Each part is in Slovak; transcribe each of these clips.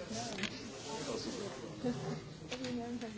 Thank you.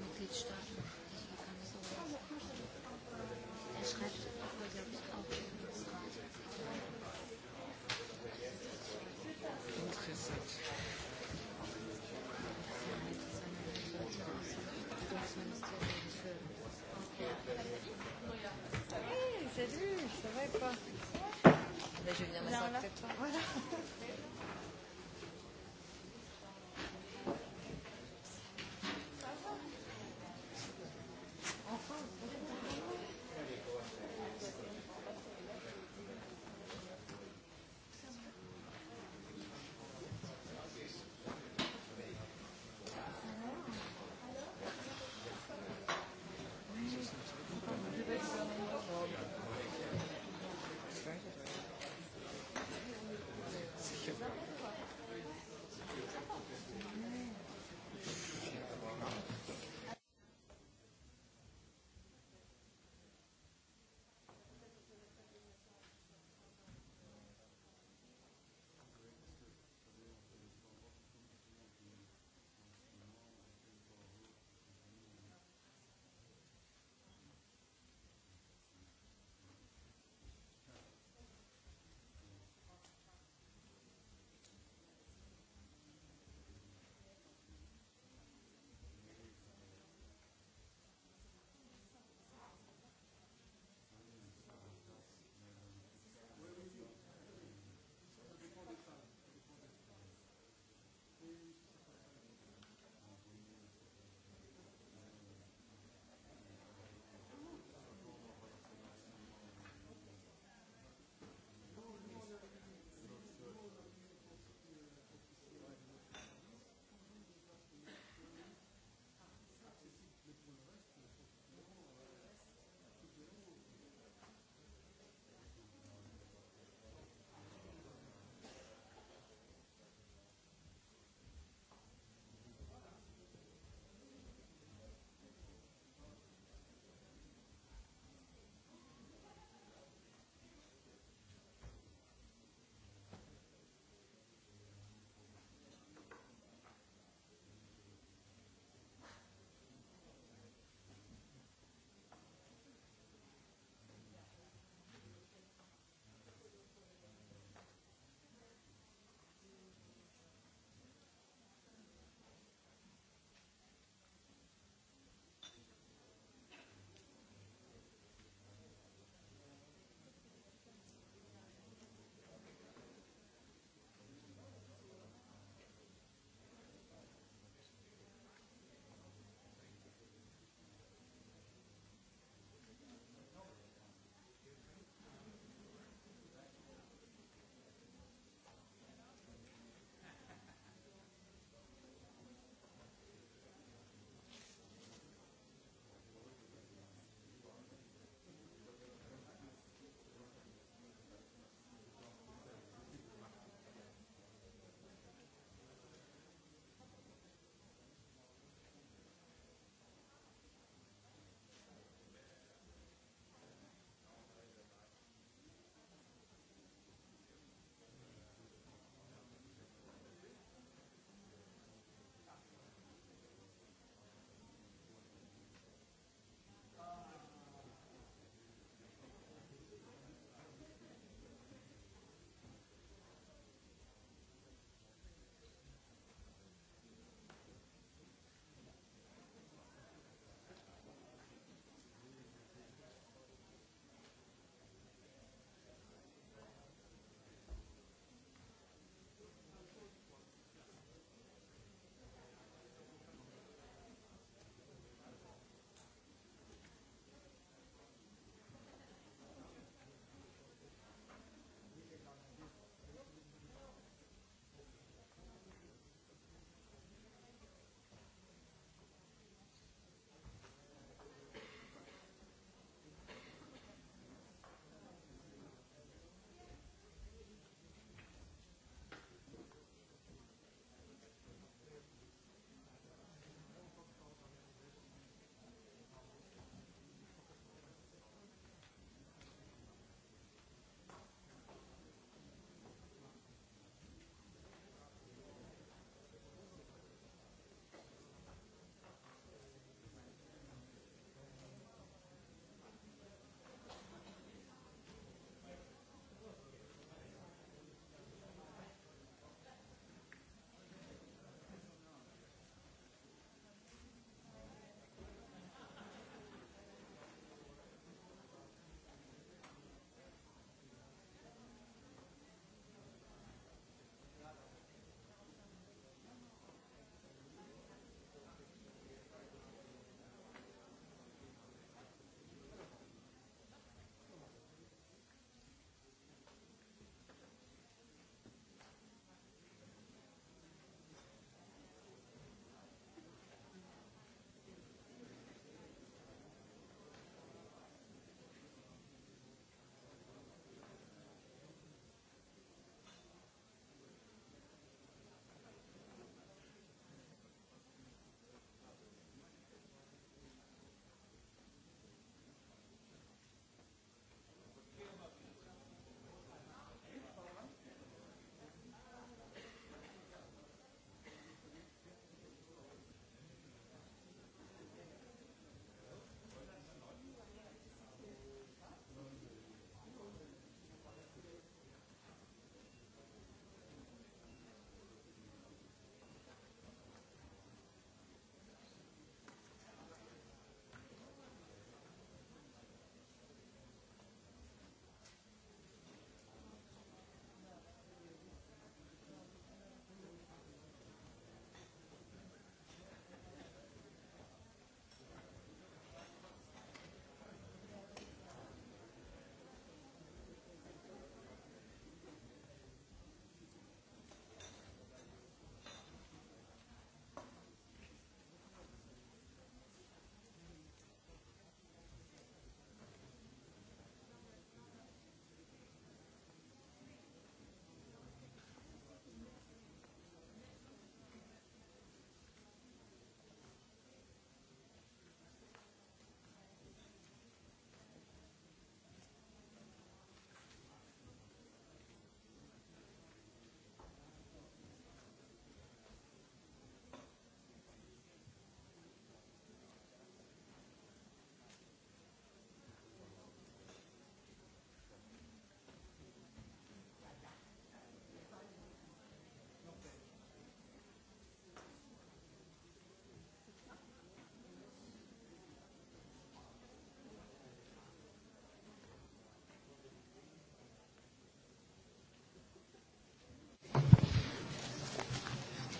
den Mitgliedstaaten. Deswegen kann es so Er schreibt aber, glaube ich, auch im Bundesrat. Interessant. Hey, salut, je savais pas. Mais je viens m'asseoir à côté de toi. Voilà.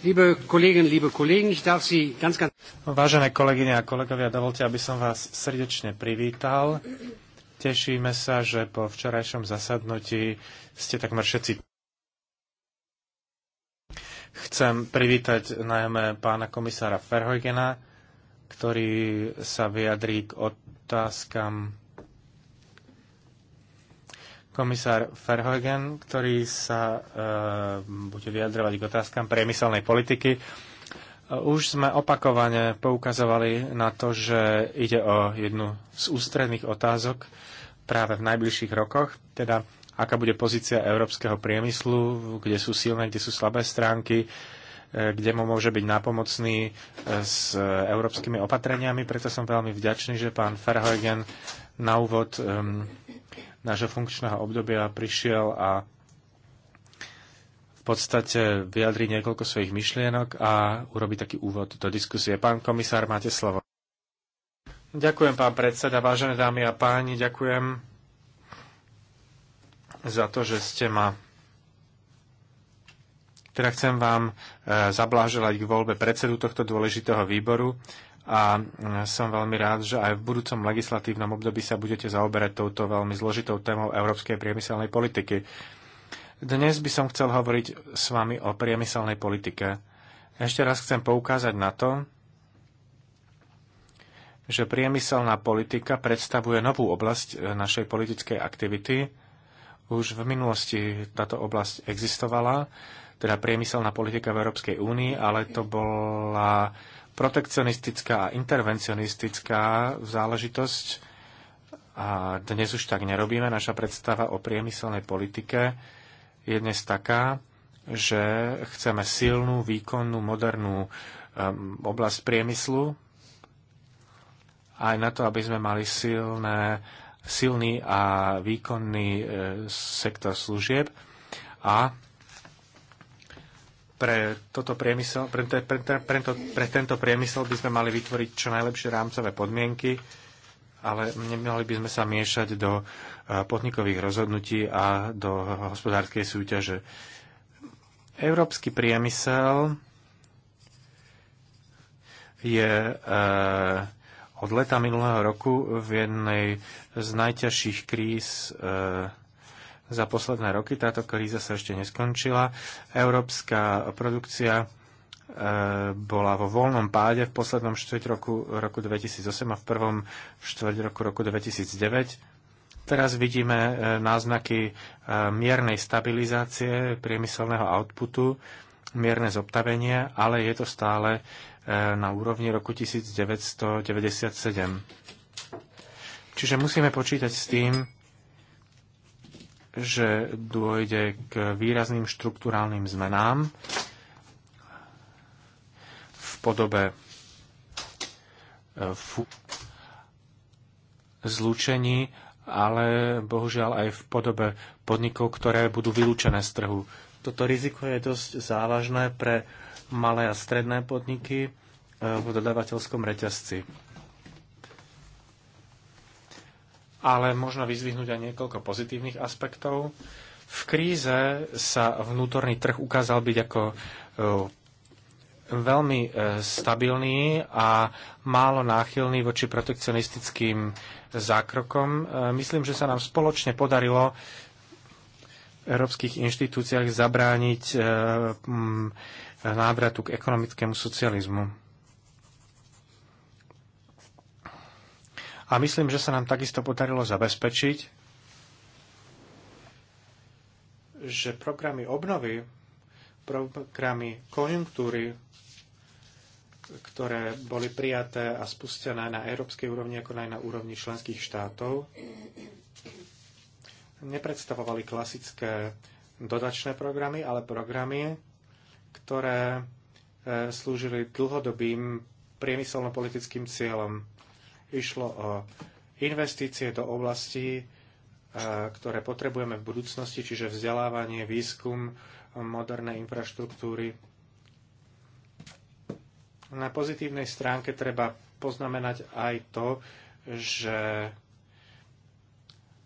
Vážené kolegyne a kolegovia, dovolte, aby som vás srdečne privítal. Tešíme sa, že po včerajšom zasadnutí ste takmer všetci. Chcem privítať najmä pána komisára Ferhojgena, ktorý sa vyjadrí k otázkam komisár Verhoeven, ktorý sa e, bude vyjadrovať k otázkam priemyselnej politiky. Eh, už sme opakovane poukazovali na to, že ide o jednu z ústredných otázok práve v najbližších rokoch, teda aká bude pozícia európskeho priemyslu, kde sú silné, kde sú slabé stránky, eh, kde mu môže byť nápomocný s európskymi opatreniami. Preto som veľmi vďačný, že pán Verhoeven na úvod ehm, nášho funkčného obdobia prišiel a v podstate vyjadri niekoľko svojich myšlienok a urobi taký úvod do diskusie. Pán komisár, máte slovo. Ďakujem, pán predseda, vážené dámy a páni, ďakujem za to, že ste ma teda chcem vám e, zabláželať k voľbe predsedu tohto dôležitého výboru a e, som veľmi rád, že aj v budúcom legislatívnom období sa budete zaoberať touto veľmi zložitou témou európskej priemyselnej politiky. Dnes by som chcel hovoriť s vami o priemyselnej politike. Ešte raz chcem poukázať na to, že priemyselná politika predstavuje novú oblasť e, našej politickej aktivity. Už v minulosti táto oblasť existovala, teda priemyselná politika v Európskej únii, ale to bola protekcionistická a intervencionistická záležitosť a dnes už tak nerobíme. Naša predstava o priemyselnej politike je dnes taká, že chceme silnú, výkonnú, modernú um, oblasť priemyslu aj na to, aby sme mali silné, silný a výkonný e, sektor služieb a pre, toto priemysel, pre, pre, pre, pre, to, pre tento priemysel by sme mali vytvoriť čo najlepšie rámcové podmienky, ale nemali by sme sa miešať do e, podnikových rozhodnutí a do hospodárskej súťaže. Európsky priemysel je e, od leta minulého roku v jednej z najťažších kríz e, za posledné roky. Táto kríza sa ešte neskončila. Európska produkcia e, bola vo voľnom páde v poslednom štvrť roku, roku 2008 a v prvom štvrť roku roku 2009. Teraz vidíme e, náznaky e, miernej stabilizácie priemyselného outputu, mierne zobtavenie, ale je to stále na úrovni roku 1997. Čiže musíme počítať s tým, že dôjde k výrazným štruktúrálnym zmenám v podobe eh, zlúčení, ale bohužiaľ aj v podobe podnikov, ktoré budú vylúčené z trhu. Toto riziko je dosť závažné pre malé a stredné podniky eh, v dodávateľskom reťazci ale možno vyzvihnúť aj niekoľko pozitívnych aspektov. V kríze sa vnútorný trh ukázal byť ako e, veľmi e, stabilný a málo náchylný voči protekcionistickým zákrokom. E, myslím, že sa nám spoločne podarilo v európskych inštitúciách zabrániť návratu k ekonomickému socializmu. A myslím, že sa nám takisto podarilo zabezpečiť, že programy obnovy, programy konjunktúry, ktoré boli prijaté a spustené na európskej úrovni ako aj na úrovni členských štátov, nepredstavovali klasické dodačné programy, ale programy, ktoré e, slúžili dlhodobým priemyselno-politickým cieľom. Išlo o investície do oblastí, e, ktoré potrebujeme v budúcnosti, čiže vzdelávanie, výskum, moderné infraštruktúry. Na pozitívnej stránke treba poznamenať aj to, že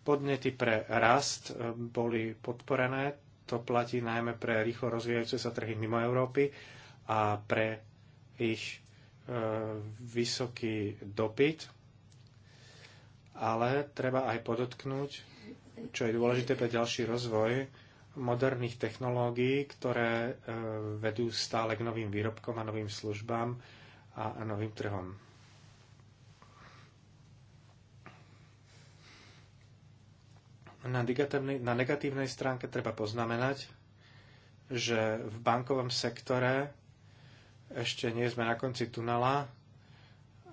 podnety pre rast e, boli podporené. To platí najmä pre rýchlo rozvíjajúce sa trhy mimo Európy a pre ich e, vysoký dopyt ale treba aj podotknúť, čo je dôležité pre ďalší rozvoj moderných technológií, ktoré e, vedú stále k novým výrobkom a novým službám a novým trhom. Na, na negatívnej stránke treba poznamenať, že v bankovom sektore ešte nie sme na konci tunela,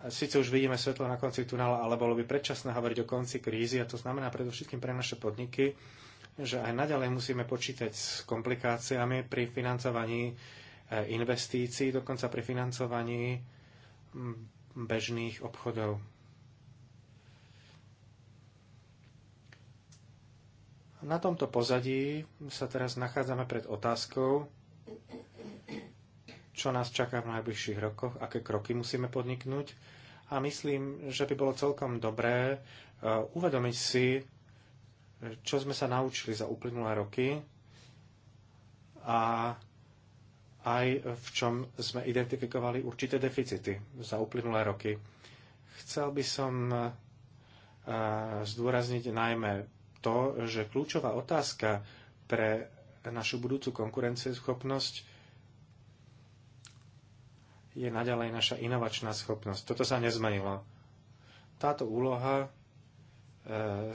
Sice už vidíme svetlo na konci tunela, ale bolo by predčasné hovoriť o konci krízy a to znamená predovšetkým pre naše podniky, že aj naďalej musíme počítať s komplikáciami pri financovaní eh, investícií, dokonca pri financovaní hm, bežných obchodov. Na tomto pozadí sa teraz nachádzame pred otázkou, čo nás čaká v najbližších rokoch, aké kroky musíme podniknúť. A myslím, že by bolo celkom dobré e, uvedomiť si, čo sme sa naučili za uplynulé roky a aj v čom sme identifikovali určité deficity za uplynulé roky. Chcel by som e, zdôrazniť najmä to, že kľúčová otázka pre našu budúcu konkurencieschopnosť je naďalej naša inovačná schopnosť. Toto sa nezmenilo. Táto úloha e,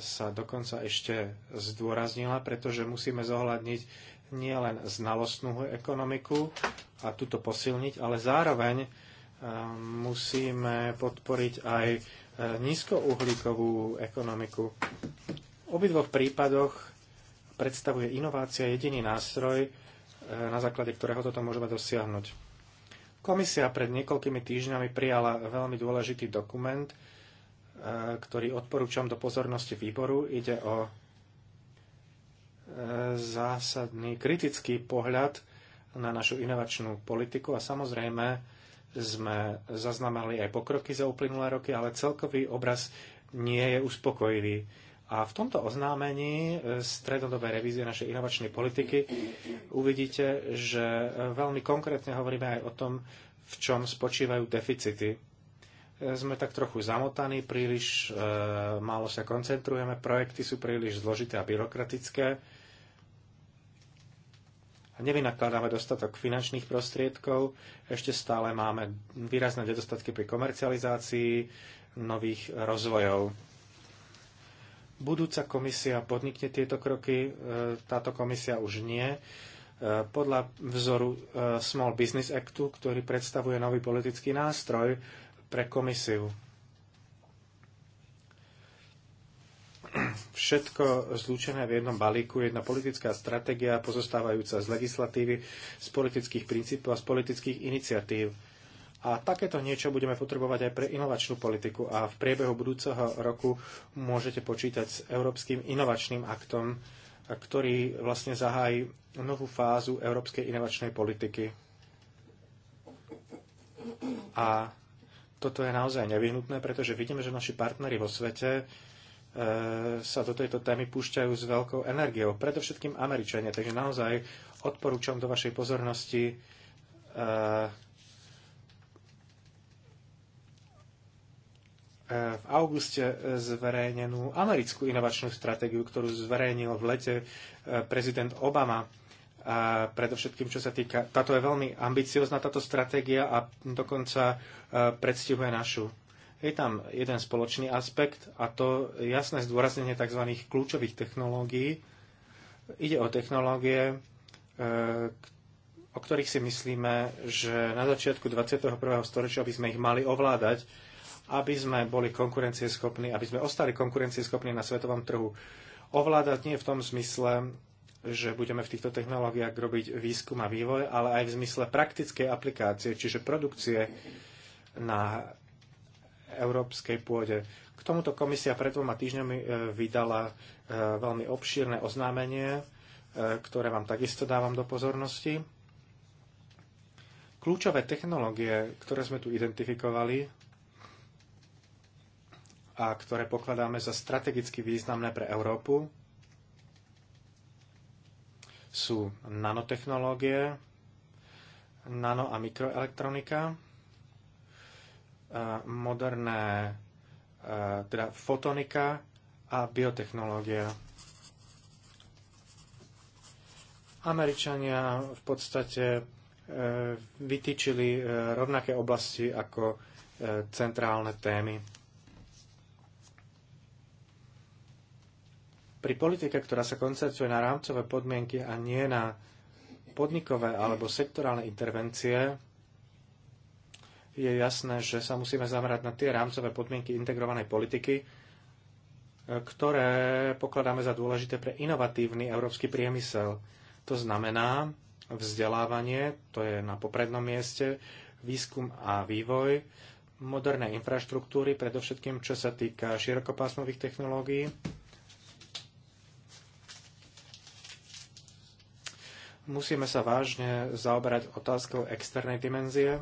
sa dokonca ešte zdôraznila, pretože musíme zohľadniť nielen znalostnú ekonomiku a túto posilniť, ale zároveň e, musíme podporiť aj e, nízkouhlíkovú ekonomiku. V obidvoch prípadoch predstavuje inovácia jediný nástroj, na základe ktorého toto môžeme dosiahnuť. Komisia pred niekoľkými týždňami prijala veľmi dôležitý dokument, e, ktorý odporúčam do pozornosti výboru. Ide o e, zásadný kritický pohľad na našu inovačnú politiku a samozrejme sme zaznamenali aj pokroky za uplynulé roky, ale celkový obraz nie je uspokojivý a v tomto oznámení e, strednodobej revízie našej inovačnej politiky uvidíte, že e, veľmi konkrétne hovoríme aj o tom, v čom spočívajú deficity. E, sme tak trochu zamotaní, príliš e, málo sa koncentrujeme, projekty sú príliš zložité a byrokratické a nevynakladáme dostatok finančných prostriedkov. Ešte stále máme výrazné nedostatky pri komercializácii nových rozvojov budúca komisia podnikne tieto kroky, e, táto komisia už nie. E, podľa vzoru e, Small Business Actu, ktorý predstavuje nový politický nástroj pre komisiu. Všetko zlúčené v jednom balíku, jedna politická stratégia pozostávajúca z legislatívy, z politických princípov a z politických iniciatív a takéto niečo budeme potrebovať aj pre inovačnú politiku a v priebehu budúceho roku môžete počítať s Európskym inovačným aktom, ktorý vlastne zahájí novú fázu európskej inovačnej politiky. A toto je naozaj nevyhnutné, pretože vidíme, že naši partnery vo svete e, sa do tejto témy púšťajú s veľkou energiou. Predovšetkým Američania, takže naozaj odporúčam do vašej pozornosti e, E, v auguste zverejnenú americkú inovačnú stratégiu, ktorú zverejnil v lete e, prezident Obama. A predovšetkým, čo sa týka... Táto je veľmi ambiciozná, táto stratégia a dokonca e, predstihuje našu. Je tam jeden spoločný aspekt a to jasné zdôraznenie tzv. kľúčových technológií. Ide o technológie, o ktorých si myslíme, že na začiatku 21. storočia by sme ich mali ovládať aby sme boli konkurencieschopní, aby sme ostali konkurencieschopní na svetovom trhu. Ovládať nie v tom zmysle, že budeme v týchto technológiách robiť výskum a vývoj, ale aj v zmysle praktickej aplikácie, čiže produkcie na európskej pôde. K tomuto komisia pred dvoma týždňami e, vydala e, veľmi obšírne oznámenie, e, ktoré vám takisto dávam do pozornosti. Kľúčové technológie, ktoré sme tu identifikovali, a ktoré pokladáme za strategicky významné pre Európu, sú nanotechnológie, nano- a mikroelektronika, moderné, teda fotonika a biotechnológia. Američania v podstate e, vytýčili e, rovnaké oblasti ako e, centrálne témy Pri politike, ktorá sa koncentruje na rámcové podmienky a nie na podnikové alebo sektorálne intervencie, je jasné, že sa musíme zamerať na tie rámcové podmienky integrovanej politiky, e, ktoré pokladáme za dôležité pre inovatívny európsky priemysel. To znamená vzdelávanie, to je na poprednom mieste, výskum a vývoj, moderné infraštruktúry, predovšetkým čo sa týka širokopásmových technológií, Musíme sa vážne zaoberať otázkou externej dimenzie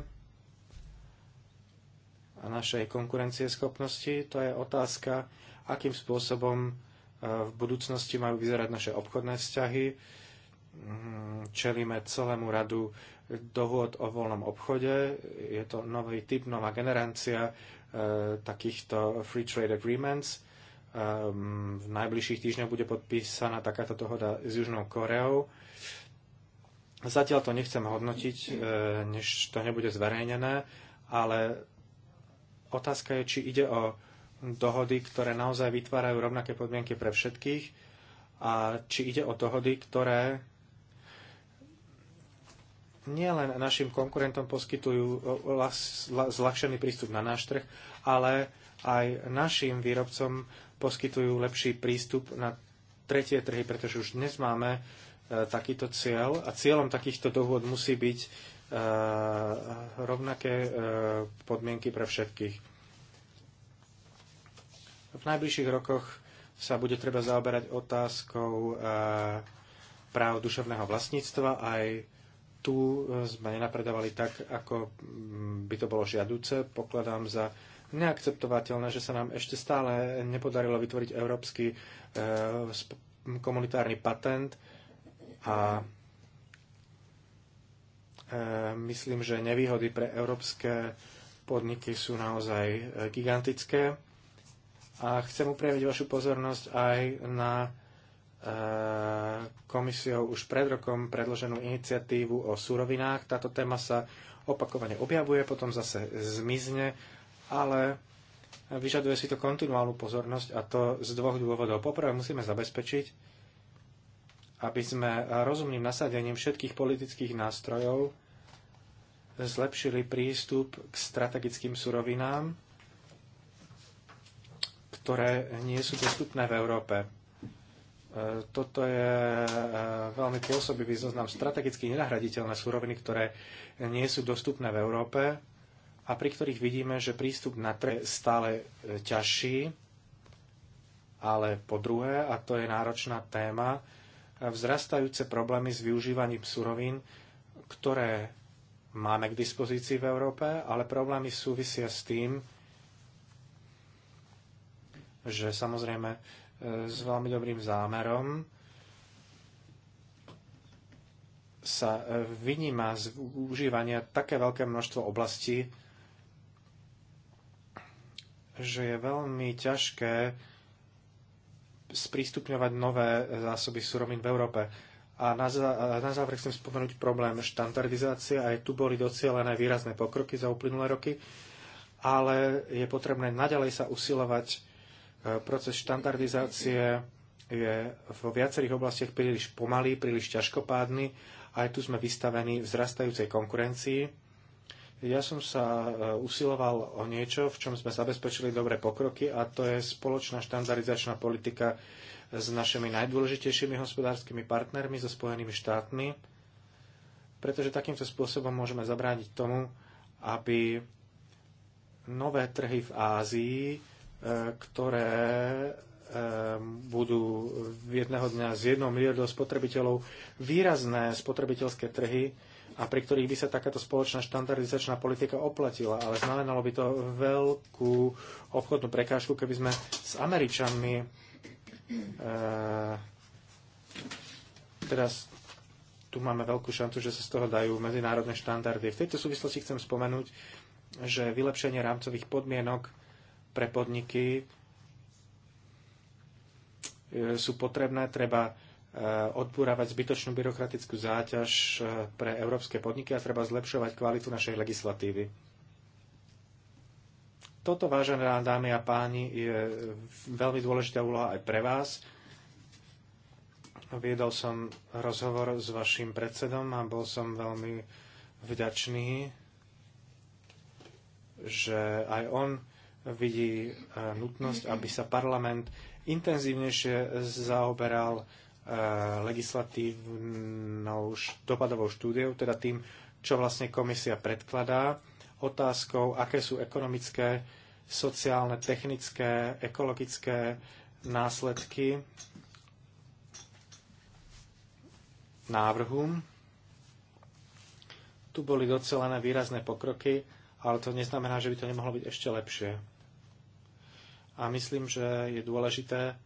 a našej konkurencieschopnosti. To je otázka, akým spôsobom e, v budúcnosti majú vyzerať naše obchodné vzťahy. Mm, čelíme celému radu dohôd o voľnom obchode. Je to nový typ, nová generácia e, takýchto free trade agreements. E, v najbližších týždňoch bude podpísaná takáto dohoda s Južnou Koreou. Zatiaľ to nechcem hodnotiť, e, než to nebude zverejnené, ale otázka je, či ide o dohody, ktoré naozaj vytvárajú rovnaké podmienky pre všetkých a či ide o dohody, ktoré nielen našim konkurentom poskytujú zľahšený prístup na náš trh, ale aj našim výrobcom poskytujú lepší prístup na tretie trhy, pretože už dnes máme E, takýto cieľ a cieľom takýchto dohôd musí byť e, rovnaké e, podmienky pre všetkých. V najbližších rokoch sa bude treba zaoberať otázkou práv duševného vlastníctva. Aj tu sme nenapredovali tak, ako by to bolo žiaduce. Pokladám za neakceptovateľné, že sa nám ešte stále nepodarilo vytvoriť európsky komunitárny patent, a e, myslím, že nevýhody pre európske podniky sú naozaj e, gigantické. A chcem upriamiť vašu pozornosť aj na e, komisiou už pred rokom predloženú iniciatívu o surovinách. Táto téma sa opakovane objavuje, potom zase zmizne, ale vyžaduje si to kontinuálnu pozornosť a to z dvoch dôvodov. Poprvé musíme zabezpečiť, aby sme rozumným nasadením všetkých politických nástrojov zlepšili prístup k strategickým surovinám, ktoré nie sú dostupné v Európe. E, toto je e, veľmi pôsobivý zoznam strategicky nenahraditeľné suroviny, ktoré nie sú dostupné v Európe a pri ktorých vidíme, že prístup na trh je stále e, ťažší, ale po druhé, a to je náročná téma, vzrastajúce problémy s využívaním surovín, ktoré máme k dispozícii v Európe, ale problémy súvisia s tým, že samozrejme e, s veľmi dobrým zámerom sa e, vyníma z užívania také veľké množstvo oblastí, že je veľmi ťažké sprístupňovať nové zásoby surovín v Európe. A na, zá, na záver chcem spomenúť problém štandardizácie. Aj tu boli docielené výrazné pokroky za uplynulé roky, ale je potrebné naďalej sa usilovať. E, proces štandardizácie je vo viacerých oblastiach príliš pomalý, príliš ťažkopádny. Aj tu sme vystavení vzrastajúcej konkurencii ja som sa e, usiloval o niečo, v čom sme zabezpečili dobré pokroky a to je spoločná štandardizačná politika s našimi najdôležitejšími hospodárskymi partnermi, so Spojenými štátmi, pretože takýmto spôsobom môžeme zabrániť tomu, aby nové trhy v Ázii, e, ktoré e, budú jedného dňa s jednou miliardou spotrebiteľov výrazné spotrebiteľské trhy, a pri ktorých by sa takáto spoločná štandardizačná politika oplatila, ale znamenalo by to veľkú obchodnú prekážku, keby sme s Američanmi e, teraz tu máme veľkú šancu, že sa z toho dajú medzinárodné štandardy. V tejto súvislosti chcem spomenúť, že vylepšenie rámcových podmienok pre podniky e, sú potrebné, treba Eh, odpúravať zbytočnú byrokratickú záťaž eh, pre európske podniky a treba zlepšovať kvalitu našej legislatívy. Toto, vážené dámy a páni, je veľmi dôležitá úloha aj pre vás. Viedol som rozhovor s vašim predsedom a bol som veľmi vďačný, že aj on vidí eh, nutnosť, aby sa parlament intenzívnejšie zaoberal Eh, legislatívnou dopadovou štúdiou, teda tým, čo vlastne komisia predkladá, otázkou, aké sú ekonomické, sociálne, technické, ekologické následky návrhu. Tu boli docelené výrazné pokroky, ale to neznamená, že by to nemohlo byť ešte lepšie. A myslím, že je dôležité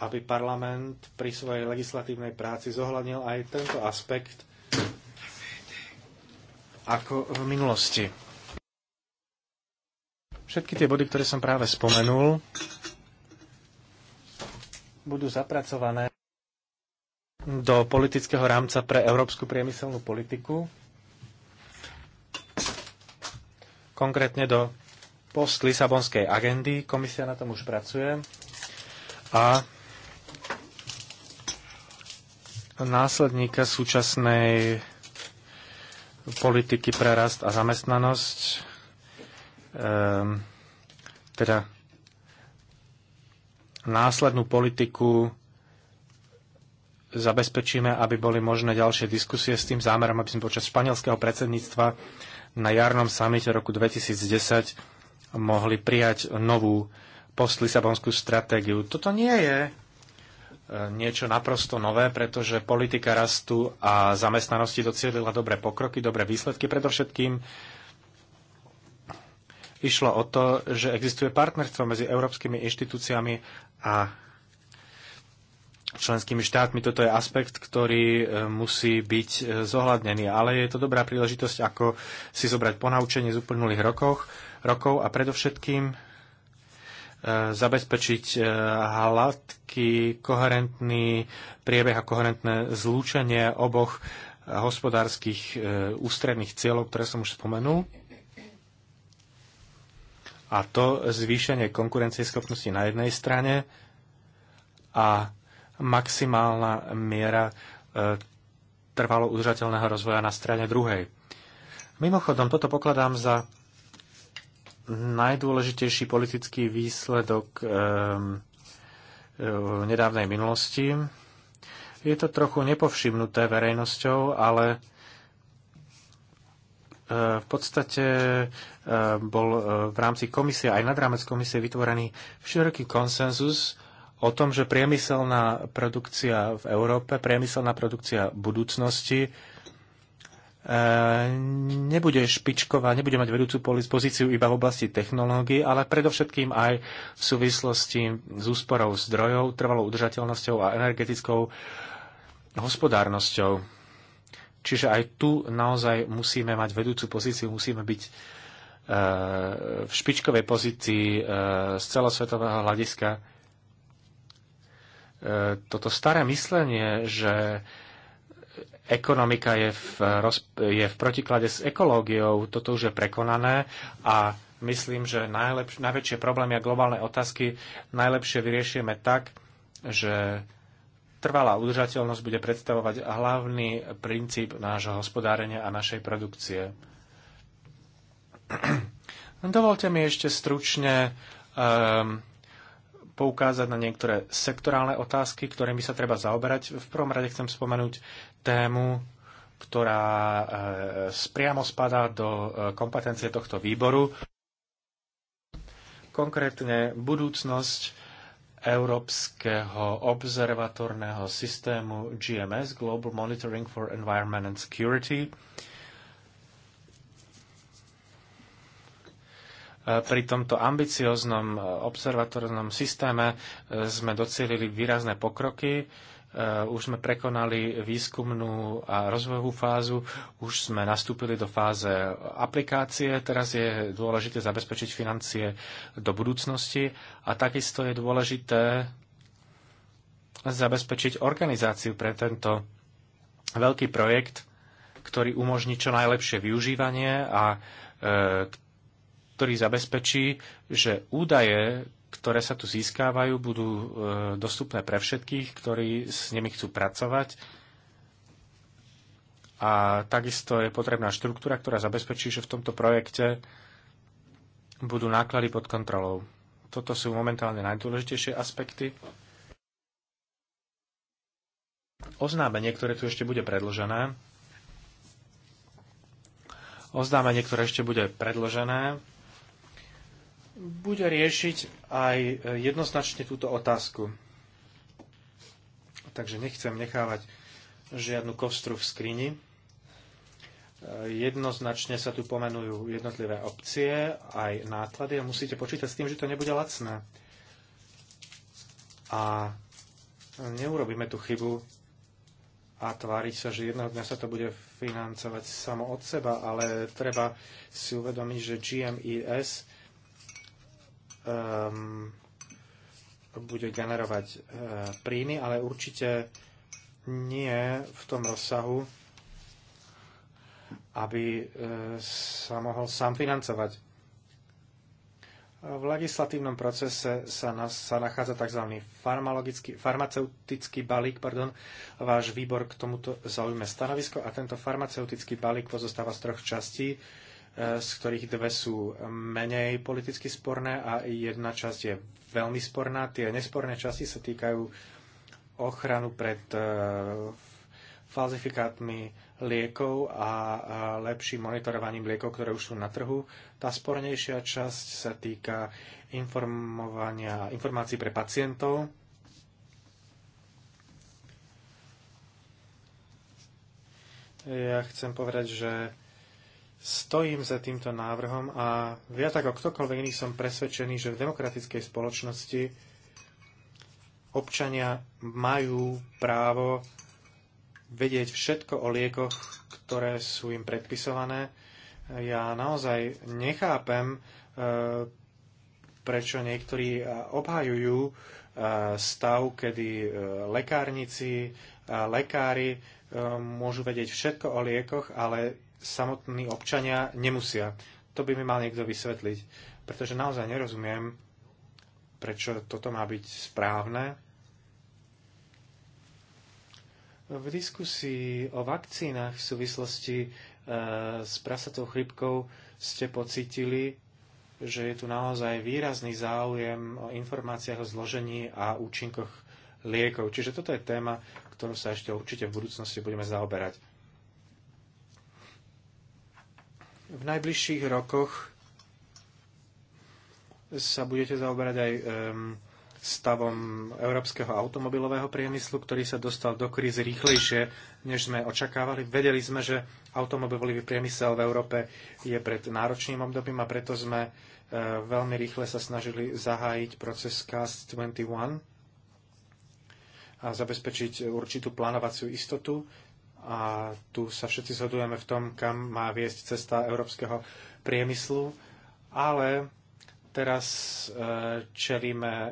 aby parlament pri svojej legislatívnej práci zohľadnil aj tento aspekt ako v minulosti. Všetky tie body, ktoré som práve spomenul, budú zapracované do politického rámca pre európsku priemyselnú politiku, konkrétne do post-Lisabonskej agendy. Komisia na tom už pracuje a následníka súčasnej politiky pre rast a zamestnanosť, ehm, teda následnú politiku zabezpečíme, aby boli možné ďalšie diskusie s tým zámerom, aby sme počas španielského predsedníctva na jarnom samite roku 2010 mohli prijať novú post-Lisabonskú stratégiu. Toto nie je niečo naprosto nové, pretože politika rastu a zamestnanosti docielila dobré pokroky, dobré výsledky. Predovšetkým išlo o to, že existuje partnerstvo medzi európskymi inštitúciami a členskými štátmi. Toto je aspekt, ktorý e, musí byť e, zohľadnený, ale je to dobrá príležitosť, ako si zobrať ponaučenie z uplynulých rokov, rokov a predovšetkým zabezpečiť e, hladký, koherentný priebeh a koherentné zlúčenie oboch e, hospodárskych e, ústredných cieľov, ktoré som už spomenul. A to zvýšenie konkurencieschopnosti na jednej strane a maximálna miera trvalo udržateľného rozvoja na strane druhej. Mimochodom, toto pokladám za najdôležitejší politický výsledok v nedávnej minulosti. Je to trochu nepovšimnuté verejnosťou, ale e, v podstate e, bol e, v rámci komisie, aj nad rámec komisie vytvorený široký konsenzus o tom, že priemyselná produkcia v Európe, priemyselná produkcia budúcnosti E, nebude špičková, nebude mať vedúcu pozíciu iba v oblasti technológií, ale predovšetkým aj v súvislosti s úsporou zdrojov, trvalou udržateľnosťou a energetickou hospodárnosťou. Čiže aj tu naozaj musíme mať vedúcu pozíciu, musíme byť e, v špičkovej pozícii e, z celosvetového hľadiska. Toto staré myslenie, že ekonomika je v, je v protiklade s ekológiou, toto už je prekonané a myslím, že najlepš- najväčšie problémy a globálne otázky najlepšie vyriešime tak, že trvalá udržateľnosť bude predstavovať hlavný princíp nášho hospodárenia a našej produkcie. Dovolte mi ešte stručne um, poukázať na niektoré sektorálne otázky, ktorými sa treba zaoberať. V prvom rade chcem spomenúť tému, ktorá e, priamo spadá do e, kompetencie tohto výboru. Konkrétne budúcnosť Európskeho observatórneho systému GMS, Global Monitoring for Environment and Security. E, pri tomto ambicioznom observatórnom systéme sme docielili výrazné pokroky Eh, už sme prekonali výskumnú a rozvojovú fázu, už sme nastúpili do fáze aplikácie, teraz je dôležité zabezpečiť financie do budúcnosti a takisto je dôležité zabezpečiť organizáciu pre tento veľký projekt, ktorý umožní čo najlepšie využívanie a e, ktorý zabezpečí, že údaje, ktoré sa tu získávajú, budú e, dostupné pre všetkých, ktorí s nimi chcú pracovať. A takisto je potrebná štruktúra, ktorá zabezpečí, že v tomto projekte budú náklady pod kontrolou. Toto sú momentálne najdôležitejšie aspekty. Oznámenie, ktoré tu ešte bude predložené, oznámenie, ktoré ešte bude predložené, bude riešiť aj e, jednoznačne túto otázku. Takže nechcem nechávať žiadnu kostru v skrini. E, jednoznačne sa tu pomenujú jednotlivé opcie, aj náklady a musíte počítať s tým, že to nebude lacné. A neurobíme tú chybu a tváriť sa, že jedného dňa sa to bude financovať samo od seba, ale treba si uvedomiť, že GMES um, bude generovať uh, príjmy, ale určite nie v tom rozsahu, aby uh, sa mohol sám financovať. V legislatívnom procese sa, na, sa nachádza tzv. farmaceutický balík. Pardon. Váš výbor k tomuto zaujme stanovisko a tento farmaceutický balík pozostáva z troch častí. Uh, Eh, z ktorých dve sú menej politicky sporné a jedna časť je veľmi sporná. Tie nesporné časti sa týkajú ochranu pred eh, falzifikátmi liekov a lepším monitorovaním liekov, ktoré už sú na trhu. Tá spornejšia časť sa týka informovania, informácií pre pacientov. Ja chcem povedať, že Stojím za týmto návrhom a viac ako ktokoľvek iný som presvedčený, že v demokratickej spoločnosti občania majú právo vedieť všetko o liekoch, ktoré sú im predpisované. Ja naozaj nechápem, e, prečo niektorí obhajujú e, stav, kedy e, lekárnici, lekári môžu vedieť všetko o liekoch, ale samotní občania nemusia. To by mi mal niekto vysvetliť, pretože naozaj nerozumiem, prečo toto má byť správne. V diskusii o vakcínach v súvislosti e, s prasatou chrypkou ste pocítili, že je tu naozaj výrazný záujem o informáciách o zložení a účinkoch liekov. Čiže toto je téma, ktorú sa ešte určite v budúcnosti budeme zaoberať. V najbližších rokoch sa budete zaoberať aj stavom európskeho automobilového priemyslu, ktorý sa dostal do krízy rýchlejšie, než sme očakávali. Vedeli sme, že automobilový priemysel v Európe je pred náročným obdobím a preto sme eh, veľmi rýchle sa snažili zahájiť proces CAST 21 a zabezpečiť určitú plánovaciu istotu a tu sa všetci zhodujeme v tom, kam má viesť cesta európskeho priemyslu, ale teraz e, čelíme e,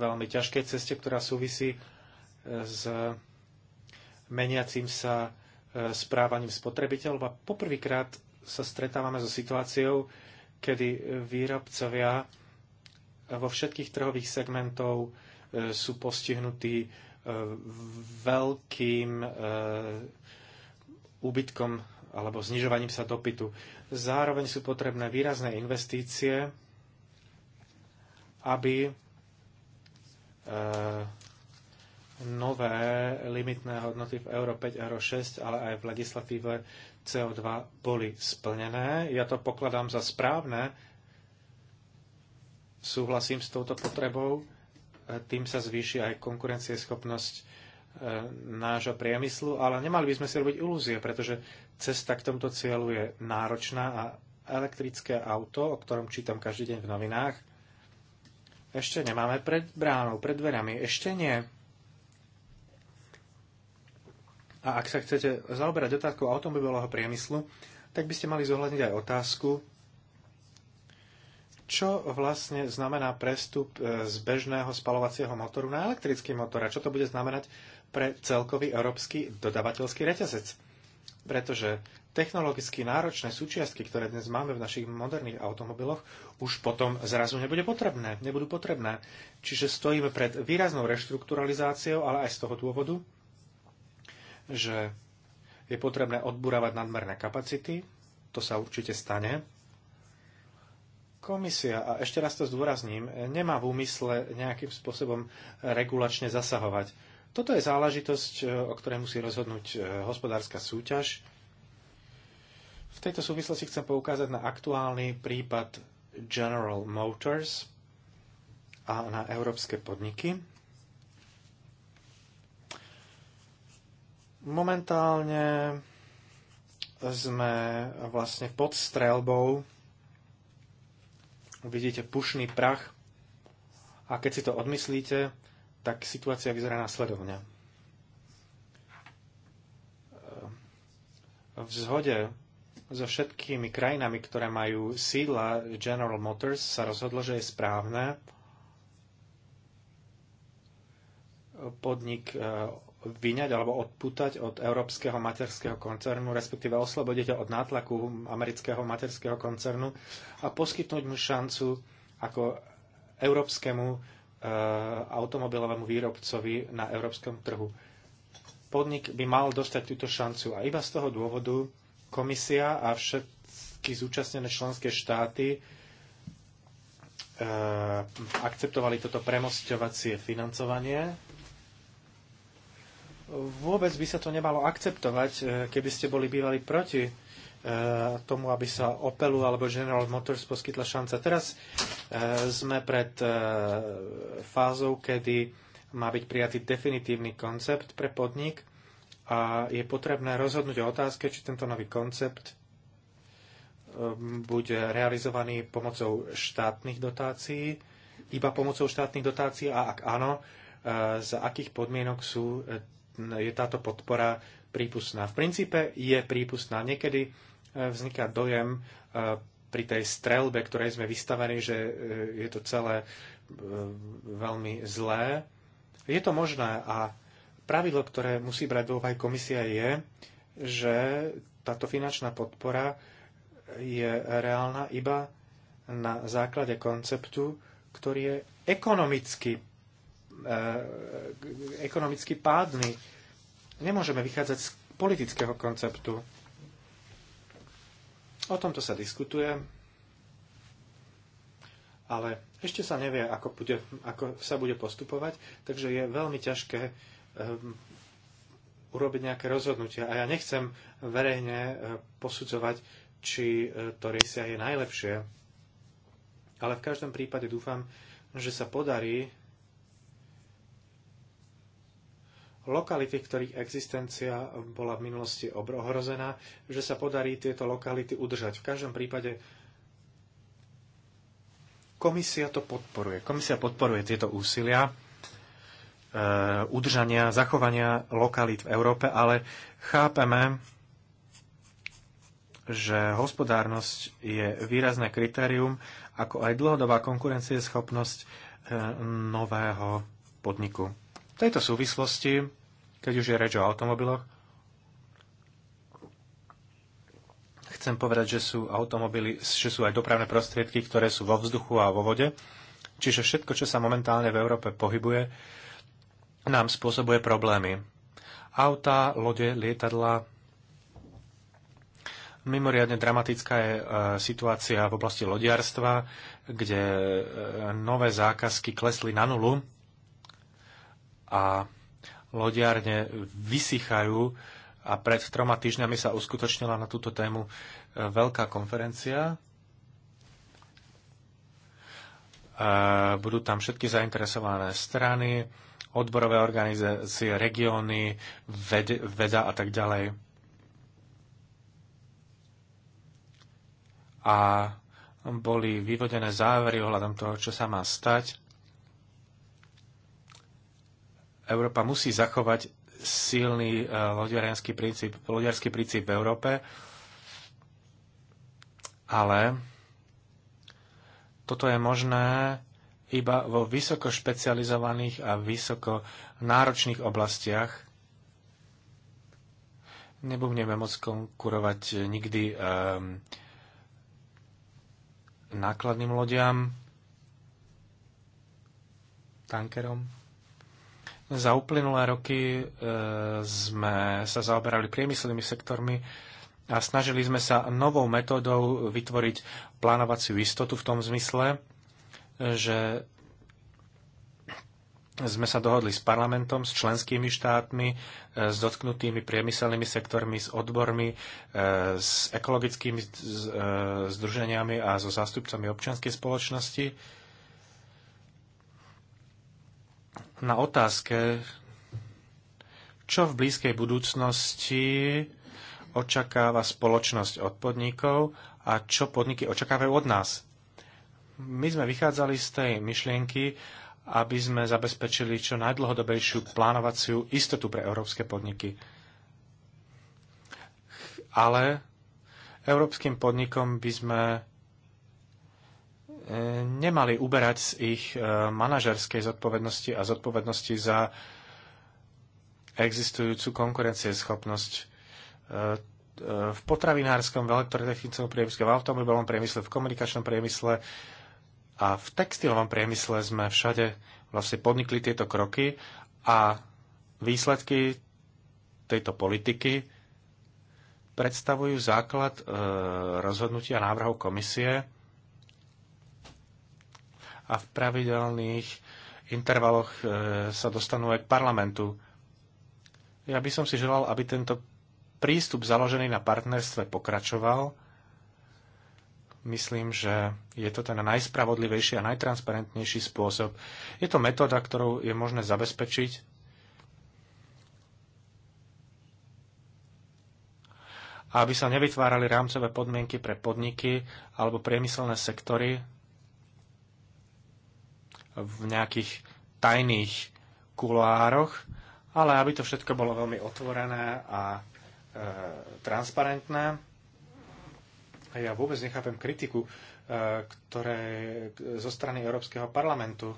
veľmi ťažkej ceste, ktorá súvisí e, s meniacím sa správaním spotrebiteľov a poprvýkrát sa stretávame so situáciou, kedy výrobcovia vo všetkých trhových segmentov sú postihnutí veľkým e, úbytkom alebo znižovaním sa dopytu. Zároveň sú potrebné výrazné investície, aby e, nové limitné hodnoty v Euro 5, Euro 6, ale aj v legislatíve CO2 boli splnené. Ja to pokladám za správne. Súhlasím s touto potrebou tým sa zvýši aj konkurencieschopnosť e, nášho priemyslu, ale nemali by sme si robiť ilúzie, pretože cesta k tomto cieľu je náročná a elektrické auto, o ktorom čítam každý deň v novinách, ešte nemáme pred bránou, pred dverami, ešte nie. A ak sa chcete zaoberať otázkou automobilového priemyslu, tak by ste mali zohľadniť aj otázku, čo vlastne znamená prestup e, z bežného spalovacieho motoru na elektrický motor a čo to bude znamenať pre celkový európsky dodavateľský reťazec. Pretože technologicky náročné súčiastky, ktoré dnes máme v našich moderných automobiloch, už potom zrazu nebude potrebné, nebudú potrebné. Čiže stojíme pred výraznou reštrukturalizáciou, ale aj z toho dôvodu, že je potrebné odburávať nadmerné kapacity, to sa určite stane, Komisia, a ešte raz to zdôrazním, nemá v úmysle nejakým spôsobom regulačne zasahovať. Toto je záležitosť, e, o ktorej musí rozhodnúť e, hospodárska súťaž. V tejto súvislosti chcem poukázať na aktuálny prípad General Motors a na európske podniky. Momentálne sme vlastne pod strelbou vidíte pušný prach a keď si to odmyslíte, tak situácia vyzerá následovne. Ehm, v zhode so všetkými krajinami, ktoré majú sídla General Motors, sa rozhodlo, že je správne podnik ehm, vyňať alebo odputať od európskeho materského koncernu, respektíve oslobodiť ho od nátlaku amerického materského koncernu a poskytnúť mu šancu ako európskemu e, automobilovému výrobcovi na európskom trhu. Podnik by mal dostať túto šancu a iba z toho dôvodu komisia a všetky zúčastnené členské štáty e, akceptovali toto premosťovacie financovanie Vôbec by sa to nemalo akceptovať, eh, keby ste boli bývali proti eh, tomu, aby sa Opelu alebo General Motors poskytla šanca. Teraz eh, sme pred fázou, kedy má byť prijatý definitívny koncept pre podnik a je potrebné rozhodnúť o otázke, či tento nový koncept ehm, bude realizovaný pomocou štátnych dotácií, iba pomocou štátnych dotácií a ak áno, za akých podmienok sú je táto podpora prípustná. V princípe je prípustná. Niekedy e, vzniká dojem e, pri tej strelbe, ktorej sme vystavení, že e, je to celé veľmi zlé. Je to možné a pravidlo, ktoré musí brať do úvahy komisia je, že táto finančná podpora je reálna iba na základe konceptu, ktorý je ekonomicky Eh, ekonomicky pádny. Nemôžeme vychádzať z politického konceptu. O tomto sa diskutuje, ale ešte sa nevie, ako, bude, ako sa bude postupovať, takže je veľmi ťažké um, urobiť nejaké rozhodnutia. A ja nechcem verejne eh, posudzovať, či eh, to riesia je najlepšie. Ale v každom prípade dúfam, že sa podarí lokality, ktorých existencia bola v minulosti ohrozená, že sa podarí tieto lokality udržať. V každom prípade komisia to podporuje. Komisia podporuje tieto úsilia e, udržania, zachovania lokalít v Európe, ale chápeme, že hospodárnosť je výrazné kritérium, ako aj dlhodobá konkurencieschopnosť e, nového podniku. V tejto súvislosti, keď už je reč o automobiloch, chcem povedať, že sú automobily, že sú aj dopravné prostriedky, ktoré sú vo vzduchu a vo vode. Čiže všetko, čo sa momentálne v Európe pohybuje, nám spôsobuje problémy. Auta lode, lietadla. Mimoriadne dramatická je e, situácia v oblasti lodiarstva, kde e, nové zákazky klesli na nulu a lodiarne vysychajú a pred troma týždňami sa uskutočnila na túto tému e, veľká konferencia. E, budú tam všetky zainteresované strany, odborové organizácie, regióny, veda a tak ďalej. A boli vyvodené závery ohľadom toho, čo sa má stať Európa musí zachovať silný eh, loďarský princíp, loďarský princíp v Európe, ale toto je možné iba vo vysoko špecializovaných a vysoko náročných oblastiach. Nebudeme môcť konkurovať nikdy um, nákladným lodiam, tankerom. Za uplynulé roky e, sme sa zaoberali priemyselnými sektormi a snažili sme sa novou metódou vytvoriť plánovaciu istotu v tom zmysle, e, že sme sa dohodli s parlamentom, s členskými štátmi, e, s dotknutými priemyselnými sektormi, s odbormi, s ekologickými združeniami a so zástupcami občianskej spoločnosti na otázke, čo v blízkej budúcnosti očakáva spoločnosť od podnikov a čo podniky očakávajú od nás. My sme vychádzali z tej myšlienky, aby sme zabezpečili čo najdlhodobejšiu plánovaciu istotu pre európske podniky. Ale európskym podnikom by sme nemali uberať z ich e, manažerskej zodpovednosti a zodpovednosti za existujúcu konkurencieschopnosť. E, e, v potravinárskom, v elektrotechnickom priemysle, v automobilovom priemysle, v komunikačnom priemysle a v textilovom priemysle sme všade vlastne podnikli tieto kroky a výsledky tejto politiky predstavujú základ rozhodnutia návrhov komisie, a v pravidelných intervaloch e, sa dostanú aj k parlamentu. Ja by som si želal, aby tento prístup založený na partnerstve pokračoval. Myslím, že je to ten najspravodlivejší a najtransparentnejší spôsob. Je to metóda, ktorou je možné zabezpečiť aby sa nevytvárali rámcové podmienky pre podniky alebo priemyselné sektory, v nejakých tajných kuloároch, ale aby to všetko bolo veľmi otvorené a e, transparentné. A ja vôbec nechápem kritiku, e, ktoré zo strany Európskeho parlamentu.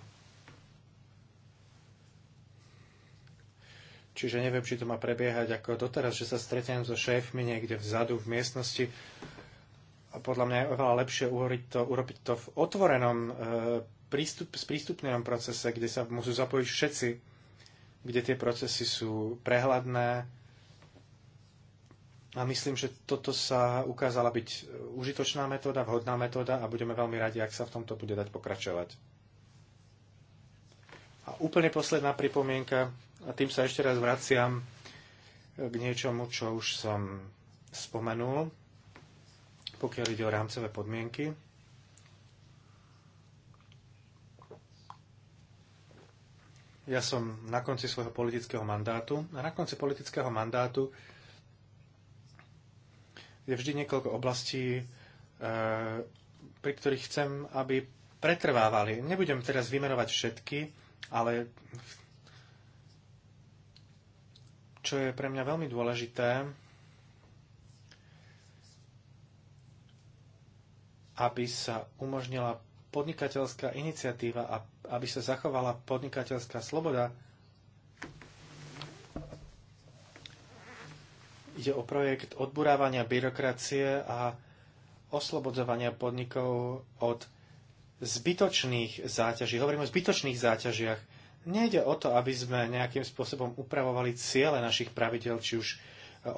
Čiže neviem, či to má prebiehať ako doteraz, že sa stretnem so šéfmi niekde vzadu v miestnosti. A podľa mňa je oveľa lepšie to, urobiť to v otvorenom e, prístup, sprístupňujem procese, kde sa môžu zapojiť všetci, kde tie procesy sú prehľadné. A myslím, že toto sa ukázala byť užitočná metóda, vhodná metóda a budeme veľmi radi, ak sa v tomto bude dať pokračovať. A úplne posledná pripomienka, a tým sa ešte raz vraciam k niečomu, čo už som spomenul, pokiaľ ide o rámcové podmienky. Ja som na konci svojho politického mandátu a na konci politického mandátu je vždy niekoľko oblastí, e, pri ktorých chcem, aby pretrvávali. Nebudem teraz vymerovať všetky, ale čo je pre mňa veľmi dôležité, aby sa umožnila podnikateľská iniciatíva a aby sa zachovala podnikateľská sloboda. Ide o projekt odburávania byrokracie a oslobodzovania podnikov od zbytočných záťaží. Hovorím o zbytočných záťažiach. Nejde o to, aby sme nejakým spôsobom upravovali ciele našich pravidel, či už e,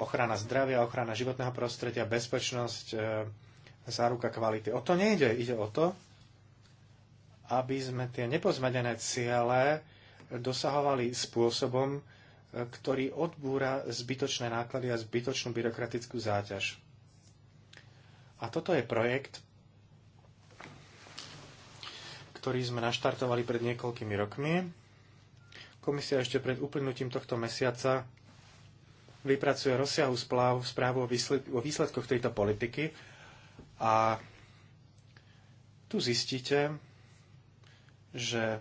ochrana zdravia, ochrana životného prostredia, bezpečnosť, e, záruka kvality. O to nejde. Ide o to, aby sme tie nepozmedené ciele dosahovali spôsobom, e, ktorý odbúra zbytočné náklady a zbytočnú byrokratickú záťaž. A toto je projekt, ktorý sme naštartovali pred niekoľkými rokmi. Komisia ešte pred uplynutím tohto mesiaca vypracuje rozsiahu správu o výsledkoch tejto politiky a tu zistíte, že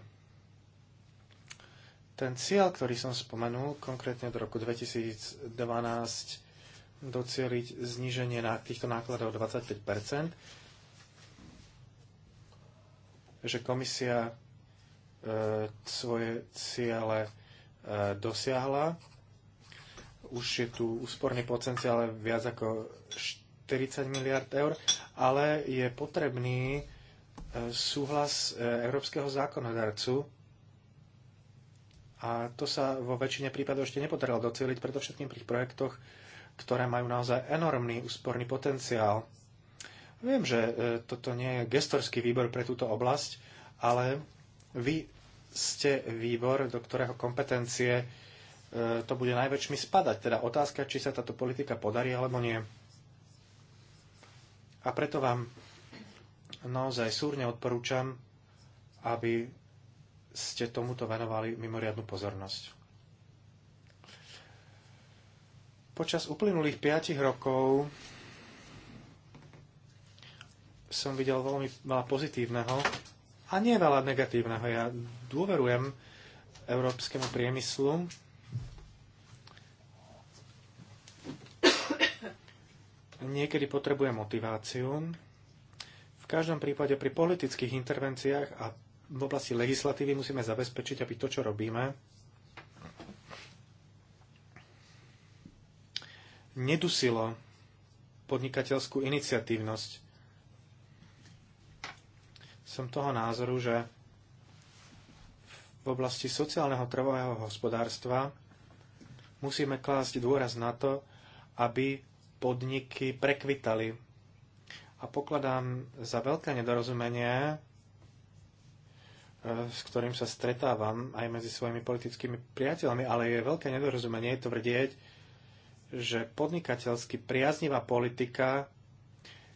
ten cieľ, ktorý som spomenul, konkrétne do roku 2012 docieliť zníženie týchto nákladov 25 že komisia e, svoje ciele e, dosiahla. Už je tu úsporný potenciál viac ako 40 miliard eur, ale je potrebný súhlas e, európskeho zákonodarcu a to sa vo väčšine prípadov ešte nepodarilo docieliť, predovšetkým pri projektoch, ktoré majú naozaj enormný úsporný potenciál. Viem, že e, toto nie je gestorský výbor pre túto oblasť, ale vy ste výbor, do ktorého kompetencie e, to bude najväčšmi spadať. Teda otázka, či sa táto politika podarí alebo nie. A preto vám naozaj súrne odporúčam, aby ste tomuto venovali mimoriadnu pozornosť. Počas uplynulých 5 rokov som videl veľmi veľa pozitívneho a nie veľa negatívneho. Ja dôverujem európskemu priemyslu. Niekedy potrebujem motiváciu, každom prípade pri politických intervenciách a v oblasti legislatívy musíme zabezpečiť, aby to, čo robíme, nedusilo podnikateľskú iniciatívnosť. Som toho názoru, že v oblasti sociálneho trvového hospodárstva musíme klásť dôraz na to, aby podniky prekvitali a pokladám za veľké nedorozumenie, e, s ktorým sa stretávam aj medzi svojimi politickými priateľmi, ale je veľké nedorozumenie tvrdieť, že podnikateľsky priaznivá politika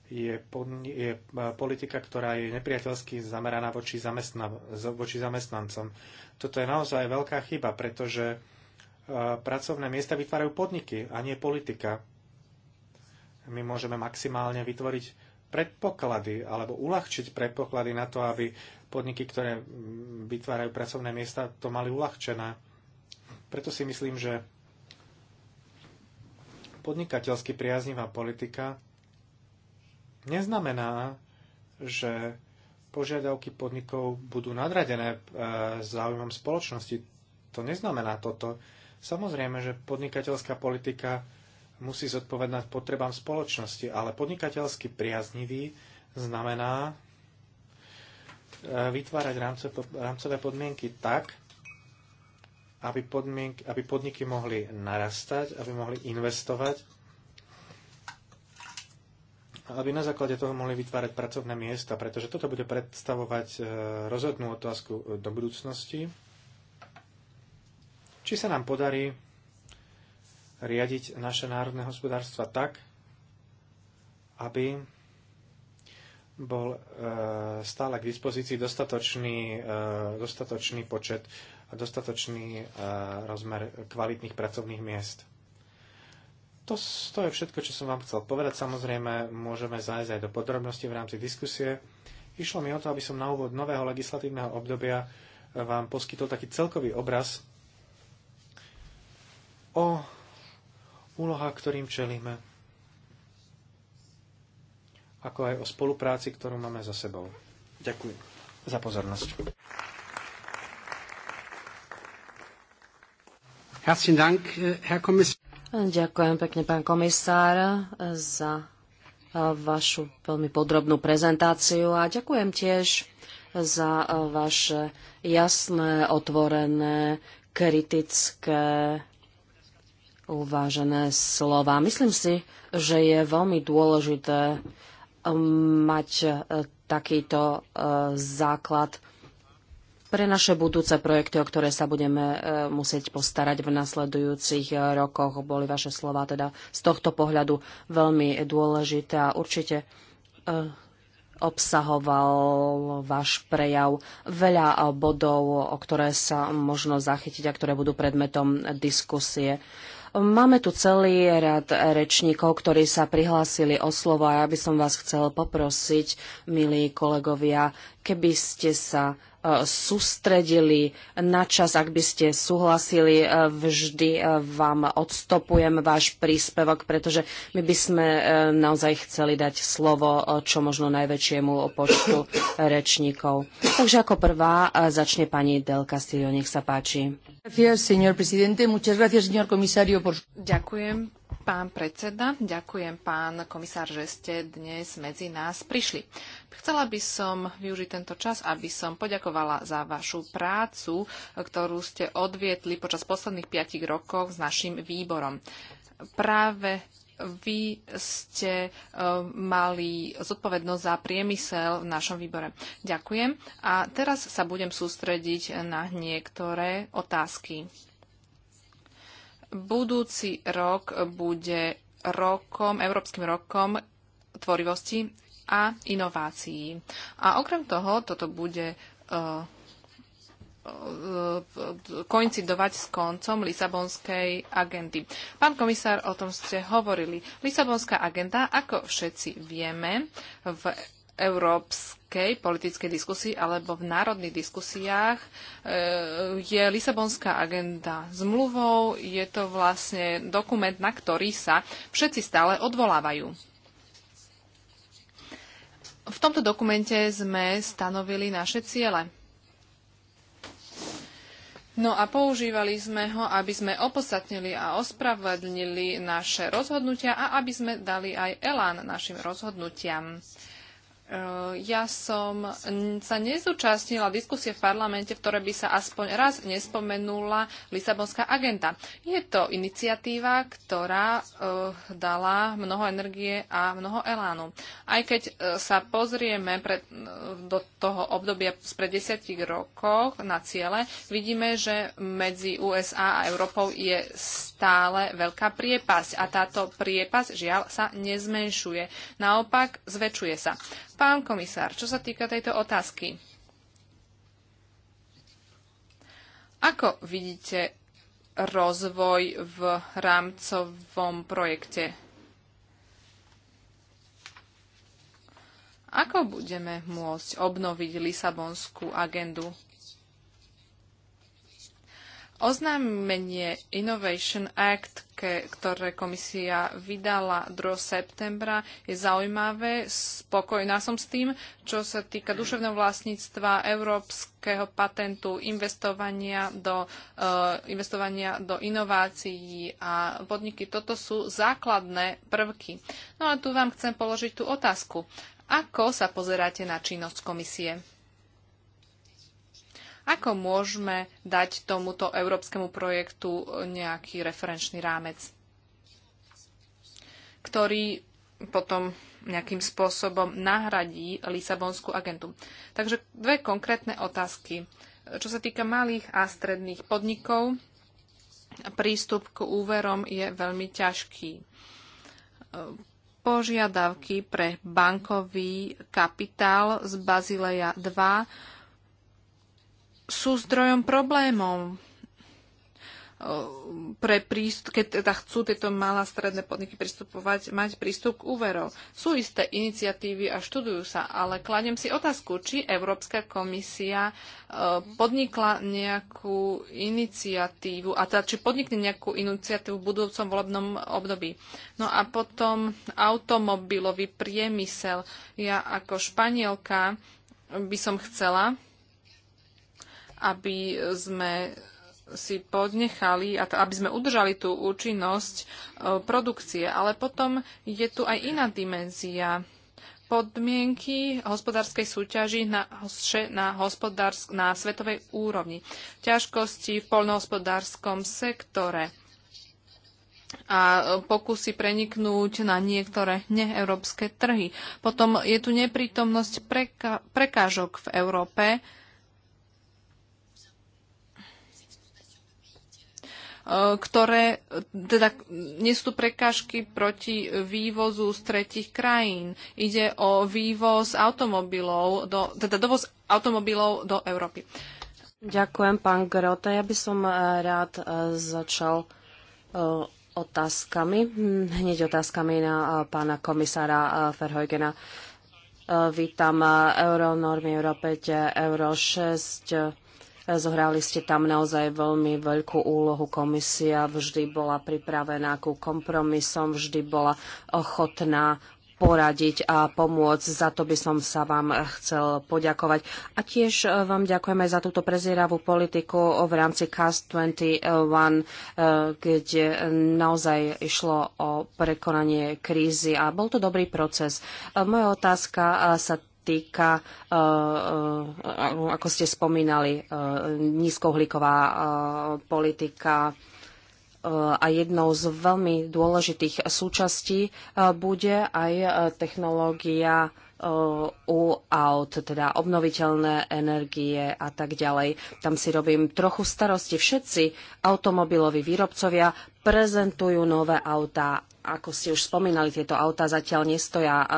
je, pod, je e, politika, ktorá je nepriateľsky zameraná voči, zamestna, voči zamestnancom. Toto je naozaj veľká chyba, pretože e, pracovné miesta vytvárajú podniky a nie politika. My môžeme maximálne vytvoriť predpoklady alebo uľahčiť predpoklady na to, aby podniky, ktoré vytvárajú pracovné miesta, to mali uľahčené. Preto si myslím, že podnikateľsky priaznivá politika neznamená, že požiadavky podnikov budú nadradené e, záujmom spoločnosti. To neznamená toto. Samozrejme, že podnikateľská politika musí zodpovedať potrebám spoločnosti, ale podnikateľsky priaznivý znamená e, vytvárať rámce, rámcové podmienky tak, aby, podmienky, aby podniky mohli narastať, aby mohli investovať a aby na základe toho mohli vytvárať pracovné miesta, pretože toto bude predstavovať e, rozhodnú otázku e, do budúcnosti. Či sa nám podarí riadiť naše národné hospodárstva tak, aby bol e, stále k dispozícii dostatočný, e, dostatočný počet a dostatočný e, rozmer kvalitných pracovných miest. To, to je všetko, čo som vám chcel povedať. Samozrejme, môžeme zájsť aj do podrobností v rámci diskusie. Išlo mi o to, aby som na úvod nového legislatívneho obdobia vám poskytol taký celkový obraz o úloha, ktorým čelíme, ako aj o spolupráci, ktorú máme za sebou. Ďakujem za pozornosť. Ďakujem pekne, pán komisár, za e, vašu veľmi podrobnú prezentáciu a ďakujem tiež za e, vaše jasné, otvorené, kritické uvážené slova. Myslím si, že je veľmi dôležité um, mať e, takýto e, základ pre naše budúce projekty, o ktoré sa budeme e, musieť postarať v nasledujúcich rokoch. Boli vaše slova teda z tohto pohľadu veľmi dôležité a určite obsahoval váš prejav veľa bodov, o ktoré sa možno zachytiť a ktoré budú predmetom diskusie. Máme tu celý rad rečníkov, ktorí sa prihlásili o slovo a ja by som vás chcel poprosiť, milí kolegovia, keby ste sa sústredili na čas, ak by ste súhlasili, e, vždy e, vám odstopujem váš príspevok, pretože my by sme e, naozaj chceli dať slovo čo možno najväčšiemu počtu rečníkov. Takže ako prvá začne pani Del Castillo, nech sa páči. Ďakujem, Pán predseda, ďakujem pán komisár, že ste dnes medzi nás prišli. Chcela by som využiť tento čas, aby som poďakovala za vašu prácu, ktorú ste odvietli počas posledných piatich rokov s našim výborom. Práve vy ste e, mali zodpovednosť za priemysel v našom výbore. Ďakujem. A teraz sa budem sústrediť na niektoré otázky budúci rok bude rokom, Európskym rokom tvorivosti a inovácií. A okrem toho, toto bude uh, koincidovať s koncom Lisabonskej agendy. Pán komisár, o tom ste hovorili. Lisabonská agenda, ako všetci vieme, v európskej politickej diskusii alebo v národných diskusiách eh, je Lisabonská agenda. Zmluvou je to vlastne dokument, na ktorý sa všetci stále odvolávajú. V tomto dokumente sme stanovili naše ciele. No a používali sme ho, aby sme opodstatnili a ospravedlnili naše rozhodnutia a aby sme dali aj elán našim rozhodnutiam ja som sa nezúčastnila diskusie v parlamente, v ktorej by sa aspoň raz nespomenula Lisabonská agenda. Je to iniciatíva, ktorá e, dala mnoho energie a mnoho elánu. Aj keď e, sa pozrieme pre, e, do toho obdobia spred desiatich rokov na ciele, vidíme, že medzi USA a Európou je stále veľká priepasť a táto priepasť žiaľ sa nezmenšuje. Naopak zväčšuje sa. Pán komisár, čo sa týka tejto otázky, ako vidíte rozvoj v rámcovom projekte? Ako budeme môcť obnoviť Lisabonskú agendu? Oznámenie Innovation Act, ktoré komisia vydala 2. septembra, je zaujímavé. Spokojná som s tým, čo sa týka duševného vlastníctva, európskeho patentu, investovania do, uh, investovania do inovácií a podniky. Toto sú základné prvky. No a tu vám chcem položiť tú otázku. Ako sa pozeráte na činnosť komisie? Ako môžeme dať tomuto európskemu projektu nejaký referenčný rámec, ktorý potom nejakým spôsobom nahradí Lisabonskú agentu. Takže dve konkrétne otázky. Čo sa týka malých a stredných podnikov, prístup k úverom je veľmi ťažký. Požiadavky pre bankový kapitál z Bazileja 2 sú zdrojom problémov pre prístup, keď teda chcú tieto malé stredné podniky pristupovať, mať prístup k úverov. Sú isté iniciatívy a študujú sa, ale kladem si otázku, či Európska komisia podnikla nejakú iniciatívu, a teda či podnikne nejakú iniciatívu v budúcom volebnom období. No a potom automobilový priemysel. Ja ako španielka by som chcela, aby sme si podnechali a aby sme udržali tú účinnosť e, produkcie. Ale potom je tu aj iná dimenzia podmienky hospodárskej súťaži na, na, hospodársk, na svetovej úrovni, ťažkosti v poľnohospodárskom sektore a pokusy preniknúť na niektoré neeurópske trhy. Potom je tu neprítomnosť prekážok v Európe, Eh, ktoré teda nie sú prekážky proti vývozu z tretich krajín. Ide o vývoz automobilov, do, teda dovoz automobilov do Európy. Ďakujem, pán Grota. Ja by som eh, rád eh, začal otázkami, hm, hneď otázkami na pána komisára Verheugena. Vítam Euronormy Euro 5, Euro 6, Zohrali ste tam naozaj veľmi veľkú úlohu. Komisia vždy bola pripravená ku kompromisom, vždy bola ochotná poradiť a pomôcť. Za to by som sa vám chcel poďakovať. A tiež e, vám ďakujem aj za túto prezieravú politiku v rámci CAST 21, e, kde naozaj išlo o prekonanie krízy a bol to dobrý proces. E, moja otázka sa týka, e, e, ako ste spomínali, e, nízkouhlíková politika a jednou z veľmi dôležitých súčastí bude aj technológia u aut, teda obnoviteľné energie a tak ďalej. Tam si robím trochu starosti. Všetci automobiloví výrobcovia prezentujú nové autá. Ako ste už spomínali, tieto autá zatiaľ nestoja eh,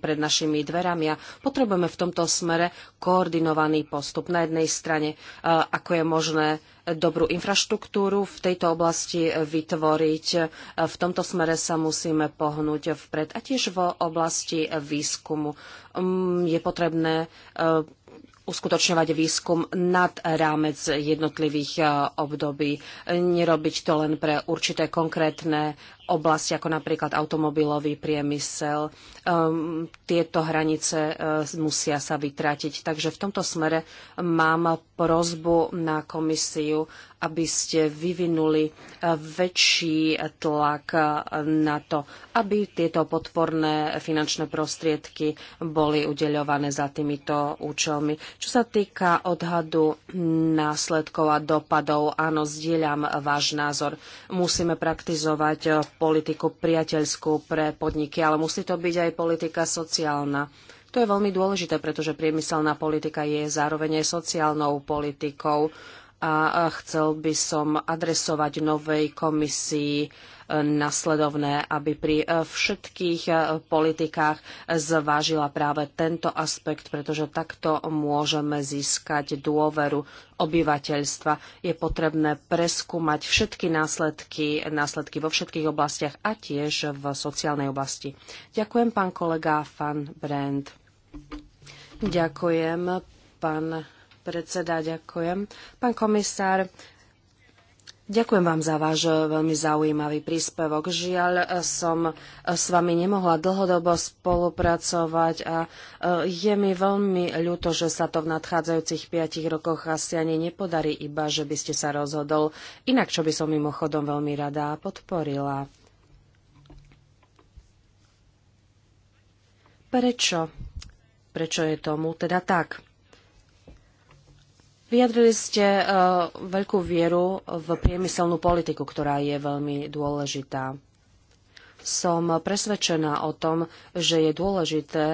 pred našimi dverami a potrebujeme v tomto smere koordinovaný postup. Na jednej strane, eh, ako je možné dobrú infraštruktúru v tejto oblasti vytvoriť. Eh, v tomto smere sa musíme pohnúť vpred a tiež v oblasti výskumu. Mm, je potrebné uskutočňovať výskum nad rámec jednotlivých eh, období. Nerobiť to len pre určité konkrétne oblasti, ako napríklad automobilový priemysel. Ehm, tieto hranice e, musia sa vytratiť. Takže v tomto smere mám prozbu na komisiu, aby ste vyvinuli e, väčší tlak na to, aby tieto podporné finančné prostriedky boli udeľované za týmito účelmi. Čo sa týka odhadu následkov a dopadov, áno, zdieľam váš názor. Musíme praktizovať politiku priateľskú pre podniky, ale musí to byť aj politika sociálna. To je veľmi dôležité, pretože priemyselná politika je zároveň aj sociálnou politikou a chcel by som adresovať novej komisii nasledovné, aby pri e, všetkých e, politikách zvážila práve tento aspekt, pretože takto môžeme získať dôveru obyvateľstva. Je potrebné preskúmať všetky následky, následky vo všetkých oblastiach a tiež v sociálnej oblasti. Ďakujem, pán kolega, Van Brand. Ďakujem, pán predseda, ďakujem. Pán komisár, Ďakujem vám za váš eh, veľmi zaujímavý príspevok. Žiaľ, eh, som eh, s vami nemohla dlhodobo spolupracovať a je mi veľmi ľúto, že sa to v nadchádzajúcich piatich rokoch asi ani nepodarí, iba že by ste sa rozhodol. Inak, čo by som mimochodom veľmi rada podporila. Prečo? Prečo je tomu teda tak? Vyjadrili ste eh, veľkú vieru v priemyselnú politiku, ktorá je veľmi dôležitá. Som presvedčená o tom, že je dôležité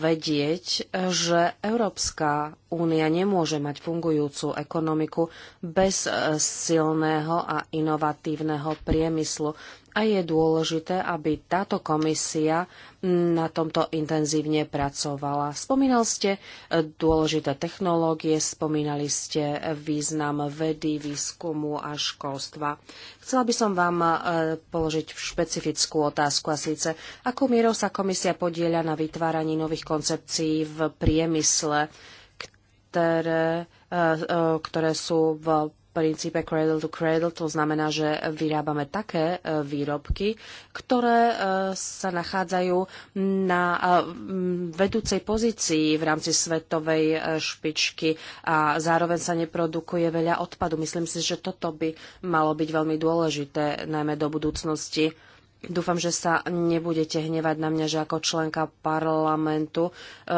vedieť, že Európska únia nemôže mať fungujúcu ekonomiku bez eh, silného a inovatívneho priemyslu a je dôležité, aby táto komisia na tomto intenzívne pracovala. Spomínal ste eh, dôležité technológie, spomínali ste význam vedy, výskumu a školstva. Chcela by som vám eh, položiť špecifickú otázku a síce, akou mierou sa komisia podieľa na vytváraní nových koncepcií v priemysle, ktoré, eh, ktoré sú v princípe cradle to cradle, to znamená, že vyrábame také e, výrobky, ktoré e, sa nachádzajú na e, vedúcej pozícii v rámci svetovej špičky a zároveň sa neprodukuje veľa odpadu. Myslím si, že toto by malo byť veľmi dôležité, najmä do budúcnosti. Dúfam, že sa nebudete hnevať na mňa, že ako členka parlamentu e, e,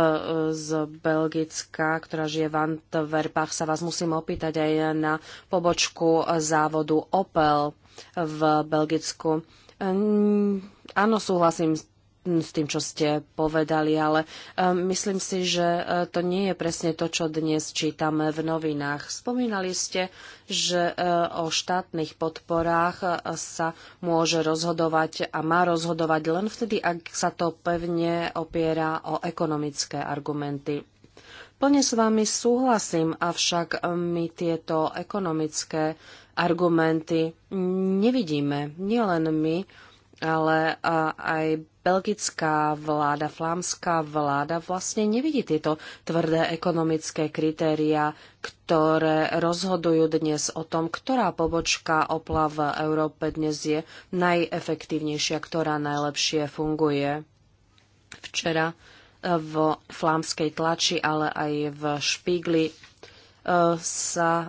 z Belgicka, ktorá žije v Antwerpách, sa vás musím opýtať aj na pobočku závodu Opel v Belgicku. Áno, súhlasím s Mm, s tým, čo ste povedali, ale um, myslím si, že uh, to nie je presne to, čo dnes čítame v novinách. Spomínali ste, že uh, o štátnych podporách uh, sa môže rozhodovať a má rozhodovať len vtedy, ak sa to pevne opiera o ekonomické argumenty. Plne s vami súhlasím, avšak um, my tieto ekonomické argumenty nevidíme, nielen my, ale aj belgická vláda, flámská vláda vlastne nevidí tieto tvrdé ekonomické kritéria, ktoré rozhodujú dnes o tom, ktorá pobočka Opla v Európe dnes je najefektívnejšia, ktorá najlepšie funguje. Včera e, v flámskej tlači, ale aj v Špígli e, sa e,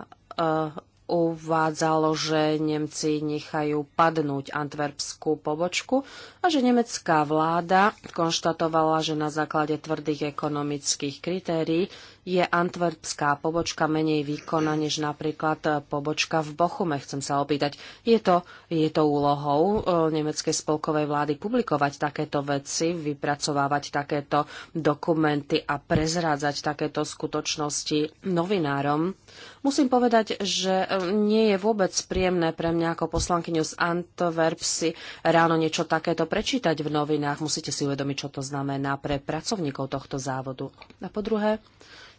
uvádzalo, že Nemci nechajú padnúť antwerpskú pobočku a že nemecká vláda konštatovala, že na základe tvrdých ekonomických kritérií je antwerpská pobočka menej výkonná než napríklad pobočka v Bochume. Chcem sa opýtať, je to, je to úlohou e, nemeckej spolkovej vlády publikovať takéto veci, vypracovávať takéto dokumenty a prezrádzať takéto skutočnosti novinárom? Musím povedať, že e, nie je vôbec príjemné pre mňa ako poslankyňu z si ráno niečo takéto prečítať v novinách. Musíte si uvedomiť, čo to znamená pre pracovníkov tohto závodu. A po druhé,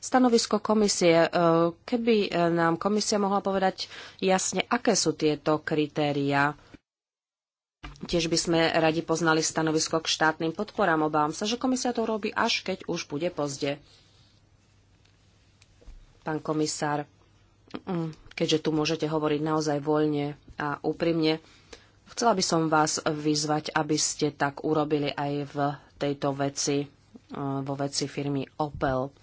stanovisko komisie. E, keby e, nám komisia mohla povedať jasne, aké sú tieto kritéria? Tiež by sme radi poznali stanovisko k štátnym podporám. Obávam sa, že komisia to robí až keď už bude pozde. Pán komisár, mm, keďže tu môžete hovoriť naozaj voľne a úprimne, Chcela by som vás vyzvať, aby ste tak urobili aj v tejto veci, e, vo veci firmy Opel.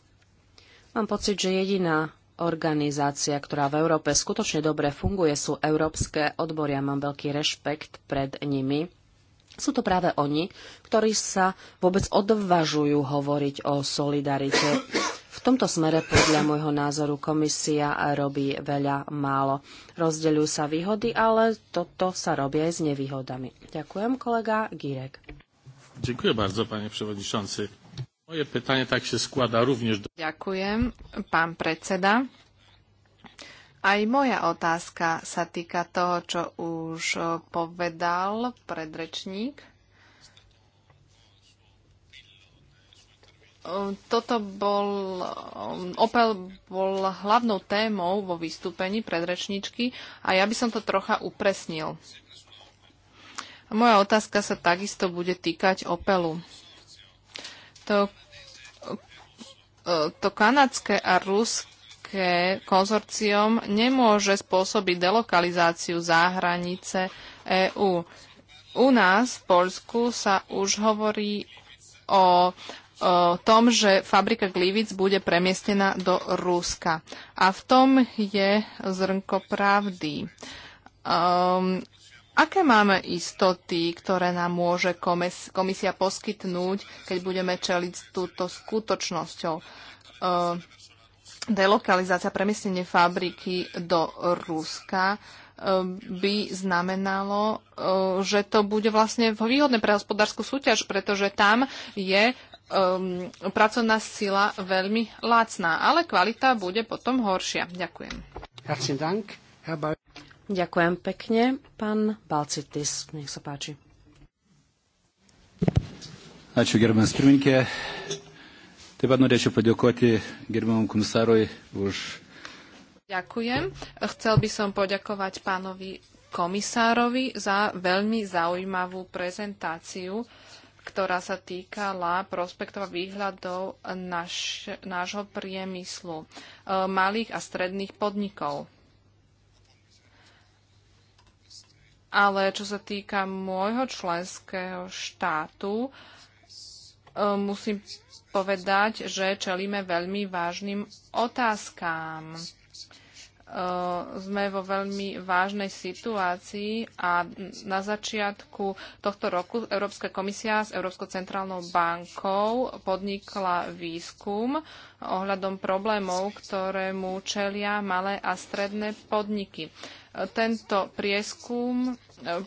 Mám pocit, že jediná organizácia, ktorá v Európe skutočne dobre funguje, sú európske odbory a mám veľký rešpekt pred nimi. Sú to práve oni, ktorí sa vôbec odvažujú hovoriť o solidarite. V tomto smere podľa môjho názoru komisia robí veľa málo. Rozdeľujú sa výhody, ale toto sa robí aj s nevýhodami. Ďakujem, kolega Girek. Ďakujem bardzo, panie przewodniczący. Moje pytanie tak się składa również do... Ďakujem, pán predseda. Aj moja otázka sa týka toho, čo už povedal predrečník. Toto bol, Opel bol hlavnou témou vo vystúpení predrečníčky a ja by som to trocha upresnil. Moja otázka sa takisto bude týkať Opelu to, to kanadské a ruské konzorcium nemôže spôsobiť delokalizáciu záhranice EÚ. U nás v Poľsku sa už hovorí o, o tom, že fabrika Glivic bude premiestnená do Ruska. A v tom je zrnko pravdy. Um, Aké máme istoty, ktoré nám môže komisia poskytnúť, keď budeme čeliť túto skutočnosťou? Ehm, delokalizácia, premiestnenie fabriky do Ruska ehm, by znamenalo, ehm, že to bude vlastne výhodné pre hospodárskú súťaž, pretože tam je pracovná sila veľmi lacná, ale kvalita bude potom horšia. Ďakujem. Ďakujem pekne. Pán Balcitis, nech sa páči. Ačiū gerbiamas pirmininkė. Taip pat norėčiau padėkoti gerbiamam komisarui už. Ďakujem. Chcel by som poďakovať pánovi komisárovi za veľmi zaujímavú prezentáciu, ktorá sa týkala prospektov a výhľadov naš, nášho priemyslu, eh, malých a stredných podnikov. ale čo sa týka môjho členského štátu, e, musím povedať, že čelíme veľmi vážnym otázkám. E, sme vo veľmi vážnej situácii a na začiatku tohto roku Európska komisia s Európskou centrálnou bankou podnikla výskum ohľadom problémov, ktorému čelia malé a stredné podniky. Tento prieskum e,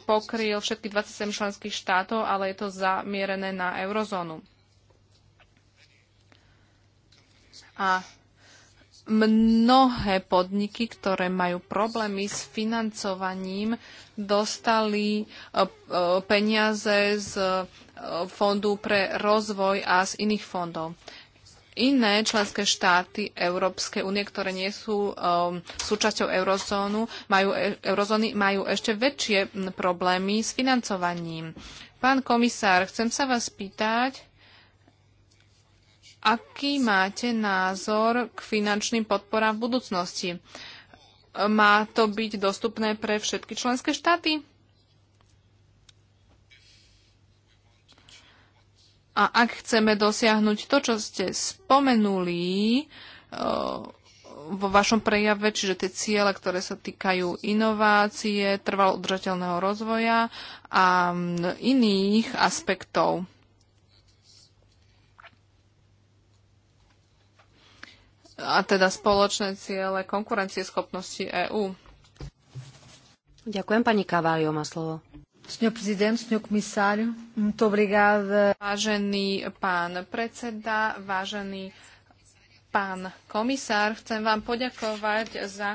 pokryl všetky 27 členských štátov, ale je to zamierené na eurozónu. A mnohé podniky, ktoré majú problémy s financovaním, dostali e, e, peniaze z Fondu pre rozvoj a z iných fondov iné členské štáty Európskej únie, ktoré nie sú um, súčasťou eurozónu, majú, e, eurozóny, majú ešte väčšie problémy s financovaním. Pán komisár, chcem sa vás pýtať, aký máte názor k finančným podporám v budúcnosti? Má to byť dostupné pre všetky členské štáty? A ak chceme dosiahnuť to, čo ste spomenuli eh, vo vašom prejave, čiže tie ciele, ktoré sa týkajú inovácie, trvalo udržateľného rozvoja a mm, iných aspektov, a teda spoločné ciele konkurencieschopnosti EÚ. Ďakujem pani Kaváliom a slovo. Vážený pán predseda, vážený pán komisár, chcem vám poďakovať za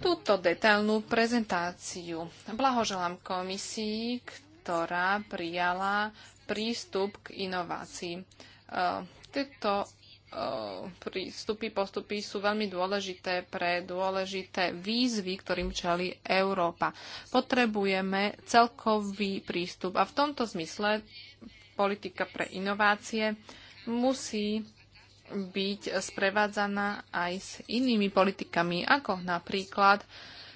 túto detailnú prezentáciu. Blahoželám komisii, ktorá prijala prístup k inovácii. E, tieto prístupy, postupy sú veľmi dôležité pre dôležité výzvy, ktorým čali Európa. Potrebujeme celkový prístup a v tomto zmysle politika pre inovácie musí byť sprevádzaná aj s inými politikami, ako napríklad uh,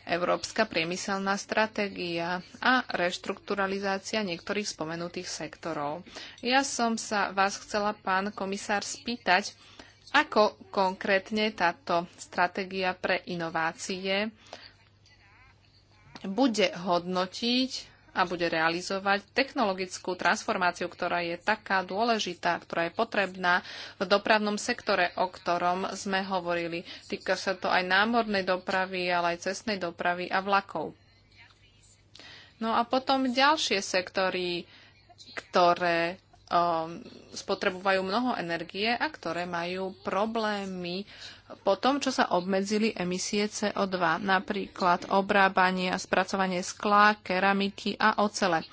Európska priemyselná stratégia a reštrukturalizácia niektorých spomenutých sektorov. Ja som sa vás chcela, pán komisár, spýtať, ako konkrétne táto stratégia pre inovácie bude hodnotiť a bude realizovať technologickú transformáciu, ktorá je taká dôležitá, ktorá je potrebná v dopravnom sektore, o ktorom sme hovorili. Týka sa to aj námornej dopravy, ale aj cestnej dopravy a vlakov. No a potom ďalšie sektory, ktoré um, spotrebujú mnoho energie a ktoré majú problémy uh, po tom, čo sa obmedzili emisie CO2, napríklad obrábanie a spracovanie skla, keramiky a ocele.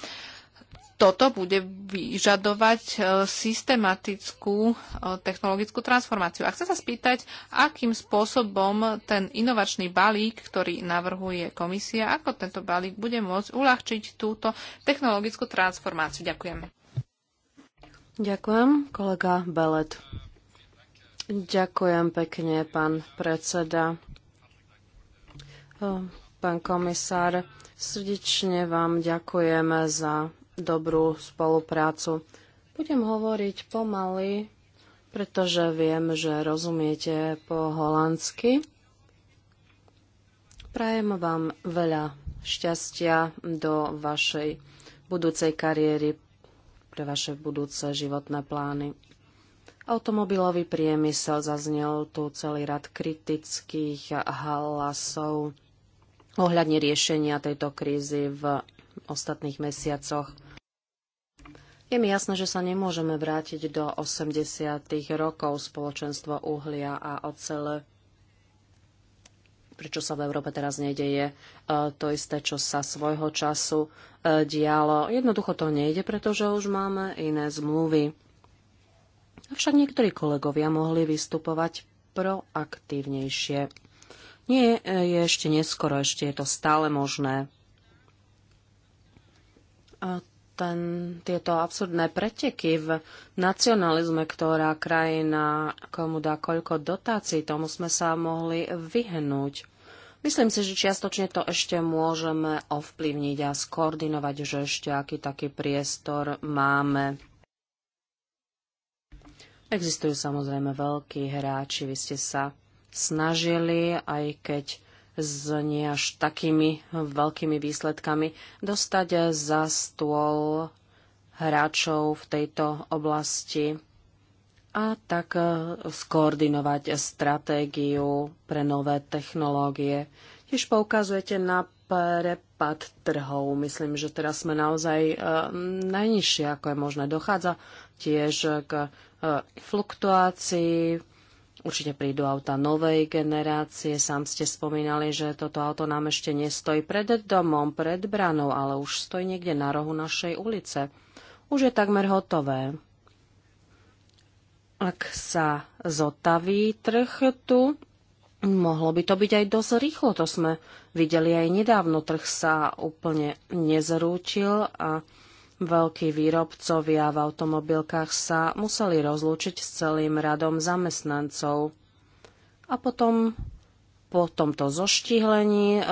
Toto bude vyžadovať e, systematickú e, technologickú transformáciu. A chcem sa spýtať, akým spôsobom ten inovačný balík, ktorý navrhuje komisia, ako tento balík bude môcť uľahčiť túto technologickú transformáciu. Ďakujem. Ďakujem, kolega Belet. Ďakujem pekne, pán predseda. Ehm, pán komisár, srdečne vám ďakujeme za dobrú spoluprácu. Budem hovoriť pomaly, pretože viem, že rozumiete po holandsky. Prajem vám veľa šťastia do vašej budúcej kariéry, pre vaše budúce životné plány. Automobilový priemysel zaznel tu celý rad kritických hlasov ohľadne riešenia tejto krízy v ostatných mesiacoch. Je mi jasné, že sa nemôžeme vrátiť do 80. rokov spoločenstvo uhlia a ocele. Prečo sa v Európe teraz nedeje e, to isté, čo sa svojho času e, dialo? Jednoducho to nejde, pretože už máme iné zmluvy. Avšak niektorí kolegovia mohli vystupovať proaktívnejšie. Nie, e, je ešte neskoro, ešte je to stále možné. A ten, tieto absurdné preteky v nacionalizme, ktorá krajina komu dá koľko dotácií, tomu sme sa mohli vyhnúť. Myslím si, že čiastočne to ešte môžeme ovplyvniť a skoordinovať, že ešte aký taký priestor máme. Existujú samozrejme veľkí hráči, vy ste sa snažili, aj keď s nie až takými veľkými výsledkami, dostať za stôl hráčov v tejto oblasti a tak eh, skoordinovať stratégiu pre nové technológie. Tiež poukazujete na prepad trhov. Myslím, že teraz sme naozaj eh, najnižšie, ako je možné. Dochádza tiež k E, fluktuácií. Určite prídu auta novej generácie. Sám ste spomínali, že toto auto nám ešte nestojí pred domom, pred branou, ale už stojí niekde na rohu našej ulice. Už je takmer hotové. Ak sa zotaví trh tu, mohlo by to byť aj dosť rýchlo. To sme videli aj nedávno. Trh sa úplne nezrútil a Veľkí výrobcovia v automobilkách sa museli rozlúčiť s celým radom zamestnancov. A potom po tomto zoštihlení eh,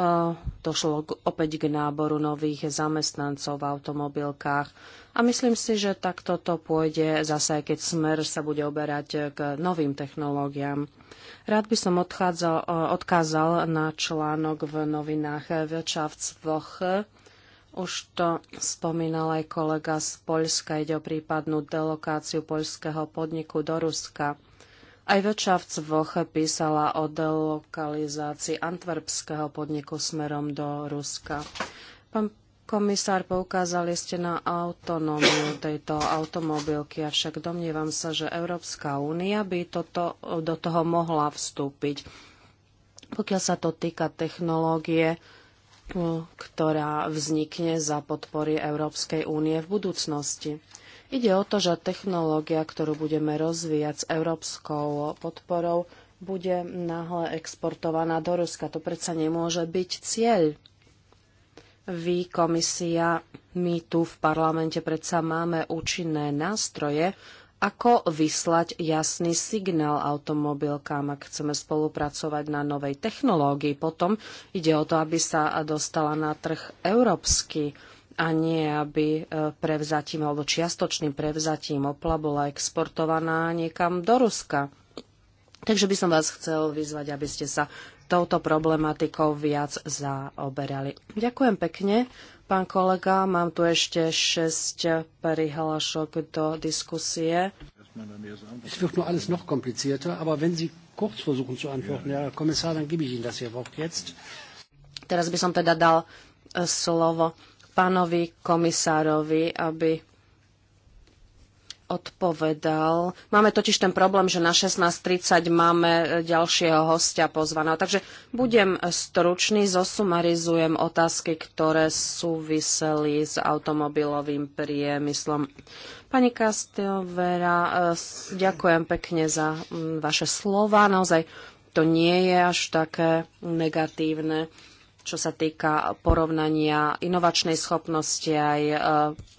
došlo opäť k náboru nových zamestnancov v automobilkách a myslím si, že takto to pôjde zase, keď smer sa bude oberať k novým technológiám. Rád by som odchádzal, eh, odkázal na článok v novinách Wirtschaftswoche, už to spomínal aj kolega z Poľska. Ide o prípadnú delokáciu poľského podniku do Ruska. Aj v Voche písala o delokalizácii antwerpského podniku smerom do Ruska. Pán komisár, poukázali ste na autonómiu tejto automobilky, avšak domnievam sa, že Európska únia by toto, do toho mohla vstúpiť. Pokiaľ sa to týka technológie, ktorá vznikne za podpory Európskej únie v budúcnosti. Ide o to, že technológia, ktorú budeme rozvíjať s európskou podporou, bude náhle exportovaná do Ruska. To predsa nemôže byť cieľ. Vy, komisia, my tu v parlamente predsa máme účinné nástroje, ako vyslať jasný signál automobilkám, ak chceme spolupracovať na novej technológii. Potom ide o to, aby sa dostala na trh európsky a nie aby e, prevzatím alebo čiastočným prevzatím Opla bola exportovaná niekam do Ruska. Takže by som vás chcel vyzvať, aby ste sa touto problematikou viac zaoberali. Ďakujem pekne. Pán kolega, mám tu ešte prihlášok do diskusie. Es wird nur alles noch komplizierter, aber wenn Sie kurz versuchen zu antworten, Herr Kommissar, dann gebe ich Ihnen das Wort jetzt. Teraz by som teda dal e, slovo pánovi komisárovi, aby odpovedal. Máme totiž ten problém, že na 16.30 máme e, ďalšieho hostia pozvaného. Takže budem stručný, zosumarizujem otázky, ktoré súviseli s automobilovým priemyslom. Pani Kastovera, e, ďakujem pekne za vaše slova. Naozaj to nie je až také negatívne čo sa týka porovnania inovačnej schopnosti aj e,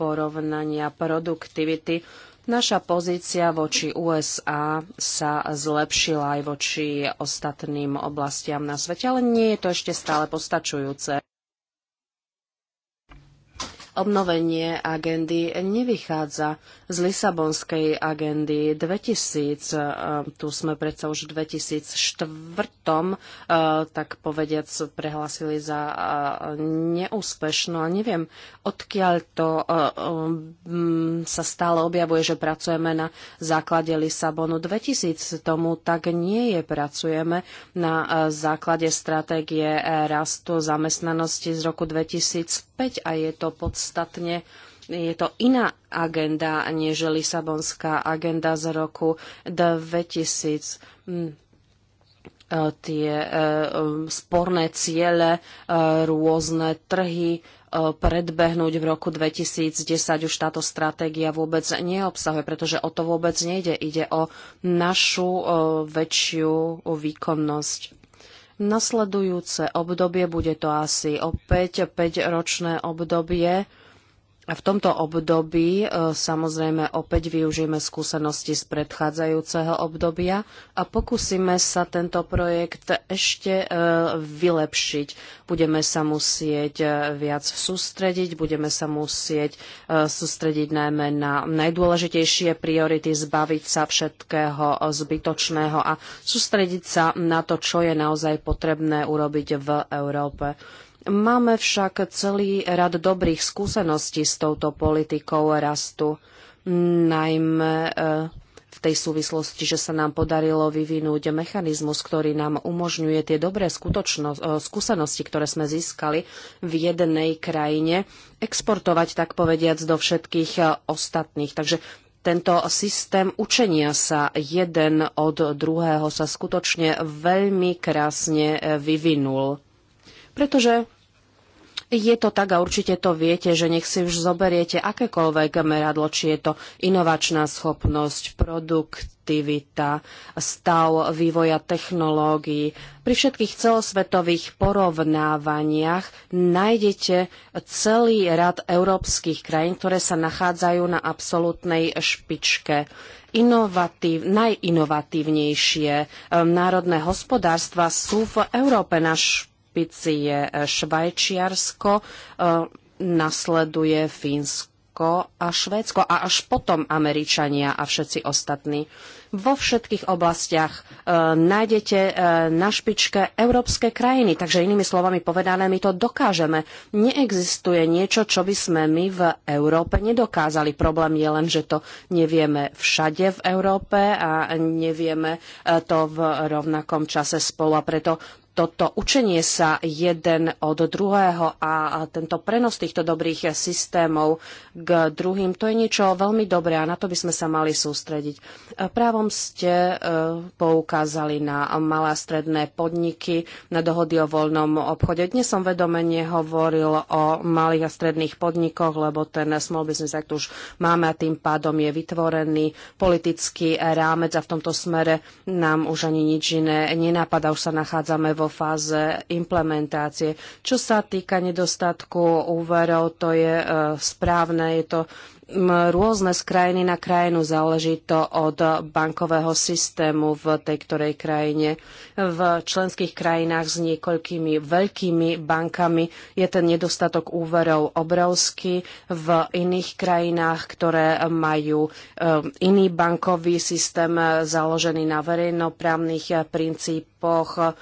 porovnania produktivity. Naša pozícia voči USA sa zlepšila aj voči ostatným oblastiam na svete, ale nie je to ešte stále postačujúce. Obnovenie agendy nevychádza z Lisabonskej agendy 2000. Eh, tu sme predsa už v 2004, eh, tak povediac, prehlasili za eh, neúspešnú. A neviem, odkiaľ to mm, sa stále objavuje, že pracujeme na základe Lisabonu 2000. Tomu tak nie je. Pracujeme na základe stratégie rastu zamestnanosti z roku 2005 opäť a je to podstatne je to iná agenda, než Lisabonská agenda z roku 2000 hm. e, tie e, e, sporné ciele, rôzne trhy predbehnúť v roku 2010 už táto stratégia vôbec neobsahuje, pretože o to vôbec nejde. Ide o našu väčšiu výkonnosť. Nasledujúce obdobie bude to asi opäť 5-ročné obdobie a V tomto období e, samozrejme opäť využijeme skúsenosti z predchádzajúceho obdobia a pokúsime sa tento projekt ešte e, vylepšiť. Budeme sa musieť e, viac sústrediť, budeme sa musieť sústrediť najmä na najdôležitejšie priority, zbaviť sa všetkého zbytočného a sústrediť sa na to, čo je naozaj potrebné urobiť v Európe. Máme však celý rad dobrých skúseností s touto politikou rastu, najmä e, v tej súvislosti, že sa nám podarilo vyvinúť mechanizmus, ktorý nám umožňuje tie dobré e, skúsenosti, ktoré sme získali v jednej krajine, exportovať, tak povediac, do všetkých e, ostatných. Takže tento systém učenia sa jeden od druhého sa skutočne veľmi krásne vyvinul pretože je to tak a určite to viete, že nech si už zoberiete akékoľvek meradlo, či je to inovačná schopnosť, produktivita, stav vývoja technológií. Pri všetkých celosvetových porovnávaniach nájdete celý rad európskych krajín, ktoré sa nachádzajú na absolútnej špičke inovatív, najinovatívnejšie ehm, národné hospodárstva sú v Európe. Náš špici je e, Švajčiarsko, e, nasleduje Fínsko a Švédsko a až potom Američania a všetci ostatní. Vo všetkých oblastiach e, nájdete na špičke európske krajiny, takže inými slovami povedané, my to dokážeme. Neexistuje niečo, čo by sme my v Európe nedokázali. Problém je len, že to nevieme všade v Európe a nevieme to v rovnakom čase spolu a preto toto učenie sa jeden od druhého a tento prenos týchto dobrých systémov k druhým, to je niečo veľmi dobré a na to by sme sa mali sústrediť. Právom ste e, poukázali na malé a stredné podniky, na dohody o voľnom obchode. Dnes som vedomene hovoril o malých a stredných podnikoch, lebo ten Small Business Act už máme a tým pádom je vytvorený politický rámec a v tomto smere nám už ani nič iné nenapadá. Už sa nachádzame vo fáze implementácie. Čo sa týka nedostatku úverov, to je e, správne, je to rôzne z krajiny na krajinu, záleží to od bankového systému v tej ktorej krajine. V členských krajinách s niekoľkými veľkými bankami je ten nedostatok úverov obrovský. V iných krajinách, ktoré majú e, iný bankový systém e, založený na verejnoprávnych princípoch,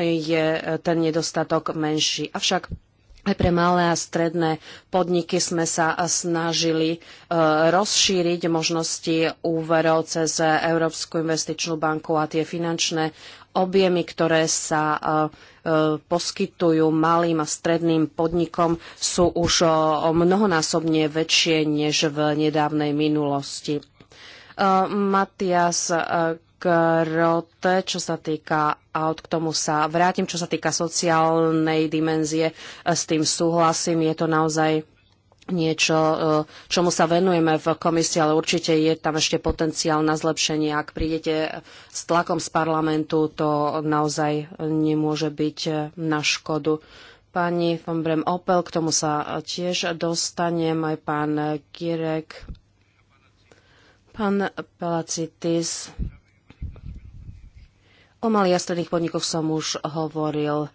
je ten nedostatok menší. Avšak aj pre malé a stredné podniky sme sa snažili e, rozšíriť možnosti úverov cez Európsku investičnú banku a tie finančné objemy, ktoré sa e, e, poskytujú malým a stredným podnikom, sú už mnohonásobne väčšie než v nedávnej minulosti. Matias krote, čo sa týka od k tomu sa vrátim, čo sa týka sociálnej dimenzie, e, s tým súhlasím, je to naozaj niečo, e, čomu sa venujeme v komisii, ale určite je tam ešte potenciál na zlepšenie. Ak prídete s tlakom z parlamentu, to naozaj nemôže byť e, na škodu. Pani von Brem Opel, k tomu sa tiež dostanem, aj pán Girek, pán Palacitis. O malých a stredných podnikoch som už hovoril.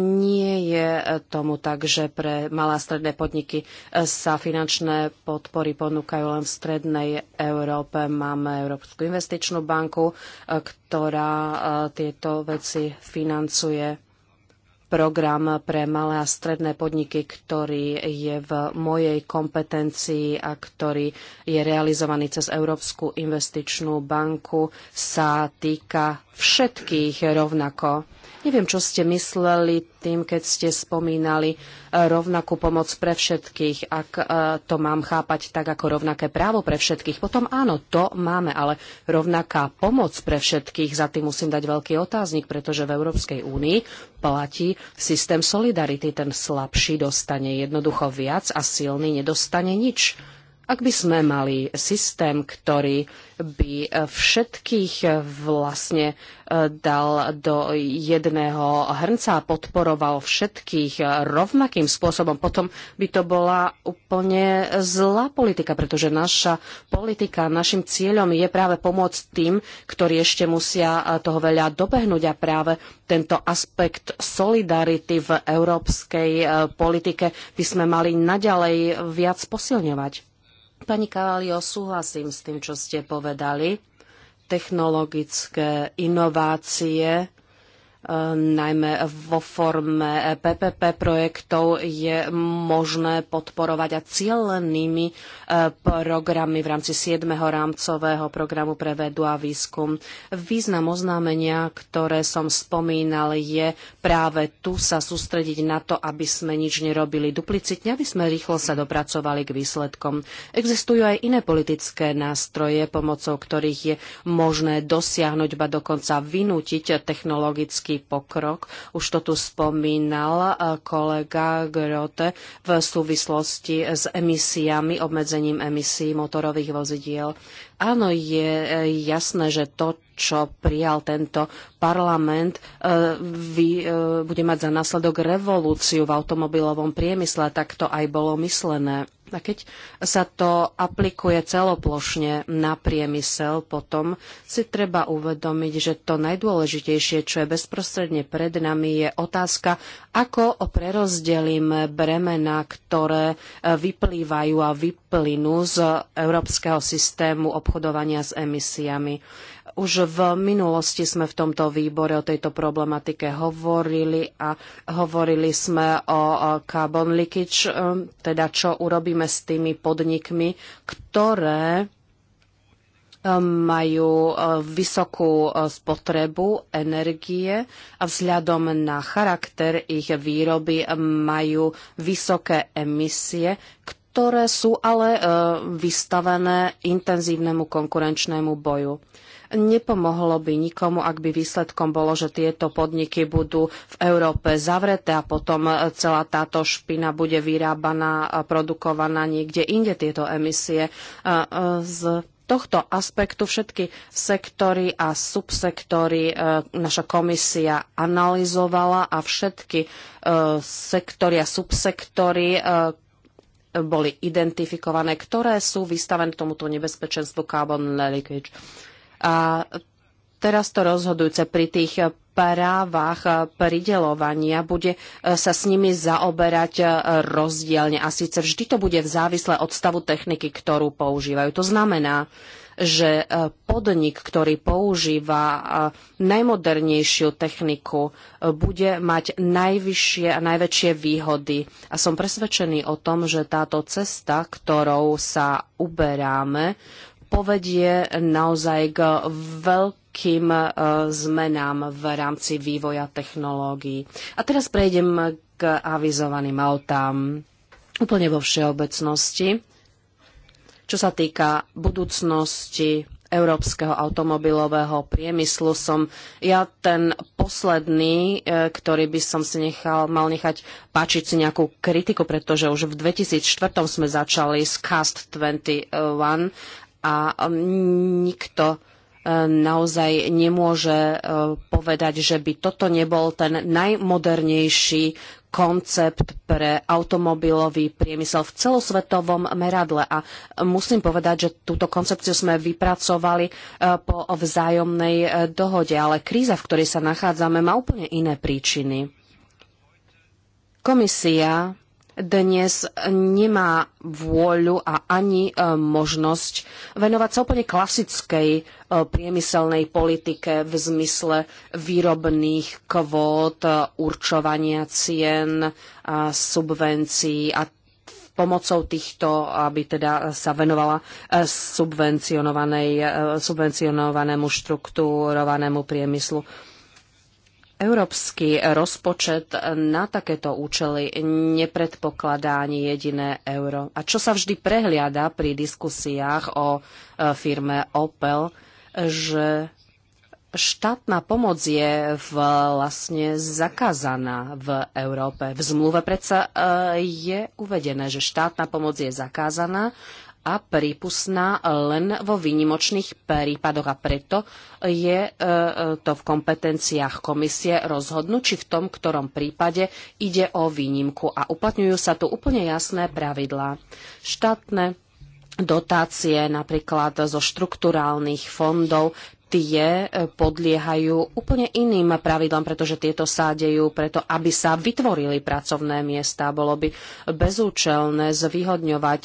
Nie je tomu tak, že pre malé a stredné podniky sa finančné podpory ponúkajú len v strednej Európe. Máme Európsku investičnú banku, ktorá e, tieto veci financuje program pre malé a stredné podniky, ktorý je v mojej kompetencii a ktorý je realizovaný cez Európsku investičnú banku, sa týka všetkých rovnako. Neviem, čo ste mysleli tým, keď ste spomínali e, rovnakú pomoc pre všetkých. Ak e, to mám chápať tak ako rovnaké právo pre všetkých, potom áno, to máme, ale rovnaká pomoc pre všetkých, za tým musím dať veľký otáznik, pretože v Európskej únii platí systém solidarity. Ten slabší dostane jednoducho viac a silný nedostane nič ak by sme mali systém, ktorý by e, všetkých e, vlastne e, dal do jedného hrnca a podporoval všetkých rovnakým spôsobom, potom by to bola úplne zlá politika, pretože naša politika, našim cieľom je práve pomôcť tým, ktorí ešte musia toho veľa dobehnúť a práve tento aspekt solidarity v európskej politike by sme mali naďalej viac posilňovať. Pani Kavalio, súhlasím s tým, čo ste povedali. Technologické inovácie Ehm, najmä vo forme PPP projektov je možné podporovať a cieľenými eh, programy v rámci 7. rámcového programu pre vedu a výskum. Význam oznámenia, ktoré som spomínal, je práve tu sa sústrediť na to, aby sme nič nerobili duplicitne, aby sme rýchlo sa dopracovali k výsledkom. Existujú aj iné politické nástroje, pomocou ktorých je možné dosiahnuť, ba dokonca vynútiť technologický veľký pokrok. Už to tu spomínal e, kolega Grote v súvislosti s emisiami, obmedzením emisí motorových vozidiel. Áno, je e, jasné, že to, čo prijal tento parlament, e, vy, e, bude mať za následok revolúciu v automobilovom priemysle. Tak to aj bolo myslené. A keď sa to aplikuje celoplošne na priemysel, potom si treba uvedomiť, že to najdôležitejšie, čo je bezprostredne pred nami, je otázka, ako prerozdelíme bremena, ktoré vyplývajú a vyplývajú plynu z európskeho systému obchodovania s emisiami. Už v minulosti sme v tomto výbore o tejto problematike hovorili a hovorili sme o carbon leakage, e, teda čo urobíme s tými podnikmi, ktoré e, majú e, vysokú spotrebu energie a vzhľadom na charakter ich výroby majú vysoké emisie, ktoré ktoré sú ale e, vystavené intenzívnemu konkurenčnému boju. Nepomohlo by nikomu, ak by výsledkom bolo, že tieto podniky budú v Európe zavreté a potom e, celá táto špina bude vyrábaná a produkovaná niekde inde tieto emisie e, z tohto aspektu všetky sektory a subsektory naša komisia analyzovala a všetky sektory a subsektory, boli identifikované, ktoré sú vystavené tomuto nebezpečenstvu carbon leakage. A teraz to rozhodujúce pri tých právach pridelovania bude sa s nimi zaoberať rozdielne. A síce vždy to bude v závisle od stavu techniky, ktorú používajú. To znamená, že e, podnik, ktorý používa e, najmodernejšiu techniku, e, bude mať najvyššie a najväčšie výhody. A som presvedčený o tom, že táto cesta, ktorou sa uberáme, povedie naozaj k veľkým zmenám v rámci vývoja technológií. A teraz prejdem k avizovaným autám úplne vo všeobecnosti. Čo sa týka budúcnosti európskeho automobilového priemyslu som ja ten posledný, e, ktorý by som si nechal, mal nechať páčiť si nejakú kritiku, pretože už v 2004 sme začali s Cast 21 a nikto e, naozaj nemôže e, povedať, že by toto nebol ten najmodernejší koncept pre automobilový priemysel v celosvetovom meradle. A musím povedať, že túto koncepciu sme vypracovali e, po vzájomnej e, dohode, ale kríza, v ktorej sa nachádzame, má úplne iné príčiny. Komisia dnes nemá vôľu a ani e, možnosť venovať sa úplne klasickej e, priemyselnej politike v zmysle výrobných kvót, e, určovania cien, subvencií a pomocou týchto, aby teda sa venovala subvencionovanému štruktúrovanému priemyslu. Európsky rozpočet na takéto účely nepredpokladá ani jediné euro. A čo sa vždy prehliada pri diskusiách o e, firme Opel, že štátna pomoc je vlastne zakázaná v Európe. V zmluve predsa e, je uvedené, že štátna pomoc je zakázaná a prípustná len vo výnimočných prípadoch a preto je e, e, to v kompetenciách komisie rozhodnúť, či v tom, ktorom prípade ide o výnimku a uplatňujú sa tu úplne jasné pravidlá. Štátne dotácie napríklad zo štrukturálnych fondov tie e, podliehajú úplne iným pravidlám, pretože tieto sa dejú preto, aby sa vytvorili pracovné miesta. Bolo by bezúčelné zvýhodňovať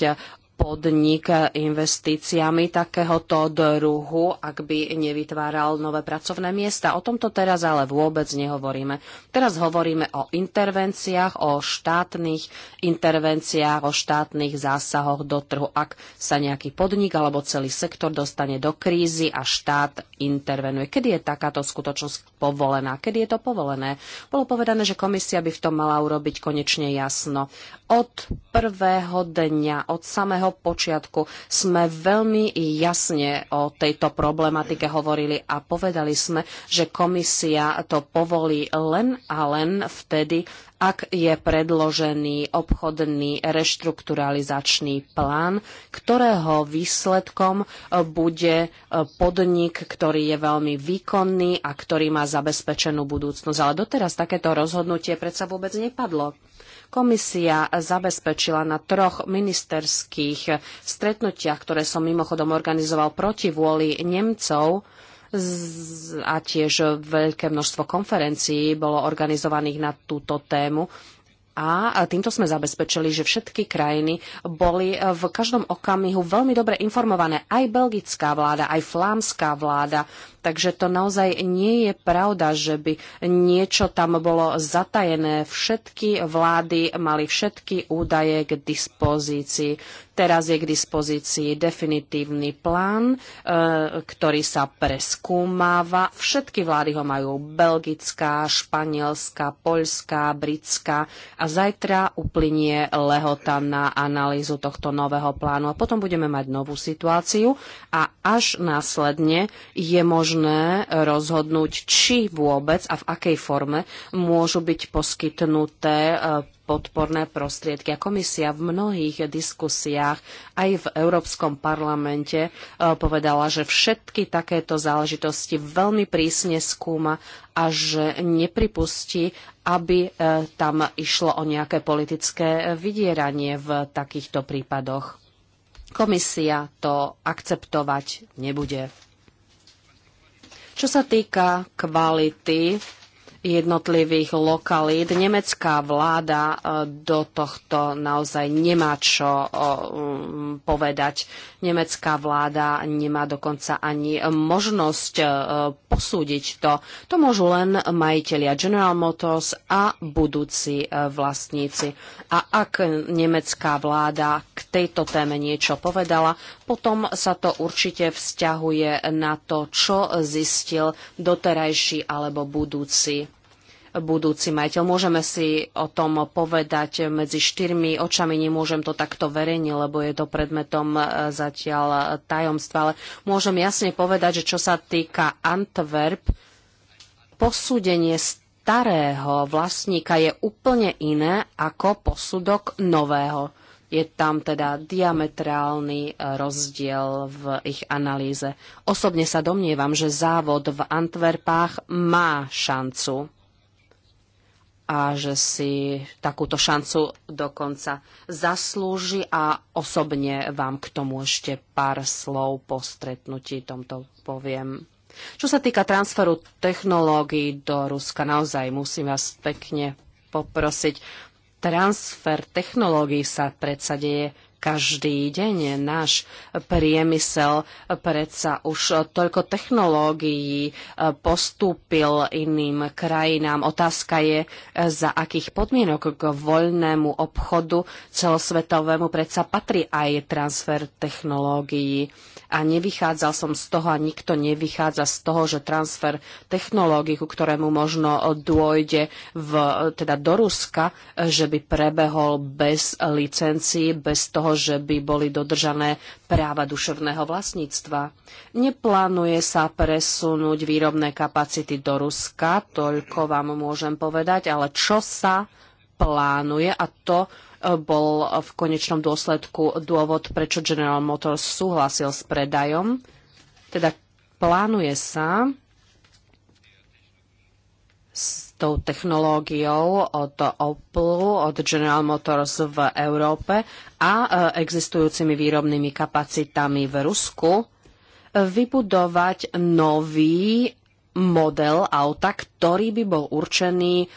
podnik investíciami takéhoto druhu, ak by nevytváral nové pracovné miesta. O tomto teraz ale vôbec nehovoríme. Teraz hovoríme o intervenciách, o štátnych intervenciách, o štátnych zásahoch do trhu. Ak sa nejaký podnik alebo celý sektor dostane do krízy a štát intervenuje. Kedy je takáto skutočnosť povolená? Kedy je to povolené? Bolo povedané, že komisia by v tom mala urobiť konečne jasno. Od prvého dňa, od samého samého počiatku sme veľmi jasne o tejto problematike hovorili a povedali sme, že komisia to povolí len a len vtedy, ak je predložený obchodný reštrukturalizačný plán, ktorého výsledkom bude podnik, ktorý je veľmi výkonný a ktorý má zabezpečenú budúcnosť. Ale doteraz takéto rozhodnutie predsa vôbec nepadlo. Komisia zabezpečila na troch ministerských stretnutiach, ktoré som mimochodom organizoval proti vôli Nemcov, a tiež veľké množstvo konferencií bolo organizovaných na túto tému a týmto sme zabezpečili, že všetky krajiny boli v každom okamihu veľmi dobre informované. Aj belgická vláda, aj flámská vláda. Takže to naozaj nie je pravda, že by niečo tam bolo zatajené. Všetky vlády mali všetky údaje k dispozícii. Teraz je k dispozícii definitívny plán, e, ktorý sa preskúmáva. Všetky vlády ho majú. Belgická, španielská, poľská, britská a zajtra uplynie lehota na analýzu tohto nového plánu a potom budeme mať novú situáciu a až následne je možné rozhodnúť, či vôbec a v akej forme môžu byť poskytnuté e, podporné prostriedky. A komisia v mnohých diskusiách aj v Európskom parlamente e, povedala, že všetky takéto záležitosti veľmi prísne skúma a že nepripustí, aby e, tam išlo o nejaké politické vydieranie v takýchto prípadoch. Komisia to akceptovať nebude. Čo sa týka kvality jednotlivých lokalít. Nemecká vláda e, do tohto naozaj nemá čo povedať. Nemecká vláda nemá dokonca ani možnosť e, posúdiť to. To môžu len majiteľia General Motors a budúci e, vlastníci. A ak nemecká vláda k tejto téme niečo povedala, potom sa to určite vzťahuje na to, čo zistil doterajší alebo budúci budúci majiteľ. Môžeme si o tom povedať medzi štyrmi očami, nemôžem to takto verejne, lebo je to predmetom e, zatiaľ tajomstva, ale môžem jasne povedať, že čo sa týka Antwerp, posúdenie starého vlastníka je úplne iné ako posudok nového. Je tam teda diametrálny e, rozdiel v ich analýze. Osobne sa domnievam, že závod v Antwerpách má šancu a že si takúto šancu dokonca zaslúži a osobne vám k tomu ešte pár slov po stretnutí tomto poviem. Čo sa týka transferu technológií do Ruska, naozaj musím vás pekne poprosiť. Transfer technológií sa predsa deje každý deň. Náš priemysel predsa už toľko technológií e, postúpil iným krajinám. Otázka je, e, za akých podmienok k voľnému obchodu celosvetovému predsa patrí aj transfer technológií a nevychádzal som z toho a nikto nevychádza z toho, že transfer technológií, ku ktorému možno dôjde v, teda do Ruska, že by prebehol bez licencií, bez toho, že by boli dodržané práva duševného vlastníctva. Neplánuje sa presunúť výrobné kapacity do Ruska, toľko vám môžem povedať, ale čo sa plánuje a to bol v konečnom dôsledku dôvod, prečo General Motors súhlasil s predajom. Teda plánuje sa s tou technológiou od Opel, od General Motors v Európe a e, existujúcimi výrobnými kapacitami v Rusku e, vybudovať nový model auta, ktorý by bol určený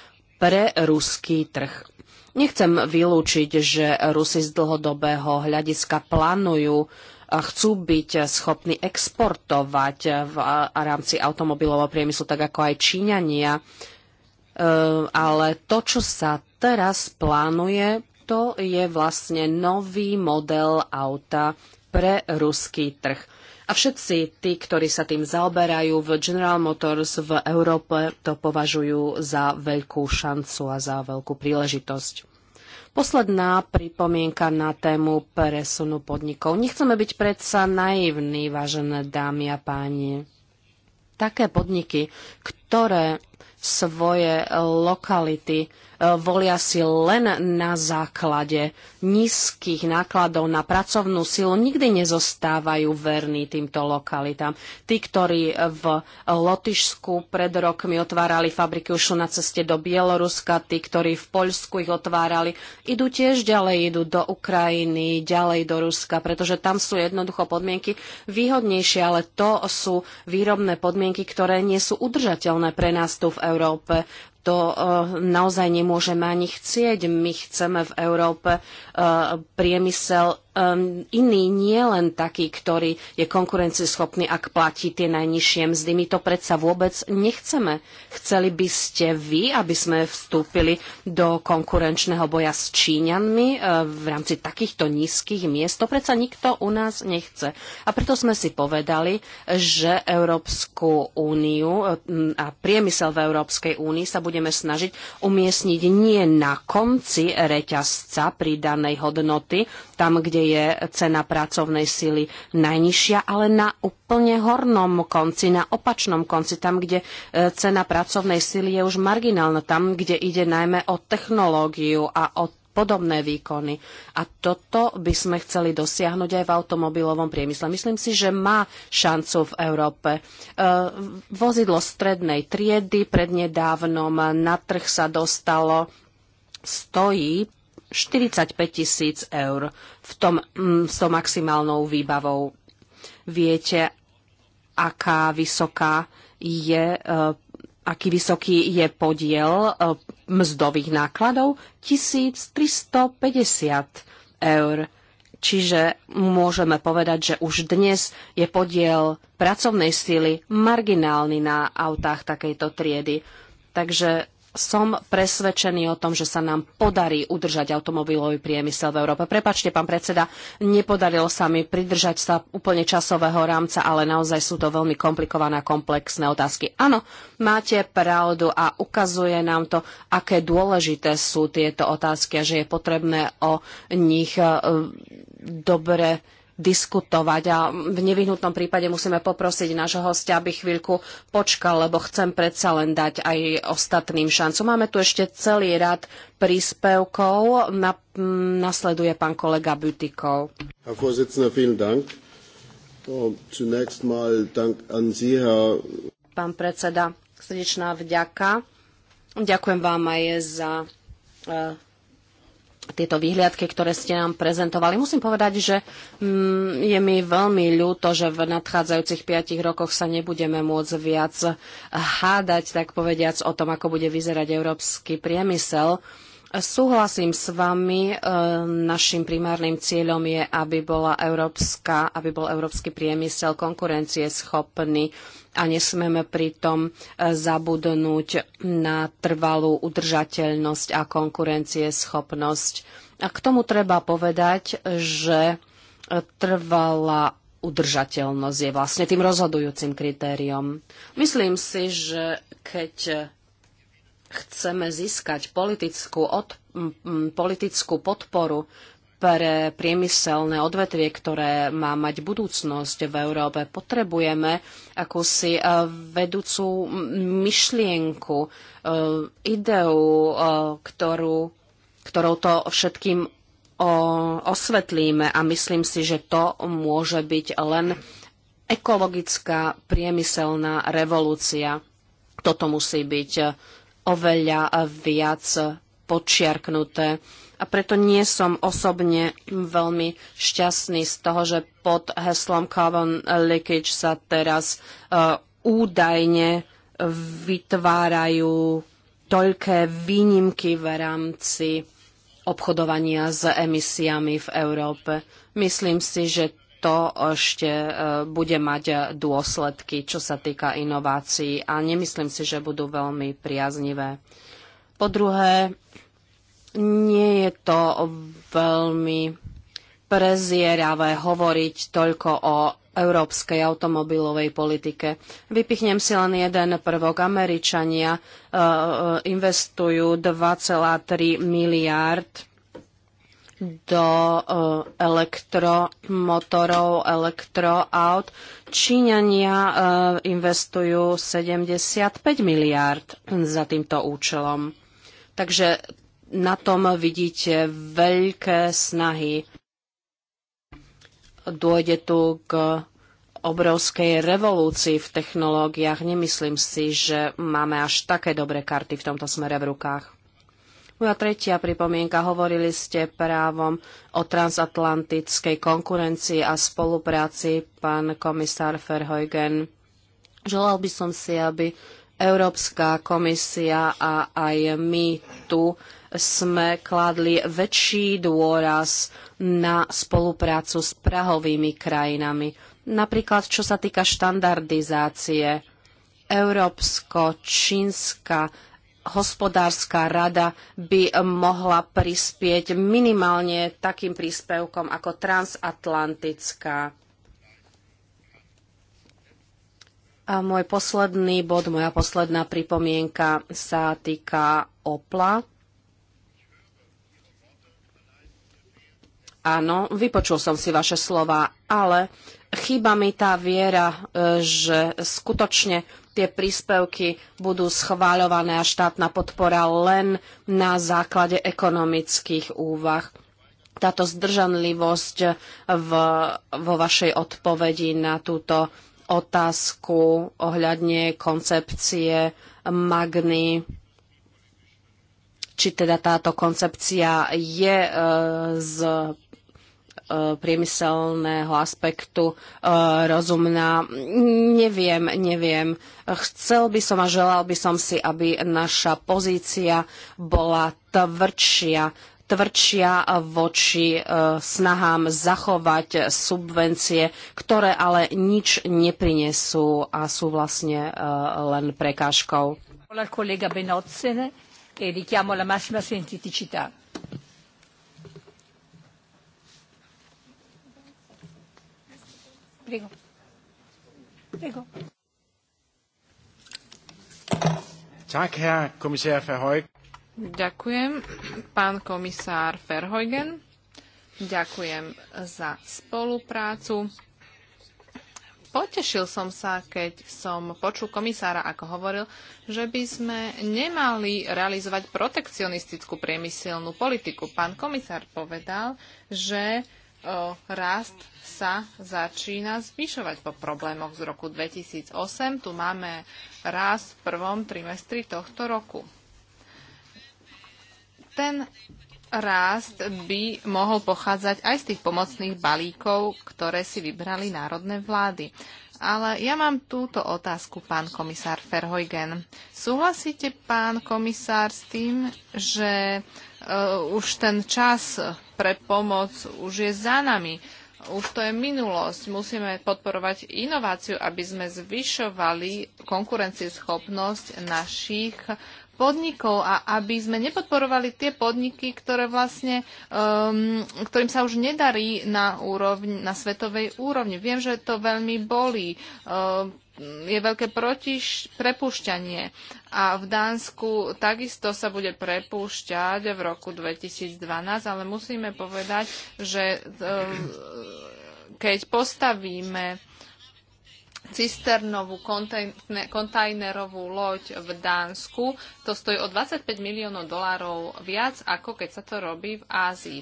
pre ruský trh. Nechcem vylúčiť, že Rusi z dlhodobého hľadiska plánujú chcú byť schopní exportovať v rámci automobilového priemyslu, tak ako aj Číňania. E, ale to, čo sa teraz plánuje, to je vlastne nový model auta pre ruský trh. A všetci tí, ktorí sa tým zaoberajú v General Motors v Európe, to považujú za veľkú šancu a za veľkú príležitosť. Posledná pripomienka na tému presunu podnikov. Nechceme byť predsa naivní, vážené dámy a páni. Také podniky, ktoré svoje lokality E, volia si len na základe nízkych nákladov na pracovnú silu, nikdy nezostávajú verní týmto lokalitám. Tí, ktorí v Lotyšsku pred rokmi otvárali fabriky, už sú na ceste do Bieloruska, tí, ktorí v Poľsku ich otvárali, idú tiež ďalej, idú do Ukrajiny, ďalej do Ruska, pretože tam sú jednoducho podmienky výhodnejšie, ale to sú výrobné podmienky, ktoré nie sú udržateľné pre nás tu v Európe to eh, naozaj nemôžeme ani chcieť. My chceme v Európe eh, priemysel um, iný nie len taký, ktorý je konkurencieschopný, ak platí tie najnižšie mzdy. My to predsa vôbec nechceme. Chceli by ste vy, aby sme vstúpili do konkurenčného boja s Číňanmi uh, v rámci takýchto nízkych miest? To predsa nikto u nás nechce. A preto sme si povedali, že Európsku úniu ehm, a priemysel v Európskej únii sa budeme snažiť umiestniť nie na konci reťazca pridanej hodnoty, tam, kde je cena pracovnej sily najnižšia, ale na úplne hornom konci, na opačnom konci, tam, kde e, cena pracovnej sily je už marginálna, tam, kde ide najmä o technológiu a o podobné výkony. A toto by sme chceli dosiahnuť aj v automobilovom priemysle. Myslím si, že má šancu v Európe. E, vozidlo strednej triedy prednedávnom na trh sa dostalo stojí 45 tisíc eur v tom, mm, s tou maximálnou výbavou. Viete, aká vysoká je, eh, aký vysoký je podiel eh, mzdových nákladov? 1350 eur. Čiže môžeme povedať, že už dnes je podiel pracovnej síly marginálny na autách takejto triedy. Takže som presvedčený o tom, že sa nám podarí udržať automobilový priemysel v Európe. Prepačte, pán predseda, nepodarilo sa mi pridržať sa úplne časového rámca, ale naozaj sú to veľmi komplikované a komplexné otázky. Áno, máte pravdu a ukazuje nám to, aké dôležité sú tieto otázky a že je potrebné o nich e, dobre diskutovať a v nevyhnutnom prípade musíme poprosiť nášho hostia, aby chvíľku počkal, lebo chcem predsa len dať aj ostatným šancu. Máme tu ešte celý rad príspevkov. Na, nasleduje pán kolega Butikov. Pán predseda, srdečná vďaka. Ďakujem vám aj za eh, tieto výhliadky, ktoré ste nám prezentovali. Musím povedať, že mm, je mi veľmi ľúto, že v nadchádzajúcich piatich rokoch sa nebudeme môcť viac hádať, tak povediac, o tom, ako bude vyzerať európsky priemysel Súhlasím s vami, e, našim primárnym cieľom je, aby, bola európska, aby bol európsky priemysel konkurencieschopný a nesmeme pritom e, zabudnúť na trvalú udržateľnosť a konkurencieschopnosť. A k tomu treba povedať, že trvalá udržateľnosť je vlastne tým rozhodujúcim kritériom. Myslím si, že keď chceme získať politickú, od, politickú podporu pre priemyselné odvetvie, ktoré má mať budúcnosť v Európe, potrebujeme akúsi e, vedúcu myšlienku, e, ideu, e, ktorú, ktorou to všetkým osvetlíme a myslím si, že to môže byť len ekologická priemyselná revolúcia. Toto musí byť oveľa viac počiarknuté. A preto nie som osobne veľmi šťastný z toho, že pod heslom Carbon Leakage sa teraz uh, údajne vytvárajú toľké výnimky v rámci obchodovania s emisiami v Európe. Myslím si, že to ešte e, bude mať dôsledky, čo sa týka inovácií a nemyslím si, že budú veľmi priaznivé. Po druhé, nie je to veľmi prezieravé hovoriť toľko o európskej automobilovej politike. Vypichnem si len jeden prvok. Američania e, e, investujú 2,3 miliárd do e, elektromotorov, elektroaut. Číňania e, investujú 75 miliárd za týmto účelom. Takže na tom vidíte veľké snahy. Dôjde tu k obrovskej revolúcii v technológiách. Nemyslím si, že máme až také dobré karty v tomto smere v rukách. Moja no tretia pripomienka, hovorili ste právom o transatlantickej konkurencii a spolupráci, pán komisár Verheugen. Želal by som si, aby Európska komisia a aj my tu sme kladli väčší dôraz na spoluprácu s prahovými krajinami. Napríklad, čo sa týka štandardizácie, európsko-čínska hospodárska rada by mohla prispieť minimálne takým príspevkom ako transatlantická. A môj posledný bod, moja posledná pripomienka sa týka OPLA. Áno, vypočul som si vaše slova, ale chýba mi tá viera, e, že skutočne tie príspevky budú schváľované a štátna podpora len na základe ekonomických úvah. Táto zdržanlivosť eh, v, vo vašej odpovedi na túto otázku ohľadne koncepcie Magny, či teda táto koncepcia je eh, z E, priemyselného aspektu e, rozumná. Neviem, neviem. Chcel by som a želal by som si, aby naša pozícia bola tvrdšia, tvrdšia voči e, snahám zachovať subvencie, ktoré ale nič neprinesú a sú vlastne len prekážkou. Kolega Benocene richiamo la massima Tak, herr komisár Verheugen. Ďakujem, pán komisár Verheugen. Ďakujem za spoluprácu. Potešil som sa, keď som počul komisára, ako hovoril, že by sme nemali realizovať protekcionistickú priemyselnú politiku. Pán komisár povedal, že rast sa začína zvyšovať po problémoch z roku 2008. Tu máme rast v prvom trimestri tohto roku. Ten rast by mohol pochádzať aj z tých pomocných balíkov, ktoré si vybrali národné vlády. Ale ja mám túto otázku, pán komisár Ferhojgen. Súhlasíte, pán komisár, s tým, že Eh, už ten čas pre pomoc už je za nami. Už to je minulosť. Musíme podporovať inováciu, aby sme zvyšovali konkurencieschopnosť našich podnikov a aby sme nepodporovali tie podniky, ktoré vlastne, um, ktorým sa už nedarí na, úrovni, na svetovej úrovni. Viem, že to veľmi bolí. Um, je veľké protiž, prepušťanie a v Dánsku takisto sa bude prepúšťať v roku 2012, ale musíme povedať, že e, keď postavíme cisternovú kontajnerovú loď v Dánsku, to stojí o 25 miliónov dolárov viac, ako keď sa to robí v Ázii.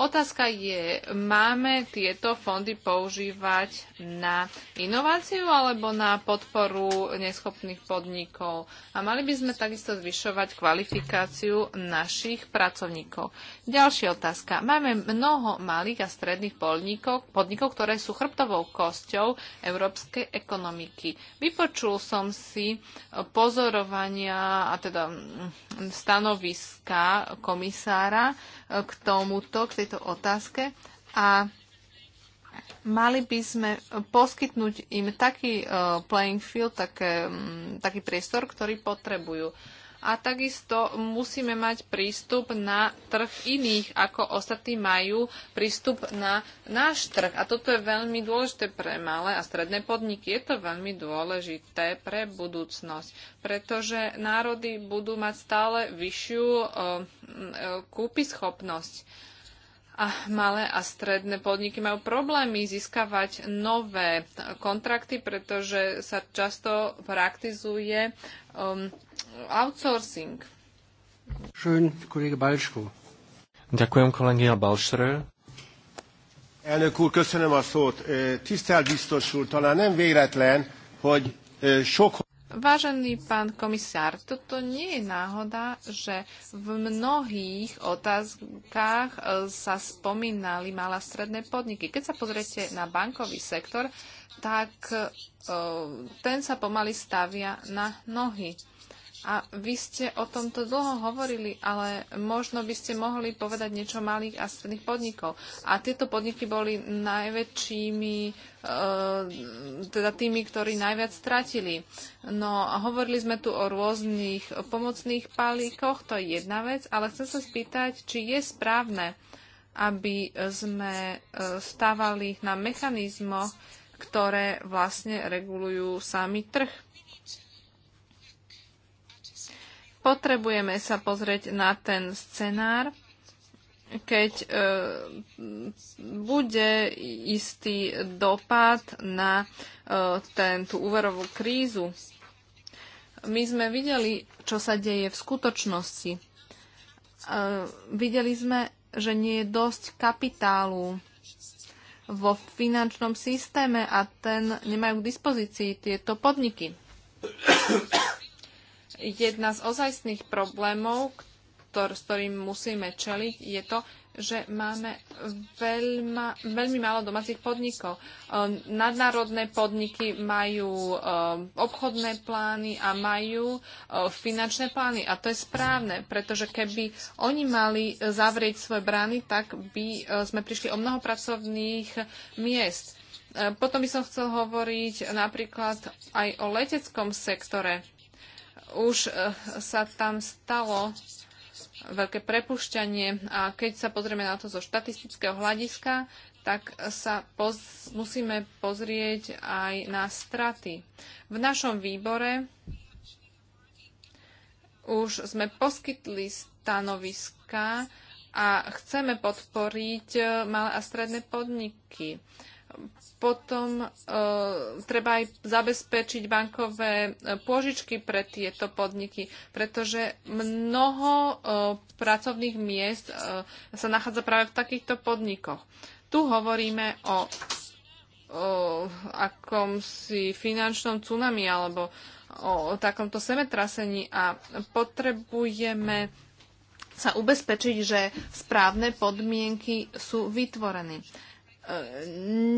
Otázka je, máme tieto fondy používať na inováciu alebo na podporu neschopných podnikov? A mali by sme takisto zvyšovať kvalifikáciu našich pracovníkov. Ďalšia otázka. Máme mnoho malých a stredných podnikov, podnikov ktoré sú chrbtovou kosťou európskej ekonomiky. Vypočul som si pozorovania a teda stanoviska komisára k tomuto, k tej tejto otázke a mali by sme poskytnúť im taký e, playing field, také, taký priestor, ktorý potrebujú. A takisto musíme mať prístup na trh iných, ako ostatní majú prístup na náš trh. A toto je veľmi dôležité pre malé a stredné podniky. Je to veľmi dôležité pre budúcnosť, pretože národy budú mať stále vyššiu e, e, kúpyschopnosť a malé a stredné podniky majú problémy získavať nové kontrakty, pretože sa často praktizuje um, outsourcing. Schön, kolega Balčko. Ďakujem, kolega Balšrö. Elnök úr, köszönöm a szót. Tisztelt biztos úr, talán nem véletlen, hogy sok Vážený pán komisár, toto nie je náhoda, že v mnohých otázkach e, sa spomínali malé stredné podniky. Keď sa pozriete na bankový sektor, tak e, ten sa pomaly stavia na nohy. A vy ste o tomto dlho hovorili, ale možno by ste mohli povedať niečo malých a stredných podnikov. A tieto podniky boli najväčšími, e, teda tými, ktorí najviac stratili. No, hovorili sme tu o rôznych pomocných palíkoch, to je jedna vec, ale chcem sa spýtať, či je správne, aby sme e, stávali na mechanizmoch, ktoré vlastne regulujú sami trh Potrebujeme sa pozrieť na ten scenár, keď e, bude istý dopad na e, ten, tú úverovú krízu. My sme videli, čo sa deje v skutočnosti. E, videli sme, že nie je dosť kapitálu vo finančnom systéme a ten nemajú k dispozícii tieto podniky. Jedna z ozajstných problémov, ktor, s ktorým musíme čeliť, je to, že máme veľma, veľmi málo domácich podnikov. E, nadnárodné podniky majú e, obchodné plány a majú e, finančné plány. A to je správne, pretože keby oni mali zavrieť svoje brány, tak by sme prišli o mnoho pracovných miest. Potom by som chcel hovoriť napríklad aj o leteckom sektore už e, sa tam stalo veľké prepušťanie a keď sa pozrieme na to zo štatistického hľadiska, tak sa poz- musíme pozrieť aj na straty. V našom výbore už sme poskytli stanoviska a chceme podporiť e, malé a stredné podniky. Potom uh, treba aj zabezpečiť bankové eh, pôžičky pre tieto podniky, pretože mnoho uh, pracovných miest uh, sa nachádza práve v takýchto podnikoch. Tu hovoríme o, o akomsi finančnom tsunami alebo o, o takomto semetrasení a potrebujeme sa ubezpečiť, že správne podmienky sú vytvorené. E,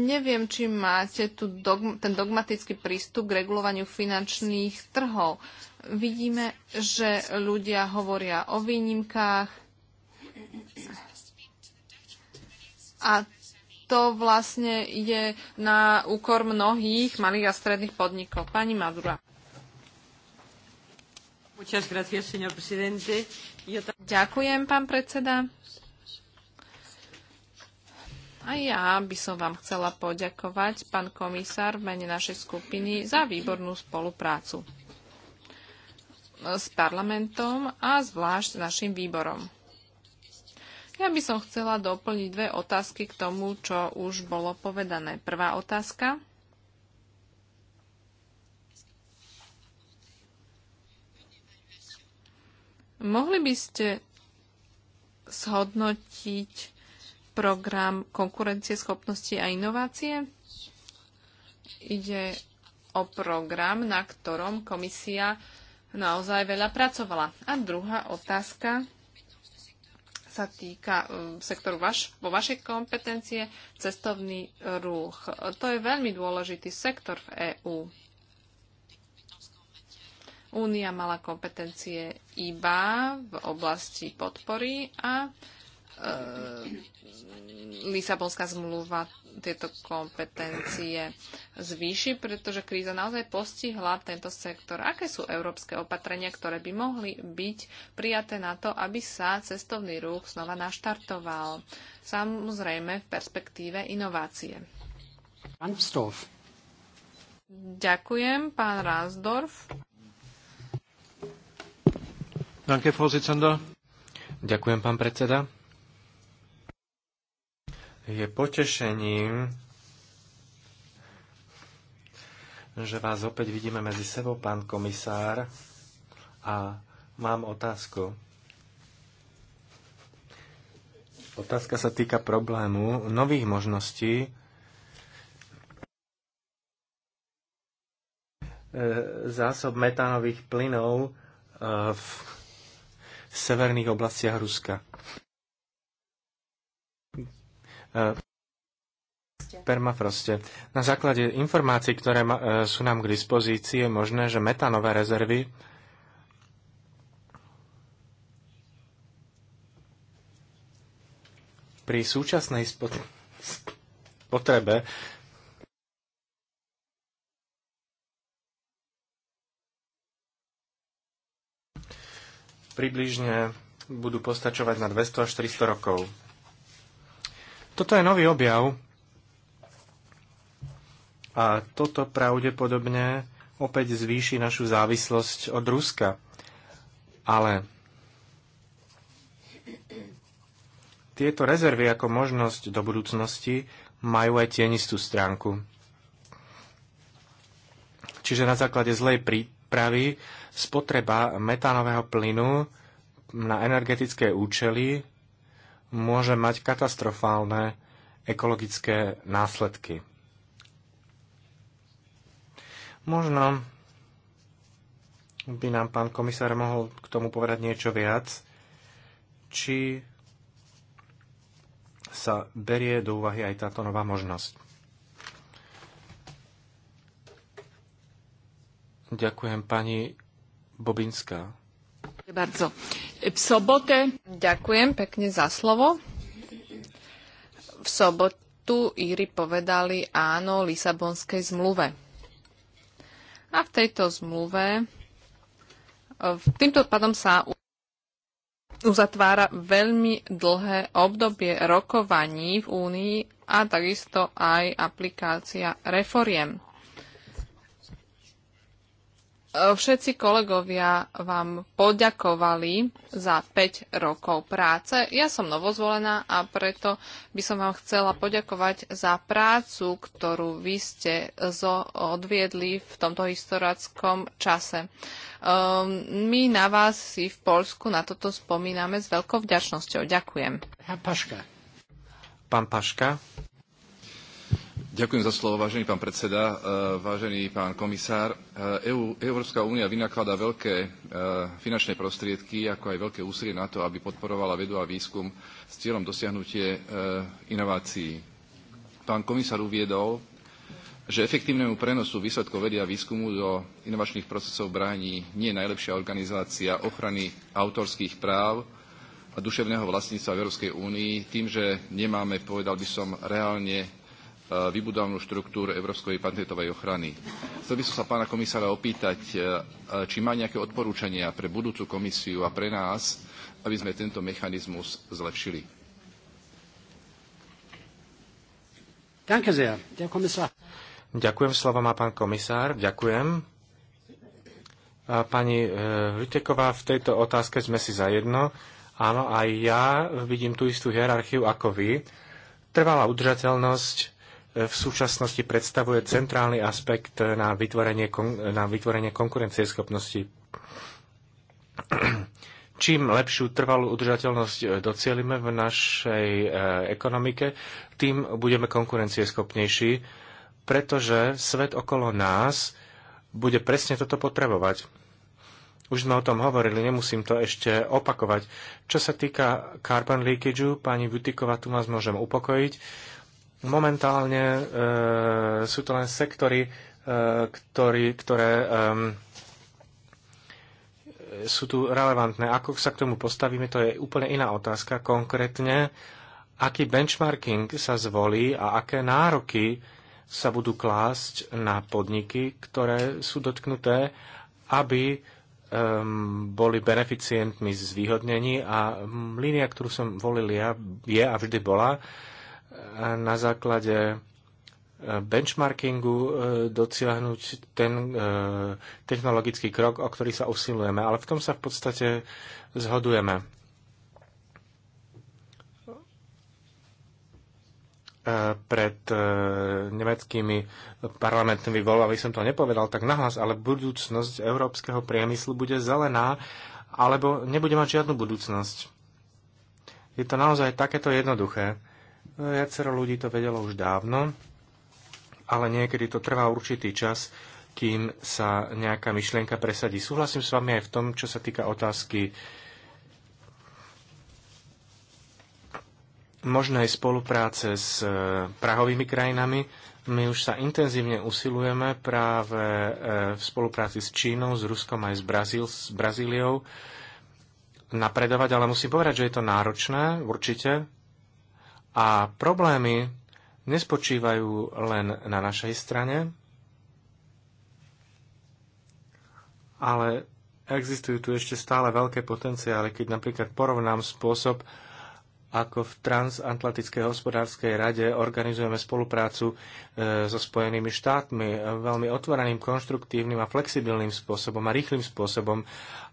neviem, či máte tu dogma, ten dogmatický prístup k regulovaniu finančných trhov. Vidíme, že ľudia hovoria o výnimkách a to vlastne je na úkor mnohých malých a stredných podnikov. Pani Madura. Ďakujem, pán predseda. A ja by som vám chcela poďakovať, pán komisár, v mene našej skupiny za výbornú spoluprácu s parlamentom a zvlášť s našim výborom. Ja by som chcela doplniť dve otázky k tomu, čo už bolo povedané. Prvá otázka. Mohli by ste shodnotiť program konkurencie, schopnosti a inovácie. Ide o program, na ktorom komisia naozaj veľa pracovala. A druhá otázka sa týka e, sektoru vaš, vo vašej kompetencie cestovný ruch. To je veľmi dôležitý sektor v EÚ. Únia mala kompetencie iba v oblasti podpory a E, Lisabonská zmluva tieto kompetencie zvýši, pretože kríza naozaj postihla tento sektor. Aké sú európske opatrenia, ktoré by mohli byť prijaté na to, aby sa cestovný ruch znova naštartoval? Samozrejme v perspektíve inovácie. Ransdorf. Ďakujem, pán Ransdorf. Ďakujem, pán predseda. Je potešením, že vás opäť vidíme medzi sebou, pán komisár, a mám otázku. Otázka sa týka problému nových možností e, zásob metánových plynov e, v severných oblastiach Ruska permafroste. Na základe informácií, ktoré e, sú nám k dispozícii, je možné, že metánové rezervy pri súčasnej spotrebe približne budú postačovať na 200 až 300 rokov. Toto je nový objav a toto pravdepodobne opäť zvýši našu závislosť od Ruska. Ale tieto rezervy ako možnosť do budúcnosti majú aj tienistú stránku. Čiže na základe zlej prípravy spotreba metánového plynu na energetické účely môže mať katastrofálne ekologické následky. Možno by nám pán komisár mohol k tomu povedať niečo viac, či sa berie do úvahy aj táto nová možnosť. Ďakujem pani Bobinská v sobote... Ďakujem pekne za slovo. V sobotu Íry povedali áno Lisabonskej zmluve. A v tejto zmluve týmto pádom sa uzatvára veľmi dlhé obdobie rokovaní v Únii a takisto aj aplikácia reforiem. Všetci kolegovia vám poďakovali za 5 rokov práce. Ja som novozvolená a preto by som vám chcela poďakovať za prácu, ktorú vy ste odviedli v tomto historickom čase. Ehm, my na vás si v Polsku na toto spomíname s veľkou vďačnosťou. Ďakujem. Pán Paška. Pán Paška. Ďakujem za slovo, vážený pán predseda, e, vážený pán komisár. E, e Európska únia vynakladá veľké finančné prostriedky, ako aj veľké úsilie na to, aby podporovala vedu a výskum s cieľom dosiahnutie inovácií. Pán komisár uviedol, že efektívnemu prenosu výsledkov vedy a výskumu do inovačných procesov bráni nie najlepšia organizácia ochrany autorských práv a duševného vlastníctva v Európskej únii tým, že nemáme, povedal by som, reálne E, vybudovanú štruktúru Európskej patentovej ochrany. Chcel by som sa pána komisára opýtať, e, e, či má nejaké odporúčania pre budúcu komisiu a pre nás, aby sme tento mechanizmus zlepšili. Ďakujem, slovo má pán komisár. Ďakujem. A pani Liteková, v tejto otázke sme si zajedno. Áno, aj ja vidím tú istú hierarchiu ako vy. Trvalá udržateľnosť v súčasnosti predstavuje centrálny aspekt na vytvorenie, na vytvorenie konkurencieschopnosti. Čím lepšiu trvalú udržateľnosť docielime v našej eh, ekonomike, tým budeme konkurencieschopnejší, pretože svet okolo nás bude presne toto potrebovať. Už sme o tom hovorili, nemusím to ešte opakovať. Čo sa týka carbon leakage, pani Vutiková tu vás môžem upokojiť Momentálne e, sú to len sektory, e, ktorý, ktoré e, sú tu relevantné. Ako sa k tomu postavíme, to je úplne iná otázka. Konkrétne, aký benchmarking sa zvolí a aké nároky sa budú klásť na podniky, ktoré sú dotknuté, aby um, boli beneficientmi zvýhodnení a línia, ktorú som volil ja, je a vždy bola, na základe e, benchmarkingu e, dociahnuť ten e, technologický krok, o ktorý sa usilujeme. Ale v tom sa v podstate zhodujeme. pred nemeckými parlamentnými voľbami som to nepovedal tak nahlas, ale budúcnosť európskeho priemyslu bude zelená alebo nebude mať žiadnu budúcnosť. Je to naozaj takéto jednoduché. Viacero ľudí to vedelo už dávno, ale niekedy to trvá určitý čas, kým sa nejaká myšlienka presadí. Súhlasím s vami aj v tom, čo sa týka otázky možnej spolupráce s e, prahovými krajinami. My už sa intenzívne usilujeme práve e, v spolupráci s Čínou, s Ruskom aj s, Brazíl, s Brazíliou napredovať, ale musím povedať, že je to náročné, určite, a problémy nespočívajú len na našej strane, ale existujú tu ešte stále veľké potenciály, keď napríklad porovnám spôsob, ako v Transatlantickej hospodárskej rade organizujeme spoluprácu e, so Spojenými štátmi veľmi otvoreným, konštruktívnym a flexibilným spôsobom a rýchlým spôsobom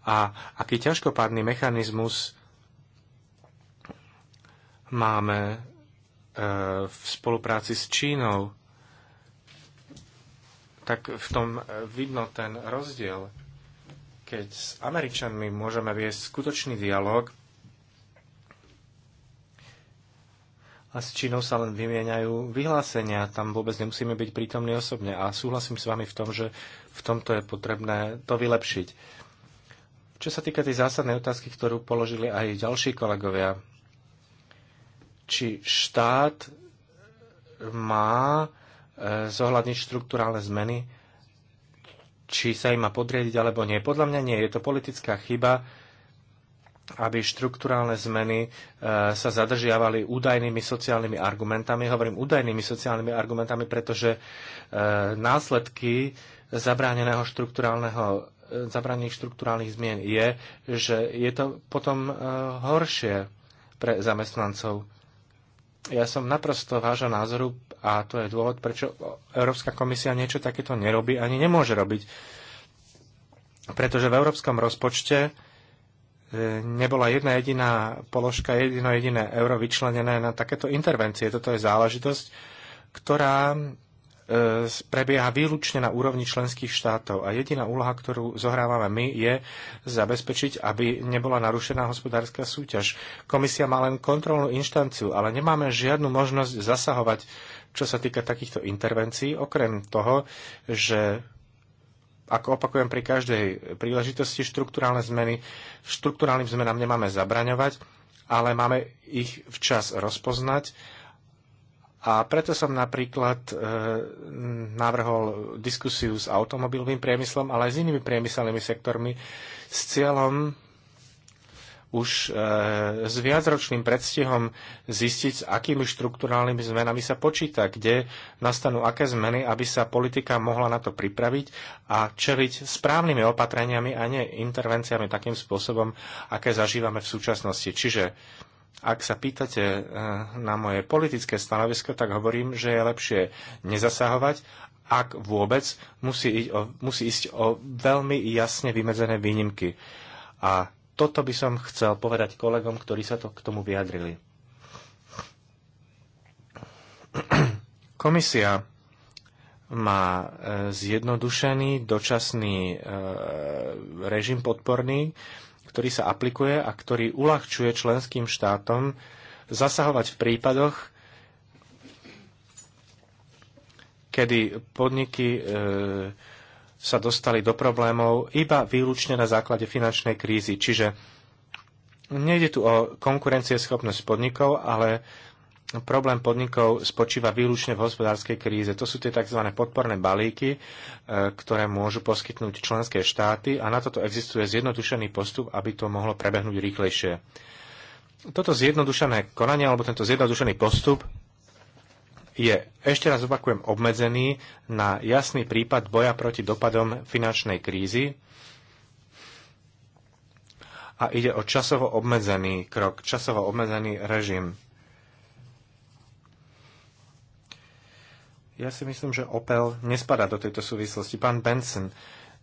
a aký ťažkopádny mechanizmus máme v spolupráci s Čínou, tak v tom eh, vidno ten rozdiel. Keď s Američanmi môžeme viesť skutočný dialog a s Čínou sa len vymieňajú vyhlásenia, tam vôbec nemusíme byť prítomní osobne. A súhlasím s vami v tom, že v tomto je potrebné to vylepšiť. Čo sa týka tej zásadnej otázky, ktorú položili aj ďalší kolegovia, či štát má e, zohľadniť štruktúrálne zmeny, či sa im má podriediť alebo nie. Podľa mňa nie. Je to politická chyba, aby štruktúrálne zmeny e, sa zadržiavali údajnými sociálnymi argumentami. Hovorím údajnými sociálnymi argumentami, pretože e, následky zabráneného štruktúrálneho zabraných štruktúrálnych zmien je, že je to potom horšie pre zamestnancov. Ja som naprosto vášho názoru a to je dôvod, prečo Európska komisia niečo takéto nerobí ani nemôže robiť. Pretože v európskom rozpočte e, nebola jedna jediná položka, jedno jediné euro vyčlenené na takéto intervencie. Toto je záležitosť, ktorá E, prebieha výlučne na úrovni členských štátov a jediná úloha, ktorú zohrávame my, je zabezpečiť, aby nebola narušená hospodárska súťaž. Komisia má len kontrolnú inštanciu, ale nemáme žiadnu možnosť zasahovať, čo sa týka takýchto intervencií, okrem toho, že ako opakujem pri každej príležitosti, štruktúrálne zmeny, štruktúrálnym zmenám nemáme zabraňovať, ale máme ich včas rozpoznať a preto som napríklad e, navrhol diskusiu s automobilovým priemyslom, ale aj s inými priemyselnými sektormi s cieľom už e, s viacročným predstihom zistiť, s akými štruktúrálnymi zmenami sa počíta, kde nastanú aké zmeny, aby sa politika mohla na to pripraviť a čeliť správnymi opatreniami a nie intervenciami takým spôsobom, aké zažívame v súčasnosti. Čiže ak sa pýtate eh, na moje politické stanovisko, tak hovorím, že je lepšie nezasahovať, ak vôbec musí, ísť o, musí ísť o veľmi jasne vymedzené výnimky. A toto by som chcel povedať kolegom, ktorí sa to k tomu vyjadrili. Komisia má eh, zjednodušený dočasný eh, režim podporný, ktorý sa aplikuje a ktorý uľahčuje členským štátom zasahovať v prípadoch, kedy podniky e, sa dostali do problémov iba výlučne na základe finančnej krízy. Čiže nejde tu o konkurencieschopnosť podnikov, ale problém podnikov spočíva výlučne v hospodárskej kríze. To sú tie tzv. podporné balíky, e, ktoré môžu poskytnúť členské štáty a na toto existuje zjednodušený postup, aby to mohlo prebehnúť rýchlejšie. Toto zjednodušené konanie alebo tento zjednodušený postup je, ešte raz opakujem, obmedzený na jasný prípad boja proti dopadom finančnej krízy a ide o časovo obmedzený krok, časovo obmedzený režim Ja si myslím, že Opel nespadá do tejto súvislosti. Pán Benson,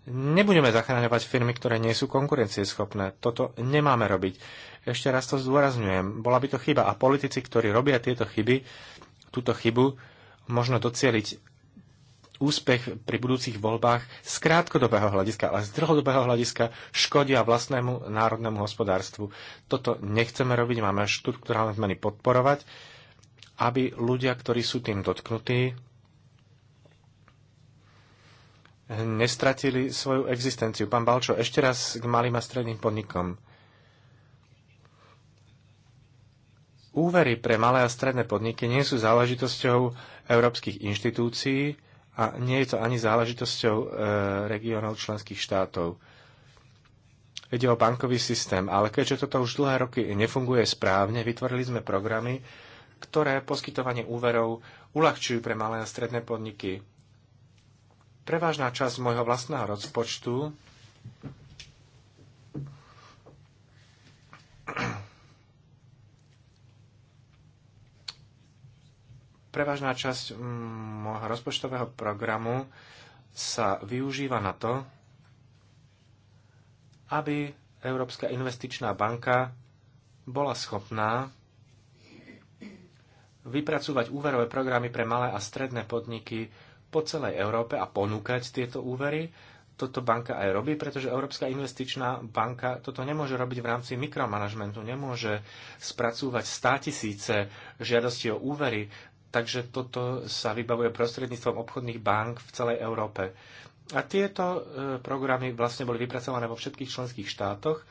nebudeme zachráňovať firmy, ktoré nie sú konkurencieschopné. Toto nemáme robiť. Ešte raz to zdôrazňujem. Bola by to chyba. A politici, ktorí robia tieto chyby, túto chybu, možno docieliť úspech pri budúcich voľbách z krátkodobého hľadiska, ale z dlhodobého hľadiska škodia vlastnému národnému hospodárstvu. Toto nechceme robiť, máme štruktúrálne zmeny podporovať, aby ľudia, ktorí sú tým dotknutí, nestratili svoju existenciu. Pán Balčo, ešte raz k malým a stredným podnikom. Úvery pre malé a stredné podniky nie sú záležitosťou európskych inštitúcií a nie je to ani záležitosťou e, regionov členských štátov. Ide o bankový systém, ale keďže toto už dlhé roky nefunguje správne, vytvorili sme programy, ktoré poskytovanie úverov uľahčujú pre malé a stredné podniky Prevažná časť môjho vlastného rozpočtu prevažná časť mm, môjho rozpočtového programu sa využíva na to, aby Európska investičná banka bola schopná vypracovať úverové programy pre malé a stredné podniky po celej Európe a ponúkať tieto úvery. Toto banka aj robí, pretože Európska investičná banka toto nemôže robiť v rámci mikromanagementu, nemôže spracúvať 100 tisíce žiadosti o úvery, takže toto sa vybavuje prostredníctvom obchodných bank v celej Európe. A tieto e, programy vlastne boli vypracované vo všetkých členských štátoch,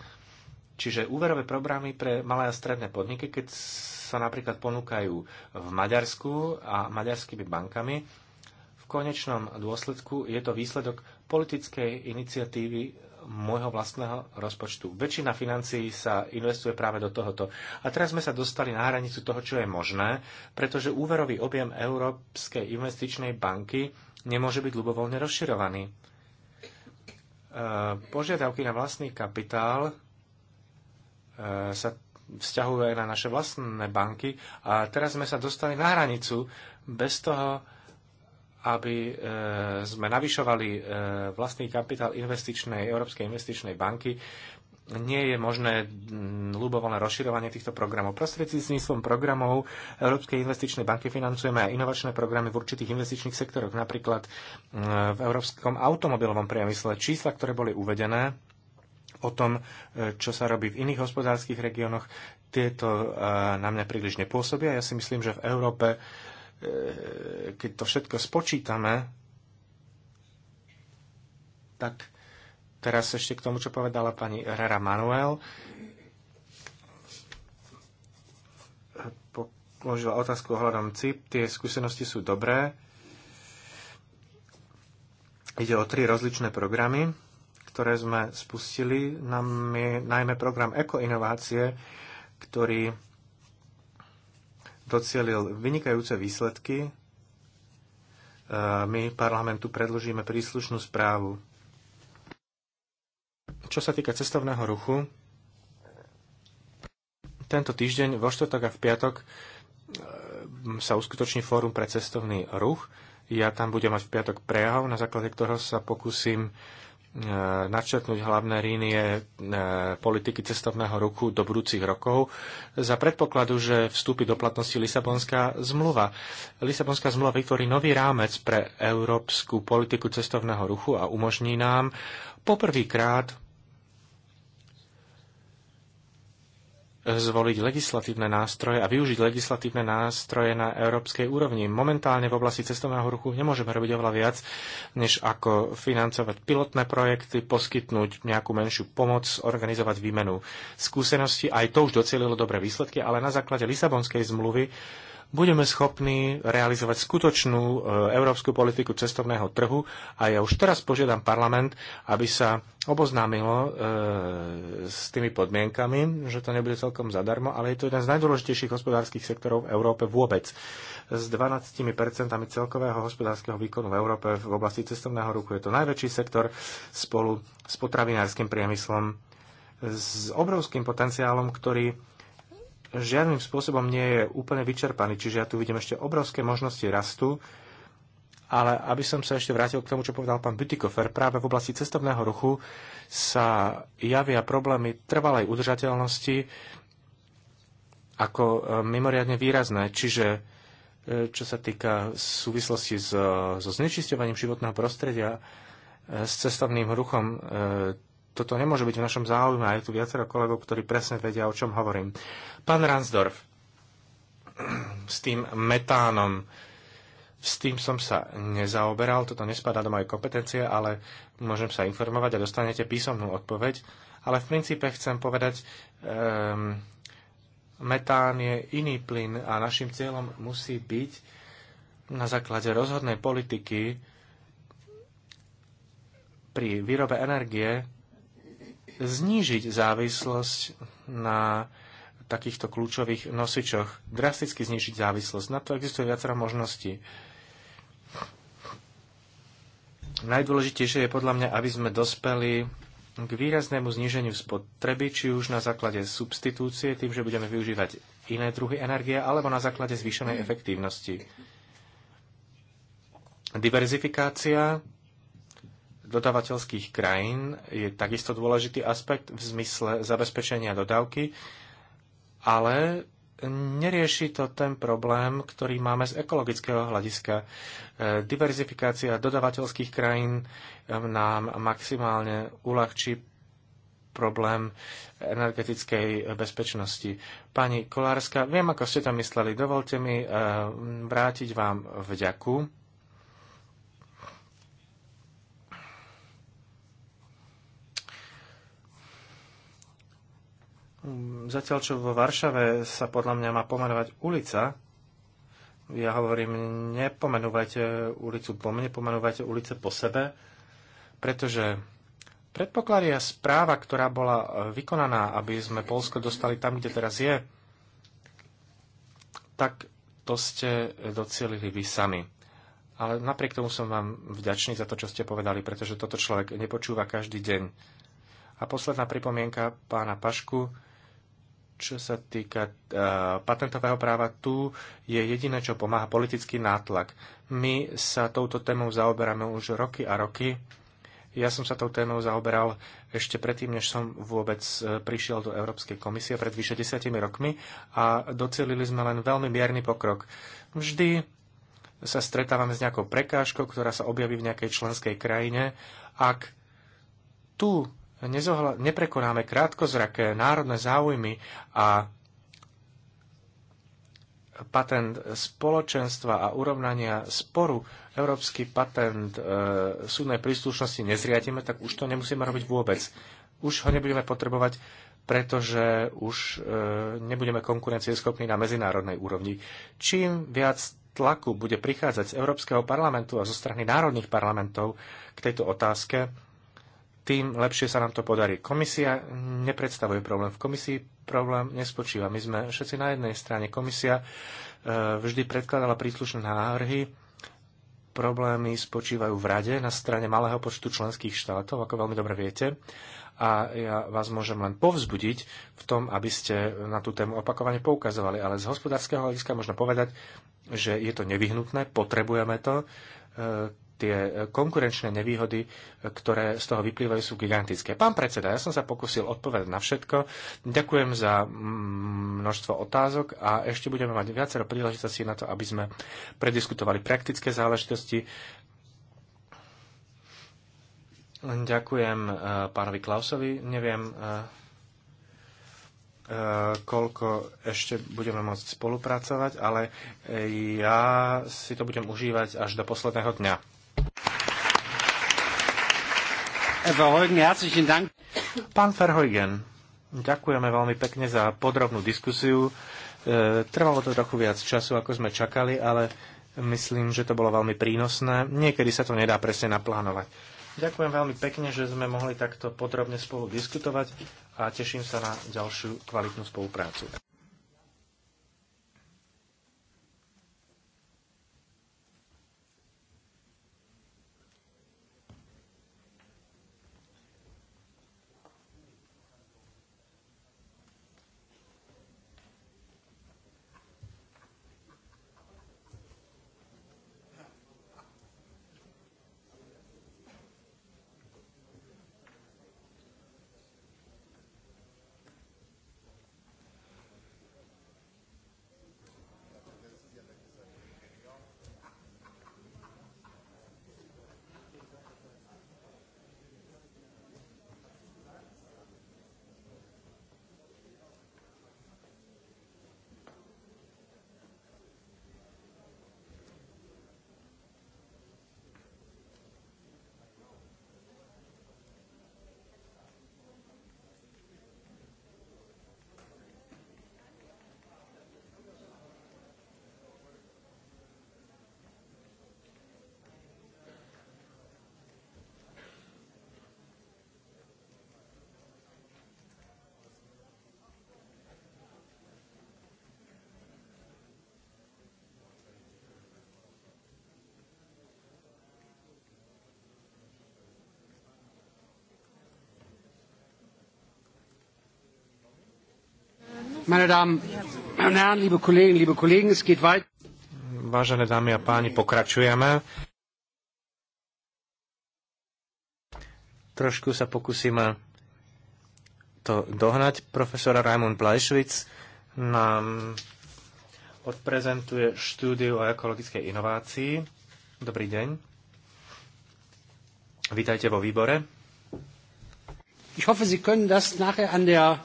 čiže úverové programy pre malé a stredné podniky, keď sa napríklad ponúkajú v Maďarsku a maďarskými bankami, konečnom dôsledku je to výsledok politickej iniciatívy môjho vlastného rozpočtu. Väčšina financií sa investuje práve do tohoto. A teraz sme sa dostali na hranicu toho, čo je možné, pretože úverový objem Európskej investičnej banky nemôže byť ľubovoľne rozširovaný. E, požiadavky na vlastný kapitál e, sa vzťahujú aj na naše vlastné banky a teraz sme sa dostali na hranicu bez toho, aby e, sme navyšovali e, vlastný kapitál investičnej, Európskej investičnej banky, nie je možné ľubovoľné rozširovanie týchto programov. Prostredníctvom programov Európskej investičnej banky financujeme aj inovačné programy v určitých investičných sektoroch, napríklad v európskom automobilovom priemysle. Čísla, ktoré boli uvedené, o tom, e, čo sa robí v iných hospodárskych regiónoch, tieto na mňa príliš nepôsobia. Ja si myslím, že v Európe keď to všetko spočítame, tak teraz ešte k tomu, čo povedala pani Herrera Manuel. Položila otázku ohľadom CIP. Tie skúsenosti sú dobré. Ide o tri rozličné programy, ktoré sme spustili, najmä program eko inovácie, ktorý docielil vynikajúce výsledky. E, my parlamentu predložíme príslušnú správu. Čo sa týka cestovného ruchu, tento týždeň vo štvrtok a v piatok e, sa uskutoční fórum pre cestovný ruch. Ja tam budem mať v piatok prejav, na základe ktorého sa pokúsim E, načrtnúť hlavné rínie e, politiky cestovného ruchu do budúcich rokov za predpokladu, že vstúpi do platnosti Lisabonská zmluva. Lisabonská zmluva vytvorí nový rámec pre európsku politiku cestovného ruchu a umožní nám poprvýkrát zvoliť legislatívne nástroje a využiť legislatívne nástroje na európskej úrovni. Momentálne v oblasti cestovného ruchu nemôžeme robiť oveľa viac, než ako financovať pilotné projekty, poskytnúť nejakú menšiu pomoc, organizovať výmenu skúseností. Aj to už docelilo dobré výsledky, ale na základe Lisabonskej zmluvy budeme schopní realizovať skutočnú e, európsku politiku cestovného trhu a ja už teraz požiadam parlament, aby sa oboznámilo e, s tými podmienkami, že to nebude celkom zadarmo, ale je to jeden z najdôležitejších hospodárskych sektorov v Európe vôbec. S 12% celkového hospodárskeho výkonu v Európe v oblasti cestovného ruchu je to najväčší sektor spolu s potravinárskym priemyslom s obrovským potenciálom, ktorý žiadnym spôsobom nie je úplne vyčerpaný, čiže ja tu vidím ešte obrovské možnosti rastu, ale aby som sa ešte vrátil k tomu, čo povedal pán Bytikofer, práve v oblasti cestovného ruchu sa javia problémy trvalej udržateľnosti ako e, mimoriadne výrazné. Čiže e, čo sa týka súvislosti so, so znečisťovaním životného prostredia, e, s cestovným ruchom toto nemôže byť v našom záujme. A je tu viacero kolegov, ktorí presne vedia, o čom hovorím. Pán Ransdorf, s tým metánom, s tým som sa nezaoberal, toto nespadá do mojej kompetencie, ale môžem sa informovať a dostanete písomnú odpoveď. Ale v princípe chcem povedať, um, metán je iný plyn a našim cieľom musí byť na základe rozhodnej politiky pri výrobe energie znížiť závislosť na takýchto kľúčových nosičoch, drasticky znižiť závislosť. Na to existuje viacero možností. Najdôležitejšie je podľa mňa, aby sme dospeli k výraznému zníženiu spotreby, či už na základe substitúcie, tým, že budeme využívať iné druhy energie, alebo na základe zvýšenej efektívnosti. Diverzifikácia dodavateľských krajín je takisto dôležitý aspekt v zmysle zabezpečenia dodávky, ale nerieši to ten problém, ktorý máme z ekologického hľadiska. E, diverzifikácia dodavateľských krajín nám maximálne uľahčí problém energetickej bezpečnosti. Pani Kolárska, viem, ako ste to mysleli. Dovolte mi e, vrátiť vám vďaku Zatiaľ, čo vo Varšave sa podľa mňa má pomenovať ulica, ja hovorím, nepomenúvajte ulicu po mne, pomenúvajte ulice po sebe, pretože predpoklady a správa, ktorá bola e, vykonaná, aby sme Polsko dostali tam, kde teraz je, tak to ste e, docielili vy sami. Ale napriek tomu som vám vďačný za to, čo ste povedali, pretože toto človek nepočúva každý deň. A posledná pripomienka pána Pašku čo sa týka e, patentového práva, tu je jediné, čo pomáha politický nátlak. My sa touto témou zaoberáme už roky a roky. Ja som sa tou témou zaoberal ešte predtým, než som vôbec e, prišiel do Európskej komisie pred vyše desiatimi rokmi a docelili sme len veľmi mierny pokrok. Vždy sa stretávame s nejakou prekážkou, ktorá sa objaví v nejakej členskej krajine. Ak tu neprekonáme krátkozraké národné záujmy a patent spoločenstva a urovnania sporu, európsky patent e, súdnej príslušnosti nezriadíme, tak už to nemusíme robiť vôbec. Už ho nebudeme potrebovať, pretože už e, nebudeme konkurencieschopní na medzinárodnej úrovni. Čím viac tlaku bude prichádzať z Európskeho parlamentu a zo strany národných parlamentov k tejto otázke, tým lepšie sa nám to podarí. Komisia nepredstavuje problém. V komisii problém nespočíva. My sme všetci na jednej strane. Komisia e, vždy predkladala príslušné návrhy. Problémy spočívajú v rade na strane malého počtu členských štátov, ako veľmi dobre viete. A ja vás môžem len povzbudiť v tom, aby ste na tú tému opakovane poukazovali. Ale z hospodárskeho hľadiska možno povedať, že je to nevyhnutné, potrebujeme to e, tie e, konkurenčné nevýhody, e, ktoré z toho vyplývajú, sú gigantické. Pán predseda, ja som sa pokusil odpovedať na všetko. Ďakujem za množstvo otázok a ešte budeme mať viacero príležitostí na to, aby sme prediskutovali praktické záležitosti. Ďakujem e, pánovi Klausovi. Neviem, koľko ešte budeme môcť spolupracovať, ale ja si to budem užívať až do posledného dňa. Pán Verheugen, ďakujeme veľmi pekne za podrobnú diskusiu. E, trvalo to trochu viac času, ako sme čakali, ale myslím, že to bolo veľmi prínosné. Niekedy sa to nedá presne naplánovať. Ďakujem veľmi pekne, že sme mohli takto podrobne spolu diskutovať a teším sa na ďalšiu kvalitnú spoluprácu. Vážené dámy a páni, pokračujeme. Trošku sa pokúsime to dohnať. Profesora Raimund Blajšvic nám odprezentuje štúdiu o ekologickej inovácii. Dobrý deň. Vítajte vo výbore. Ich hoffe, Sie können das nachher an der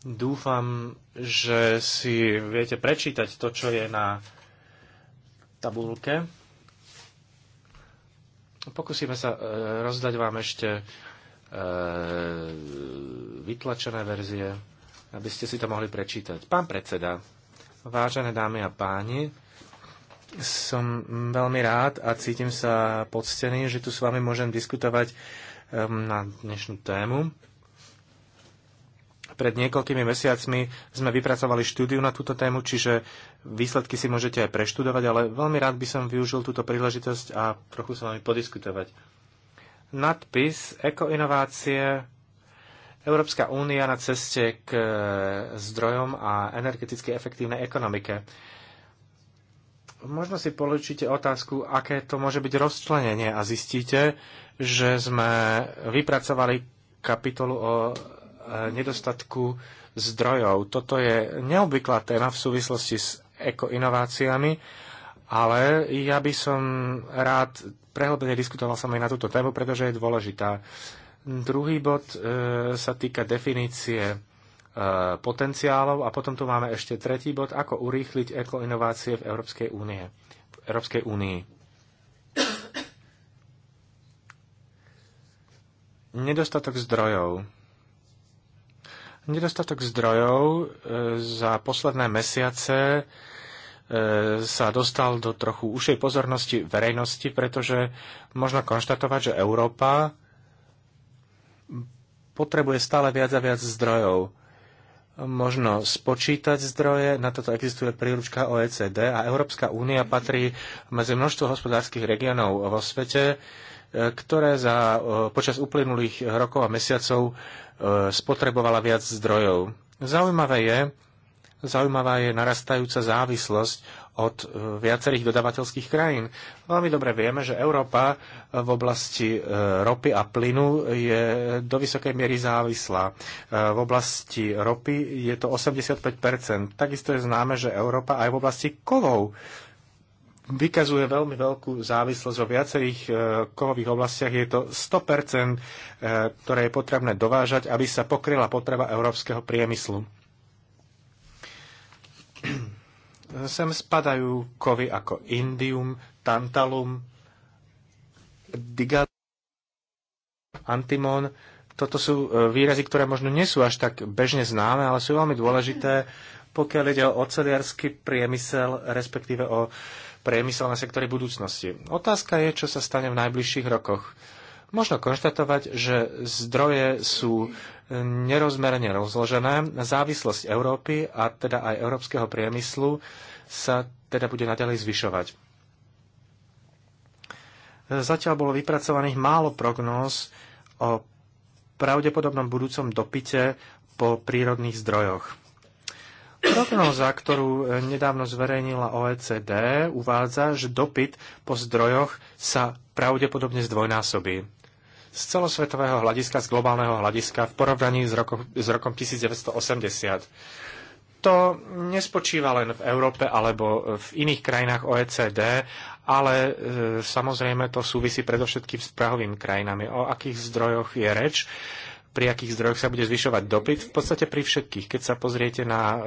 Dúfam, že si viete prečítať to, čo je na tabulke. Pokúsime sa e, rozdať vám ešte e, vytlačené verzie, aby ste si to mohli prečítať. Pán predseda, vážené dámy a páni, som veľmi rád a cítim sa poctený, že tu s vami môžem diskutovať e, na dnešnú tému pred niekoľkými mesiacmi sme vypracovali štúdiu na túto tému, čiže výsledky si môžete aj preštudovať, ale veľmi rád by som využil túto príležitosť a trochu sa vami podiskutovať. Nadpis Ekoinovácie Európska únia na ceste k e, zdrojom a energeticky efektívnej ekonomike. Možno si poločíte otázku, aké to môže byť rozčlenenie a zistíte, že sme vypracovali kapitolu o E, nedostatku zdrojov. Toto je neobvyklá téma v súvislosti s ekoinováciami, ale ja by som rád prehlbene diskutoval som aj na túto tému, pretože je dôležitá. Druhý bod e, sa týka definície e, potenciálov a potom tu máme ešte tretí bod, ako urýchliť ekoinovácie v Európskej únie. V Európskej únii. Nedostatok zdrojov Nedostatok zdrojov e, za posledné mesiace e, sa dostal do trochu ušej pozornosti verejnosti, pretože možno konštatovať, že Európa potrebuje stále viac a viac zdrojov. Možno spočítať zdroje, na toto existuje príručka OECD a Európska únia patrí medzi množstvo hospodárskych regiónov vo svete, ktoré za, počas uplynulých rokov a mesiacov e, spotrebovala viac zdrojov. Zaujímavé je, zaujímavá je narastajúca závislosť od e, viacerých dodavateľských krajín. Veľmi dobre vieme, že Európa v oblasti e, ropy a plynu je do vysokej miery závislá. V oblasti ropy je to 85 Takisto je známe, že Európa aj v oblasti kovov vykazuje veľmi veľkú závislosť vo viacerých e, kovových oblastiach. Je to 100%, e, ktoré je potrebné dovážať, aby sa pokryla potreba európskeho priemyslu. Sem spadajú kovy ako indium, tantalum, digal, antimon. Toto sú e, výrazy, ktoré možno nie sú až tak bežne známe, ale sú veľmi dôležité, pokiaľ ide o oceliarský priemysel, respektíve o uh, priemyselné sektory budúcnosti. Otázka je, čo sa stane v najbližších rokoch. Možno konštatovať, že zdroje sú nerozmerne rozložené. Závislosť Európy a teda aj európskeho priemyslu sa teda bude naďalej zvyšovať. Zatiaľ bolo vypracovaných málo prognóz o pravdepodobnom budúcom dopite po prírodných zdrojoch. Prognoza, ktorú e, nedávno zverejnila OECD, uvádza, že dopyt po zdrojoch sa pravdepodobne zdvojnásobí. Z celosvetového hľadiska, z globálneho hľadiska v porovnaní s, roko, s rokom 1980. To nespočíva len v Európe alebo e, v iných krajinách OECD, ale e, samozrejme to súvisí predovšetkým s prahovými krajinami. O akých zdrojoch je reč? E, pri akých zdrojoch sa bude zvyšovať dopyt, v podstate pri všetkých. Keď sa pozriete na um,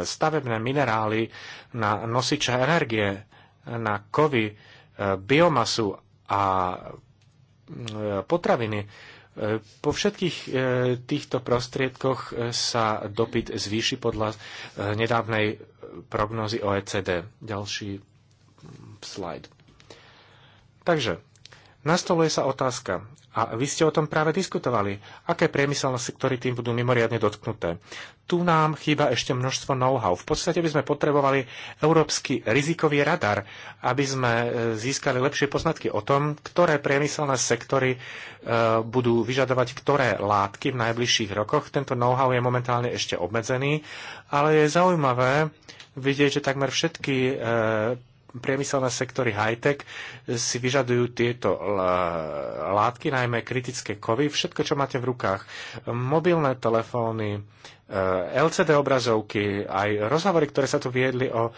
stavebné minerály, na nosiče energie, na kovy, uh, biomasu a uh, potraviny, uh, po všetkých týchto prostriedkoch sa dopyt zvýši podľa nedávnej prognozy OECD. Ďalší um, slide. Takže, nastoluje sa otázka, a vy ste o tom práve diskutovali. Aké priemyselné sektory tým budú mimoriadne dotknuté? Tu nám chýba ešte množstvo know-how. V podstate by sme potrebovali európsky rizikový radar, aby sme e, získali lepšie poznatky o tom, ktoré priemyselné sektory e, budú vyžadovať ktoré látky v najbližších rokoch. Tento know-how je momentálne ešte obmedzený, ale je zaujímavé vidieť, že takmer všetky e, priemyselné sektory high-tech si vyžadujú tieto látky, najmä kritické kovy, všetko, čo máte v rukách, mobilné telefóny, e, LCD obrazovky, aj rozhovory, ktoré sa tu viedli o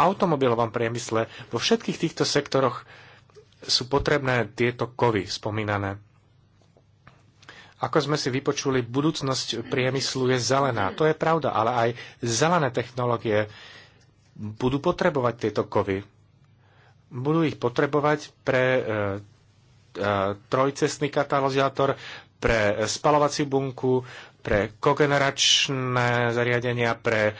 automobilovom priemysle, vo všetkých týchto sektoroch sú potrebné tieto kovy spomínané. Ako sme si vypočuli, budúcnosť priemyslu je zelená. To je pravda, ale aj zelené technológie budú potrebovať tieto kovy. Budú ich potrebovať pre e, e, trojcestný katalizátor, pre spalovací bunku, pre kogeneračné zariadenia, pre e,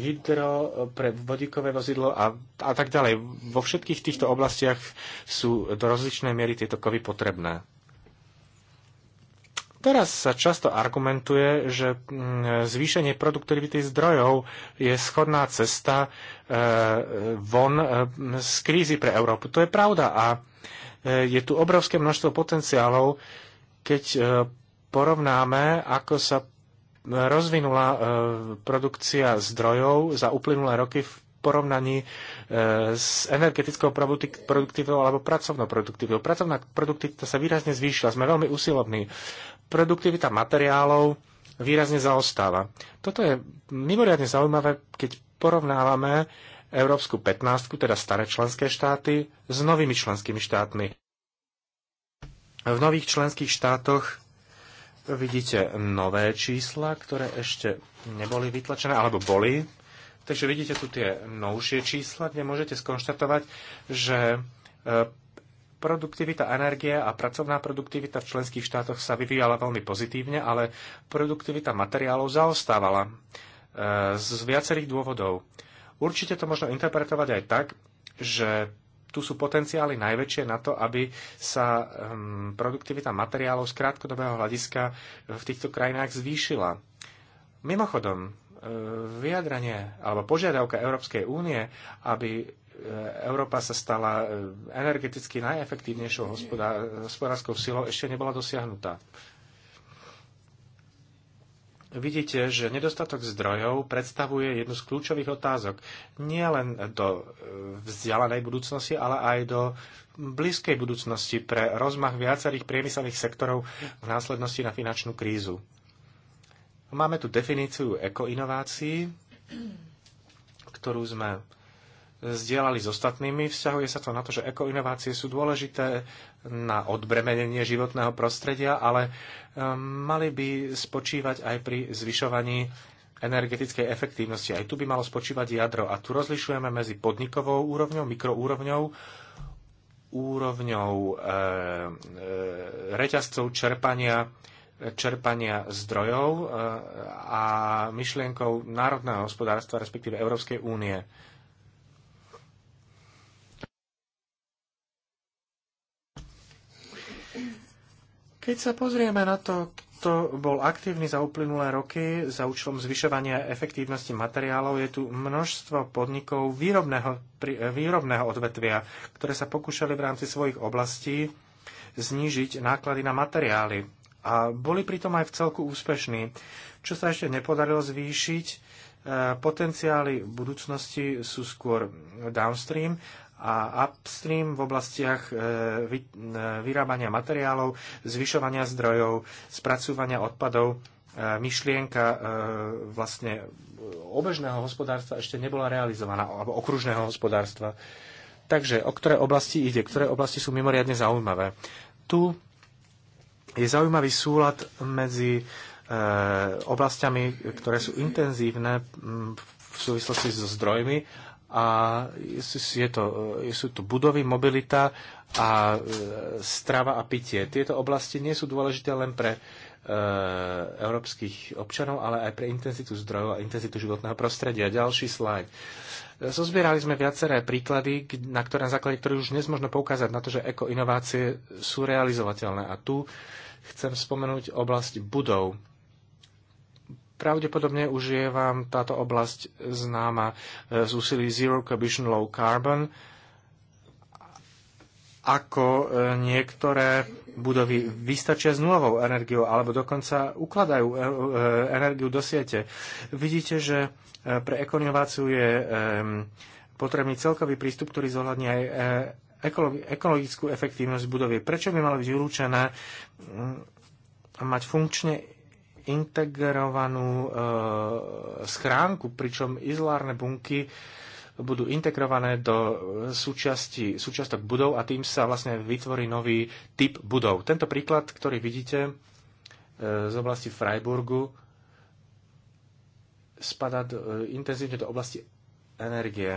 hydro, pre vodíkové vozidlo a, a tak ďalej. Vo všetkých týchto oblastiach sú do rozličnej miery tieto kovy potrebné. Teraz sa často argumentuje, že mm, zvýšenie produktivity zdrojov je schodná cesta e, von e, z krízy pre Európu. To je pravda a e, je tu obrovské množstvo potenciálov, keď porovnáme, ako sa rozvinula produkcia zdrojov za uplynulé roky v porovnaní s energetickou produktivitou alebo pracovnou produktivitou. Pracovná produktivita sa výrazne zvýšila, sme veľmi usilovní produktivita materiálov výrazne zaostáva. Toto je mimoriadne zaujímavé, keď porovnávame Európsku 15, teda staré členské štáty, s novými členskými štátmi. V nových členských štátoch vidíte nové čísla, ktoré ešte neboli vytlačené, alebo boli. Takže vidíte tu tie novšie čísla, kde môžete skonštatovať, že e, Produktivita energie a pracovná produktivita v členských štátoch sa vyvíjala veľmi pozitívne, ale produktivita materiálov zaostávala e, z viacerých dôvodov. Určite to možno interpretovať aj tak, že tu sú potenciály najväčšie na to, aby sa produktivita materiálov z krátkodobého hľadiska v týchto krajinách zvýšila. Mimochodom, e, vyjadranie alebo požiadavka Európskej únie, aby E, Európa sa stala e, energeticky najefektívnejšou hospodárskou silou, ešte nebola dosiahnutá. Vidíte, že nedostatok zdrojov predstavuje jednu z kľúčových otázok nielen do e, vzdialenej budúcnosti, ale aj do blízkej budúcnosti pre rozmach viacerých priemyselných sektorov v následnosti na finančnú krízu. Máme tu definíciu ekoinovácií, ktorú sme zdieľali s ostatnými. Vzťahuje sa to na to, že ekoinovácie sú dôležité na odbremenenie životného prostredia, ale e, mali by spočívať aj pri zvyšovaní energetickej efektívnosti. Aj tu by malo spočívať jadro. A tu rozlišujeme medzi podnikovou úrovňou, mikroúrovňou, úrovňou e, e, reťazcov čerpania čerpania zdrojov e, a myšlienkou národného hospodárstva, respektíve Európskej únie. Keď sa pozrieme na to, kto bol aktívny za uplynulé roky za účelom zvyšovania efektívnosti materiálov, je tu množstvo podnikov výrobného, výrobného odvetvia, ktoré sa pokúšali v rámci svojich oblastí znížiť náklady na materiály. A boli pritom aj v celku úspešní. Čo sa ešte nepodarilo zvýšiť, eh, potenciály budúcnosti sú skôr downstream a upstream v oblastiach e, e, vyrábania materiálov, zvyšovania zdrojov, spracúvania odpadov. E, myšlienka vlastne obežného hospodárstva ešte nebola realizovaná, alebo okružného hospodárstva. Takže o ktoré oblasti ide, ktoré oblasti sú mimoriadne zaujímavé. Tu je zaujímavý súlad medzi oblastiami, ktoré sú intenzívne v súvislosti so zdrojmi a je to, sú tu budovy, mobilita a e, strava a pitie. Tieto oblasti nie sú dôležité len pre e, európskych občanov, ale aj pre intenzitu zdrojov a intenzitu životného prostredia. Ďalší slajd. E, zozbierali sme viaceré príklady, na ktoré na základe ktorých už dnes možno poukázať na to, že ekoinovácie sú realizovateľné. A tu chcem spomenúť oblasť budov Pravdepodobne už je vám táto oblasť známa e, z úsilí Zero Commission Low Carbon, ako e, niektoré budovy vystačia s nulovou energiou alebo dokonca ukladajú e, energiu do siete. Vidíte, že pre ekonováciu je potrebný celkový prístup, ktorý zohľadní aj ekologickú efektívnosť budovy. Prečo by malo byť vylúčené mať funkčne integrovanú e, schránku, pričom izolárne bunky budú integrované do súčasti, súčastok budov a tým sa vlastne vytvorí nový typ budov. Tento príklad, ktorý vidíte e, z oblasti Freiburgu, spadá do, e, intenzívne do oblasti energie.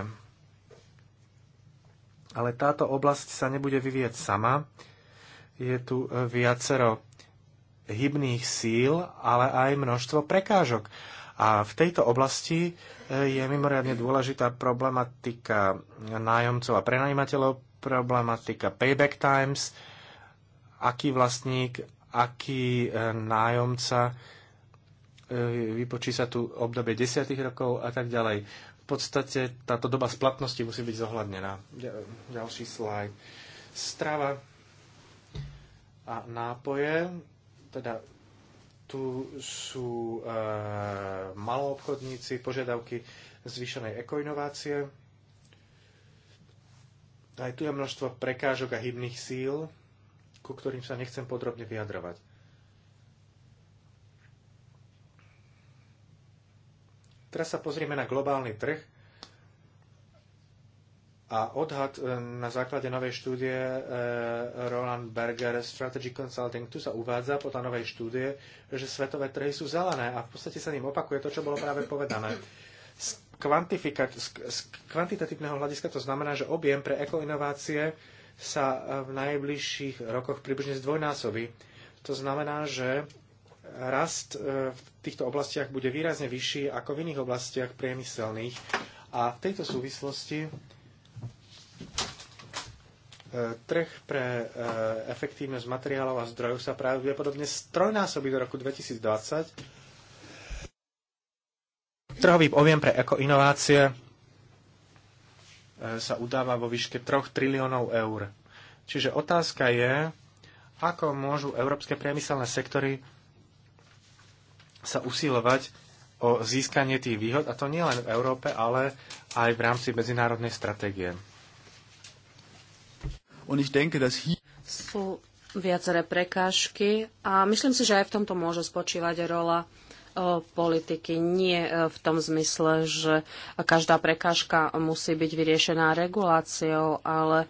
Ale táto oblasť sa nebude vyvieť sama. Je tu e, viacero hybných síl, ale aj množstvo prekážok. A v tejto oblasti e, je mimoriadne dôležitá problematika nájomcov a prenajímateľov, problematika payback times, aký vlastník, aký e, nájomca, e, vypočí sa tu obdobie desiatých rokov a tak ďalej. V podstate táto doba splatnosti musí byť zohľadnená. Ďalší slajd. Strava a nápoje teda tu sú e, maloobchodníci, požiadavky zvýšenej ekoinovácie. Aj tu je množstvo prekážok a hybných síl, ku ktorým sa nechcem podrobne vyjadrovať. Teraz sa pozrieme na globálny trh a odhad e, na základe novej štúdie e, Roland Berger Strategy Consulting, tu sa uvádza tá novej štúdie, že svetové trhy sú zelené a v podstate sa ním opakuje to, čo bolo práve povedané. Z, z kvantitatívneho hľadiska to znamená, že objem pre ekoinovácie sa v najbližších rokoch približne zdvojnásobí. To znamená, že rast e, v týchto oblastiach bude výrazne vyšší ako v iných oblastiach priemyselných. A v tejto súvislosti E, trh pre e, efektívnosť materiálov a zdrojov sa pravdepodobne strojnásobí do roku 2020. Trhový objem pre ekoinovácie e, sa udáva vo výške 3 triliónov eur. Čiže otázka je, ako môžu európske priemyselné sektory sa usilovať o získanie tých výhod, a to nielen v Európe, ale aj v rámci medzinárodnej stratégie. Und ich denke, dass hier sú viaceré prekážky a myslím si, že aj v tomto môže spočívať rola e, politiky. Nie e, v tom zmysle, že každá prekážka musí byť vyriešená reguláciou, ale e,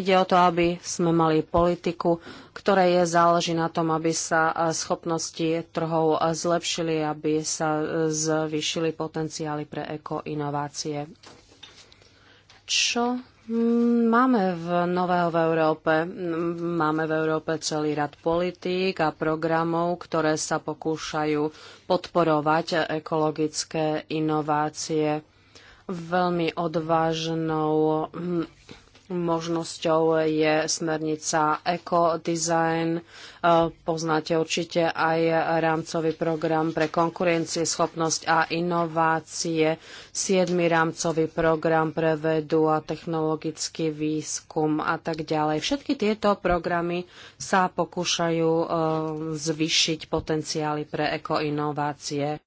ide o to, aby sme mali politiku, ktoré je záleží na tom, aby sa schopnosti trhov zlepšili, aby sa zvýšili potenciály pre ekoinovácie. Čo Mm, máme v nového v Európe, mm, máme v Európe celý rad politík a programov, ktoré sa pokúšajú podporovať ekologické inovácie. Veľmi odvážnou mm, Možnosťou je smernica Eco-Design. E, poznáte určite aj rámcový program pre schopnosť a inovácie, siedmy rámcový program pre vedu a technologický výskum a tak ďalej. Všetky tieto programy sa pokúšajú e, zvyšiť potenciály pre ekoinovácie.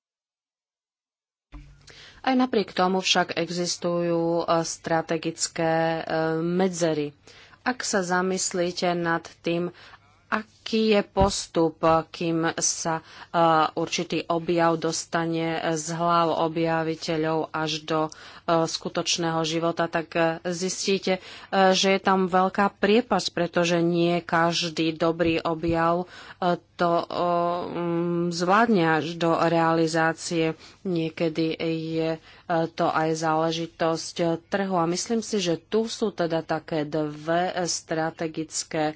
Aj napriek tomu však existujú e, strategické e, medzery. Ak sa zamyslíte nad tým, aký je postup, e, kým sa určitý objav dostane z hlav objaviteľov až do skutočného života, tak zistíte, že je tam veľká priepas, pretože nie každý dobrý objav to mm, zvládne až do realizácie. Niekedy je e, to aj záležitosť e, trhu. A myslím si, že tu sú teda také dve strategické e,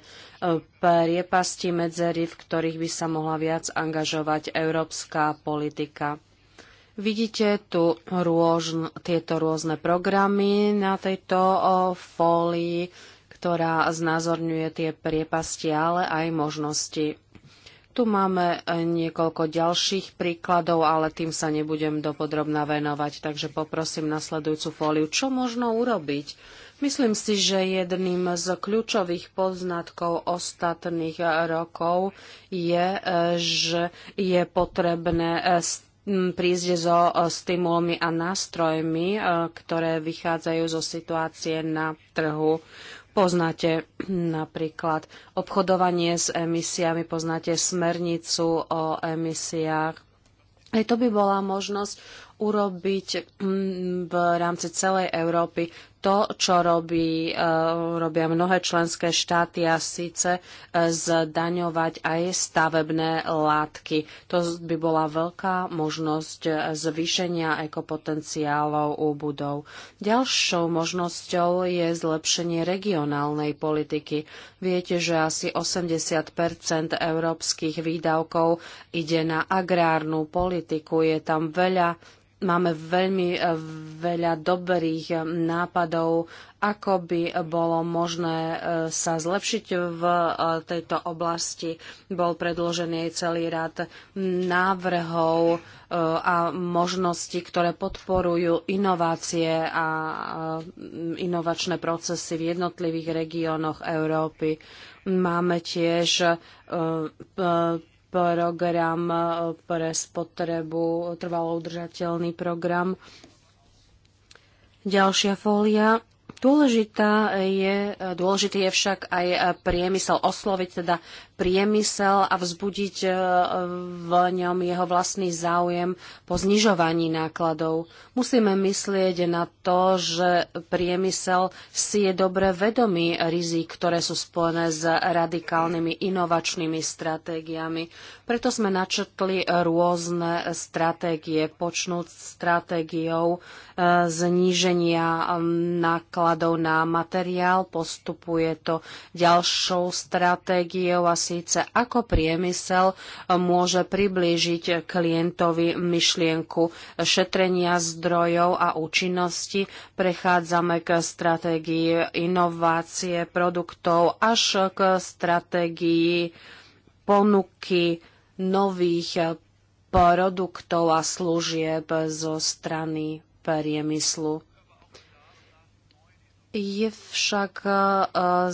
priepasti medzery, v ktorých by sa mohla viac angažovať európska politika. Vidíte tu rôžn, tieto rôzne programy na tejto fólii, ktorá znázorňuje tie priepasti, ale aj možnosti. Tu máme eh, niekoľko ďalších príkladov, ale tým sa nebudem dopodrobná venovať, takže poprosím nasledujúcu fóliu, čo možno urobiť. Myslím si, že jedným z kľúčových poznatkov ostatných eh, rokov je, eh, že je potrebné prísť so stimulmi a nástrojmi, ktoré vychádzajú zo situácie na trhu. Poznáte napríklad obchodovanie s emisiami, poznáte smernicu o emisiách. Aj to by bola možnosť urobiť mm, v rámci celej Európy to, čo robí, eh, robia mnohé členské štáty a síce eh, zdaňovať aj stavebné látky. To by bola veľká možnosť eh, zvýšenia ekopotenciálov u budov. Ďalšou možnosťou je zlepšenie regionálnej politiky. Viete, že asi 80 európskych výdavkov ide na agrárnu politiku. Je tam veľa Máme veľmi eh, veľa dobrých eh, nápadov, ako by bolo možné eh, sa zlepšiť v tejto oblasti. Bol predložený celý rad návrhov a možností, ktoré podporujú inovácie a inovačné procesy v jednotlivých regiónoch Európy. Máme tiež program eh, pre spotrebu, trvalo udržateľný program. Ďalšia fólia. Dôležitá je, dôležitý je však aj priemysel, osloviť teda priemysel a vzbudiť e, v ňom jeho vlastný záujem po znižovaní nákladov. Musíme myslieť na to, že priemysel si je dobre vedomý rizik, ktoré sú spojené s radikálnymi inovačnými stratégiami. Preto sme načrtli rôzne stratégie, počnúť stratégiou e, zníženia nákladov nákladov na materiál. Postupuje to ďalšou stratégiou a síce ako priemysel môže priblížiť klientovi myšlienku šetrenia zdrojov a účinnosti. Prechádzame k stratégii inovácie produktov až k stratégii ponuky nových produktov a služieb zo strany priemyslu. Je však e,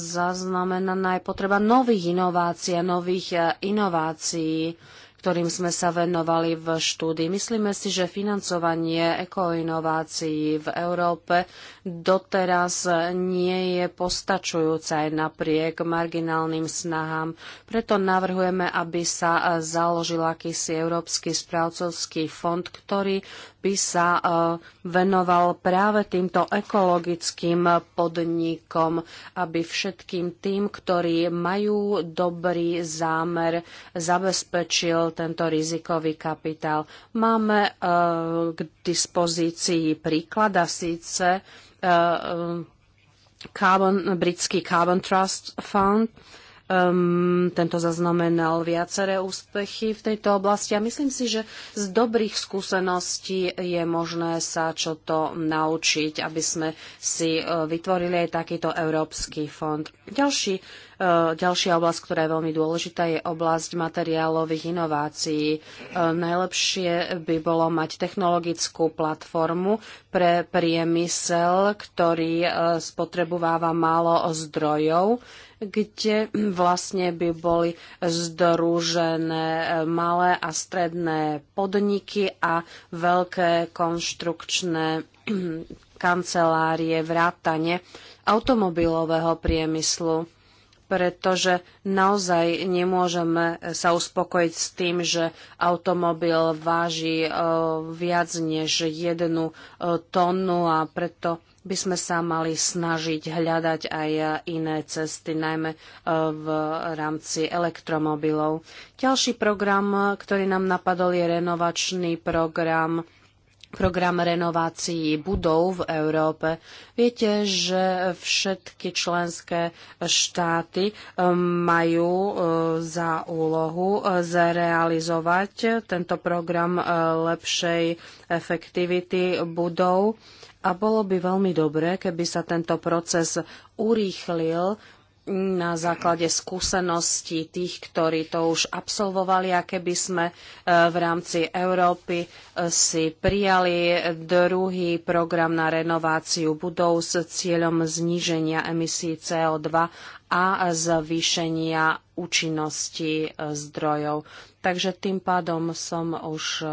zaznamenaná aj potreba nových inovácií a nových e, inovácií, ktorým sme sa venovali v štúdii. Myslíme si, že financovanie ekoinovácií v Európe doteraz nie je postačujúce aj napriek marginálnym snahám. Preto navrhujeme, aby sa e, založil akýsi Európsky správcovský fond, ktorý by sa e, venoval práve týmto ekologickým podnikom, aby všetkým tým, ktorí majú dobrý zámer, zabezpečil tento rizikový kapitál. Máme e, k dispozícii príklad a síce e, Carbon, britský Carbon Trust Fund, Um, tento zaznamenal viaceré úspechy v tejto oblasti a myslím si, že z dobrých skúseností je možné sa čo to naučiť, aby sme si uh, vytvorili aj takýto Európsky fond. Ďalší, uh, ďalšia oblasť, ktorá je veľmi dôležitá, je oblasť materiálových inovácií. Uh, najlepšie by bolo mať technologickú platformu pre priemysel, ktorý spotrebováva málo zdrojov kde vlastne by boli združené e, malé a stredné podniky a veľké konštrukčné kancelárie, vrátane automobilového priemyslu pretože naozaj nemôžeme sa uspokojiť s tým, že automobil váži e, viac než jednu e, tonu a preto by sme sa mali snažiť hľadať aj iné cesty, najmä e, v rámci elektromobilov. Ďalší program, ktorý nám napadol, je renovačný program program renovácií budov v Európe. Viete, že všetky členské štáty e, majú e, za úlohu zrealizovať tento program lepšej efektivity budov a bolo by veľmi dobré, keby sa tento proces urýchlil na základe skúseností tých, ktorí to už absolvovali a keby sme e, v rámci Európy e, si prijali druhý program na renováciu budov s cieľom zníženia emisí CO2 a zvýšenia účinnosti e, zdrojov. Takže tým pádom som už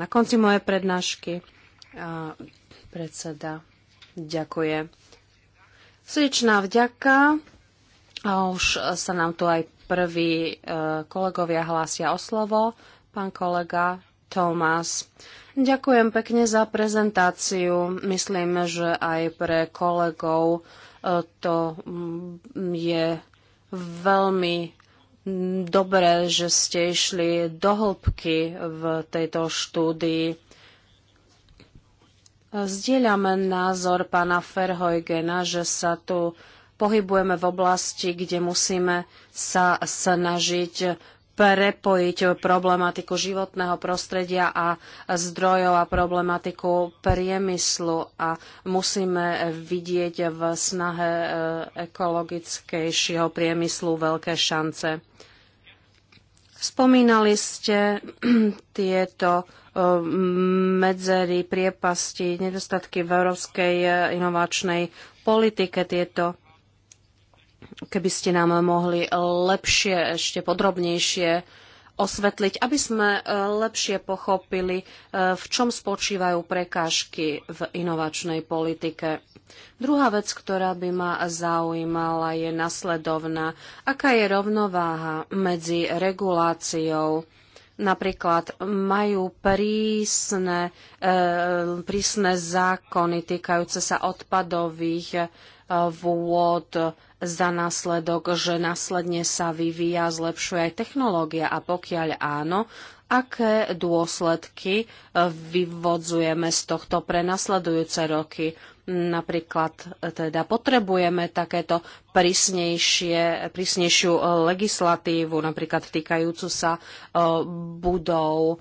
na konci mojej prednášky. Predseda, ďakujem. Srdečná vďaka. A už sa nám tu aj prví e, kolegovia hlásia o slovo. Pán kolega Tomás. Ďakujem pekne za prezentáciu. Myslím, že aj pre kolegov e, to mm, je veľmi dobré, že ste išli do hĺbky v tejto štúdii. Zdieľam názor pána Ferhojgena, že sa tu pohybujeme v oblasti, kde musíme sa snažiť prepojiť problematiku životného prostredia a zdrojov a problematiku priemyslu a musíme vidieť v snahe eh, ekologickejšieho priemyslu veľké šance. Spomínali ste tieto Eh, medzery, priepasti, nedostatky v európskej eh, inovačnej politike tieto keby ste nám mohli lepšie, ešte podrobnejšie osvetliť, aby sme eh, lepšie pochopili, v čom spočívajú prekážky v inovačnej politike. Druhá vec, ktorá by ma zaujímala, je nasledovná. Aká je rovnováha medzi reguláciou napríklad majú prísne, e, prísne zákony týkajúce sa odpadových e, vôd za následok, že následne sa vyvíja, zlepšuje aj technológia a pokiaľ áno, aké dôsledky e, vyvodzujeme z tohto pre nasledujúce roky. Napríklad e, teda potrebujeme takéto prísnejšie, prísnejšiu e, legislatívu, napríklad týkajúcu sa e, budov.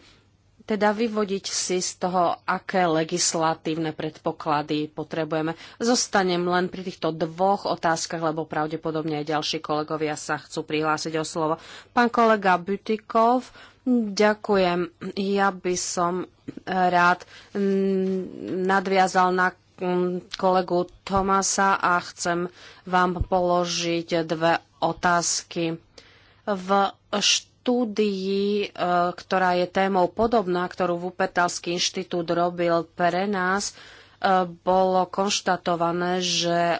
Teda vyvodiť si z toho, aké legislatívne predpoklady potrebujeme. Zostanem len pri týchto dvoch otázkach, lebo pravdepodobne aj ďalší kolegovia sa chcú prihlásiť o slovo. Pán kolega Butikov, Ďakujem. Ja by som rád nadviazal na Um, kolegu Tomasa a chcem vám položiť dve otázky. V štúdii, e, ktorá je témou podobná, ktorú Vupetalský inštitút robil pre nás, e, bolo konštatované, že e,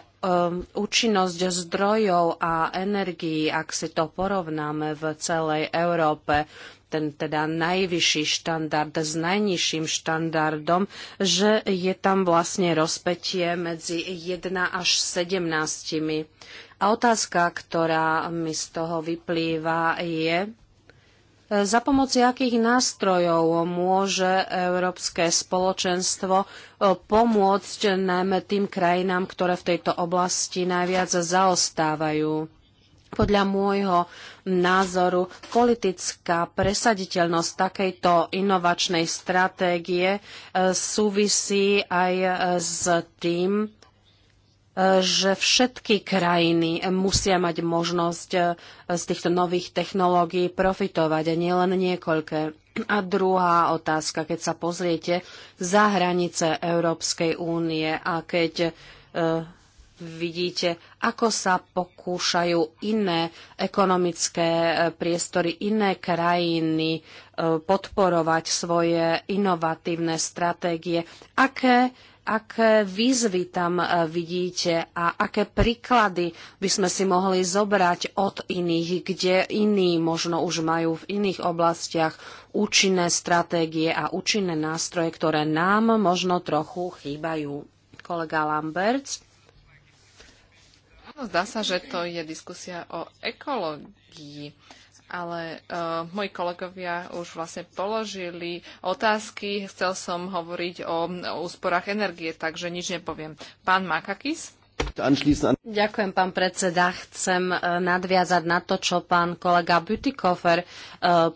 účinnosť zdrojov a energií, ak si to porovnáme v celej Európe, ten teda najvyšší štandard s najnižším štandardom, že je tam vlastne rozpetie medzi 1 až 17. A otázka, ktorá mi z toho vyplýva, je, za pomoci akých nástrojov môže Európske spoločenstvo pomôcť najmä tým krajinám, ktoré v tejto oblasti najviac zaostávajú? Podľa môjho názoru politická presaditeľnosť takejto inovačnej stratégie e, súvisí aj e, s tým, e, že všetky krajiny musia mať možnosť z týchto nových technológií profitovať a nielen niekoľké. A druhá otázka, keď sa pozriete za hranice Európskej únie a keď vidíte, ako sa pokúšajú iné ekonomické e, priestory, iné krajiny e, podporovať svoje inovatívne stratégie. Aké aké výzvy tam e, vidíte a aké príklady by sme si mohli zobrať od iných, kde iní možno už majú v iných oblastiach účinné stratégie a účinné nástroje, ktoré nám možno trochu chýbajú. Kolega Lamberts. No, zdá sa, že to je diskusia o ekológii, ale uh, moji kolegovia už vlastne položili otázky. Chcel som hovoriť o, o úsporách energie, takže nič nepoviem. Pán Makakis? Ďakujem, pán predseda. Chcem e, nadviazať na to, čo pán kolega Butikofer e,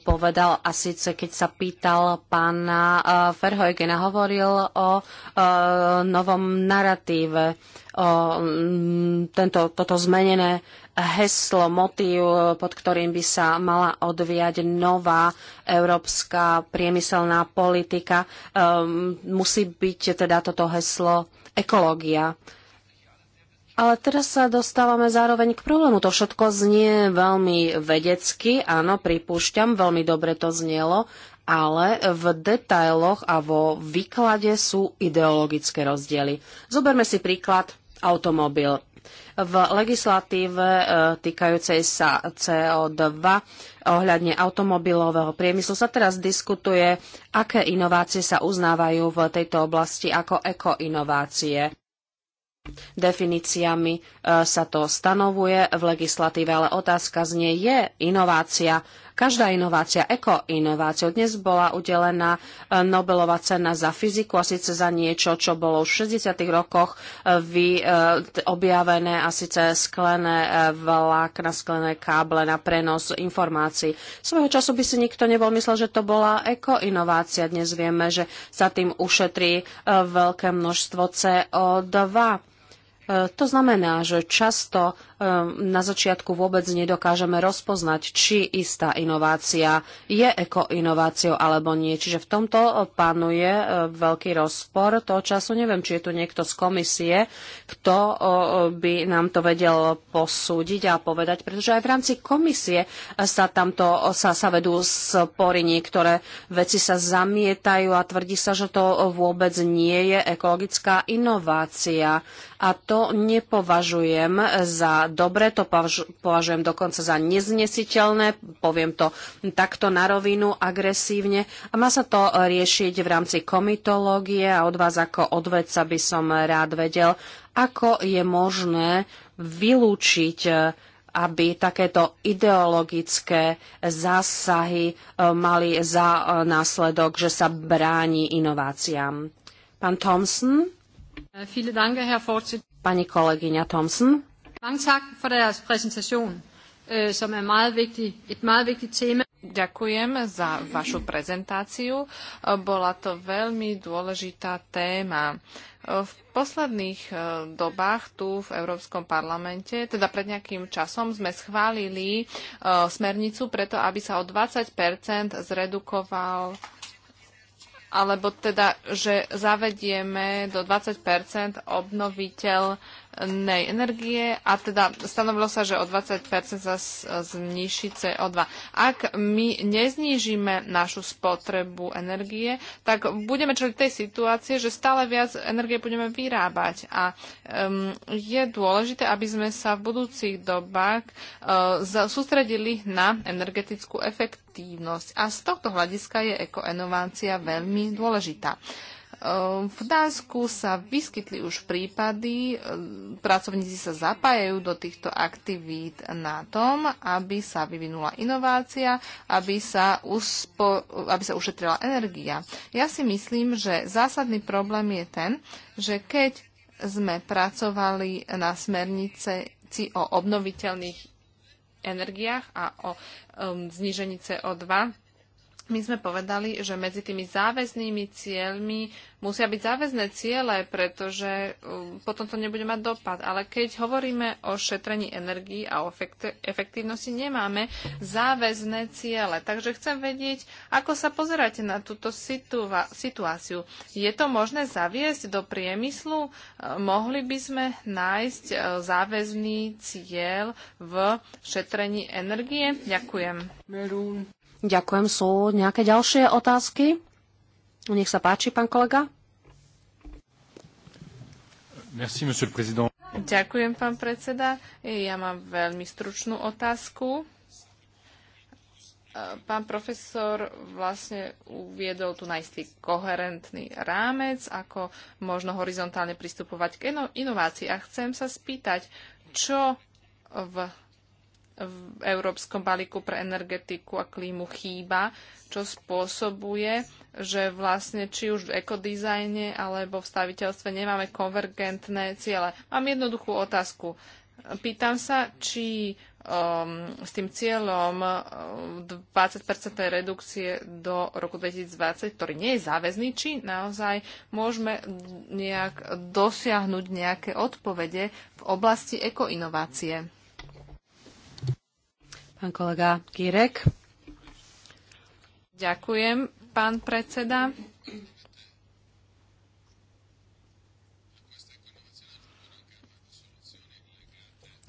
povedal a síce keď sa pýtal pána e, Verheugena, hovoril o novom naratíve, o tento, toto zmenené heslo, motív, pod ktorým by sa mala odvíjať nová európska priemyselná politika. musí byť teda toto heslo ekológia. Ale teraz sa dostávame zároveň k problému. To všetko znie veľmi vedecky, áno, pripúšťam, veľmi dobre to znielo, ale v detailoch a vo výklade sú ideologické rozdiely. Zoberme si príklad automobil. V legislatíve e, týkajúcej sa CO2 ohľadne automobilového priemyslu sa teraz diskutuje, aké inovácie sa uznávajú v tejto oblasti ako ekoinovácie definíciami e, sa to stanovuje v legislatíve, ale otázka znie, je inovácia Každá inovácia, ekoinovácia, dnes bola udelená e, Nobelová cena za fyziku a síce za niečo, čo bolo už v 60. rokoch e, vy, e, objavené a síce sklené vlákna, sklené káble na prenos informácií. Svojho času by si nikto nebol myslel, že to bola ekoinovácia. Dnes vieme, že sa tým ušetrí veľké množstvo CO2. To znamená, že často Ehm, na začiatku vôbec nedokážeme rozpoznať, či istá inovácia je ekoinováciou alebo nie. Čiže v tomto panuje e, veľký rozpor toho času. Neviem, či je tu niekto z komisie, kto e, by nám to vedel posúdiť a povedať, pretože aj v rámci komisie sa tamto sa, sa vedú spory, niektoré veci sa zamietajú a tvrdí sa, že to vôbec nie je ekologická inovácia. A to nepovažujem za dobre, to považujem dokonca za neznesiteľné, poviem to takto na rovinu, agresívne. A má sa to riešiť v rámci komitológie a od vás ako odvedca by som rád vedel, ako je možné vylúčiť eh, aby takéto ideologické zásahy eh, mali za eh, následok, že sa bráni inováciám. Pán Thompson? Pani kolegyňa Thompson? Mange tak for deres præsentation, øh, som er meget vigtig, et meget vigtigt tema. Ďakujem za vašu prezentáciu. Bola to veľmi dôležitá téma. V posledných e, dobách tu v Európskom parlamente, teda pred nejakým časom, sme schválili e, smernicu preto, aby sa o 20 zredukoval alebo teda, že zavedieme do 20 obnoviteľ zelenej energie a teda stanovilo sa, že o 20% sa zniží CO2. Ak my neznížime našu spotrebu energie, tak budeme čeliť tej situácie, že stále viac energie budeme vyrábať a um, je dôležité, aby sme sa v budúcich dobách uh, sústredili na energetickú efektívnosť a z tohto hľadiska je ekoenovácia veľmi dôležitá. V Dánsku sa vyskytli už prípady, e, pracovníci sa zapájajú do týchto aktivít na tom, aby sa vyvinula inovácia, aby sa, uspo, aby sa ušetrila energia. Ja si myslím, že zásadný problém je ten, že keď sme pracovali na smernice o obnoviteľných energiách a o um, znižení CO2, my sme povedali, že medzi tými záväznými cieľmi musia byť záväzné ciele, pretože um, potom to nebude mať dopad. Ale keď hovoríme o šetrení energii a o efektívnosti, nemáme záväzné ciele. Takže chcem vedieť, ako sa pozeráte na túto situáciu. Je to možné zaviesť do priemyslu? Uh, mohli by sme nájsť uh, záväzný cieľ v šetrení energie? Ďakujem. Merún. Ďakujem. Sú nejaké ďalšie otázky? Nech sa páči, pán kolega. Merci, monsieur le président. Ďakujem, pán predseda. Ja mám veľmi stručnú otázku. Pán profesor vlastne uviedol tu najistý koherentný rámec, ako možno horizontálne pristupovať k inovácii. A chcem sa spýtať, čo v v Európskom balíku pre energetiku a klímu chýba, čo spôsobuje, že vlastne či už v ekodizajne alebo v staviteľstve nemáme konvergentné ciele. Mám jednoduchú otázku. Pýtam sa, či um, s tým cieľom 20% um, redukcie do roku 2020, ktorý nie je záväzný, či naozaj môžeme nejak dosiahnuť nejaké odpovede v oblasti ekoinovácie. Pán kolega Kirek. Ďakujem, pán predseda.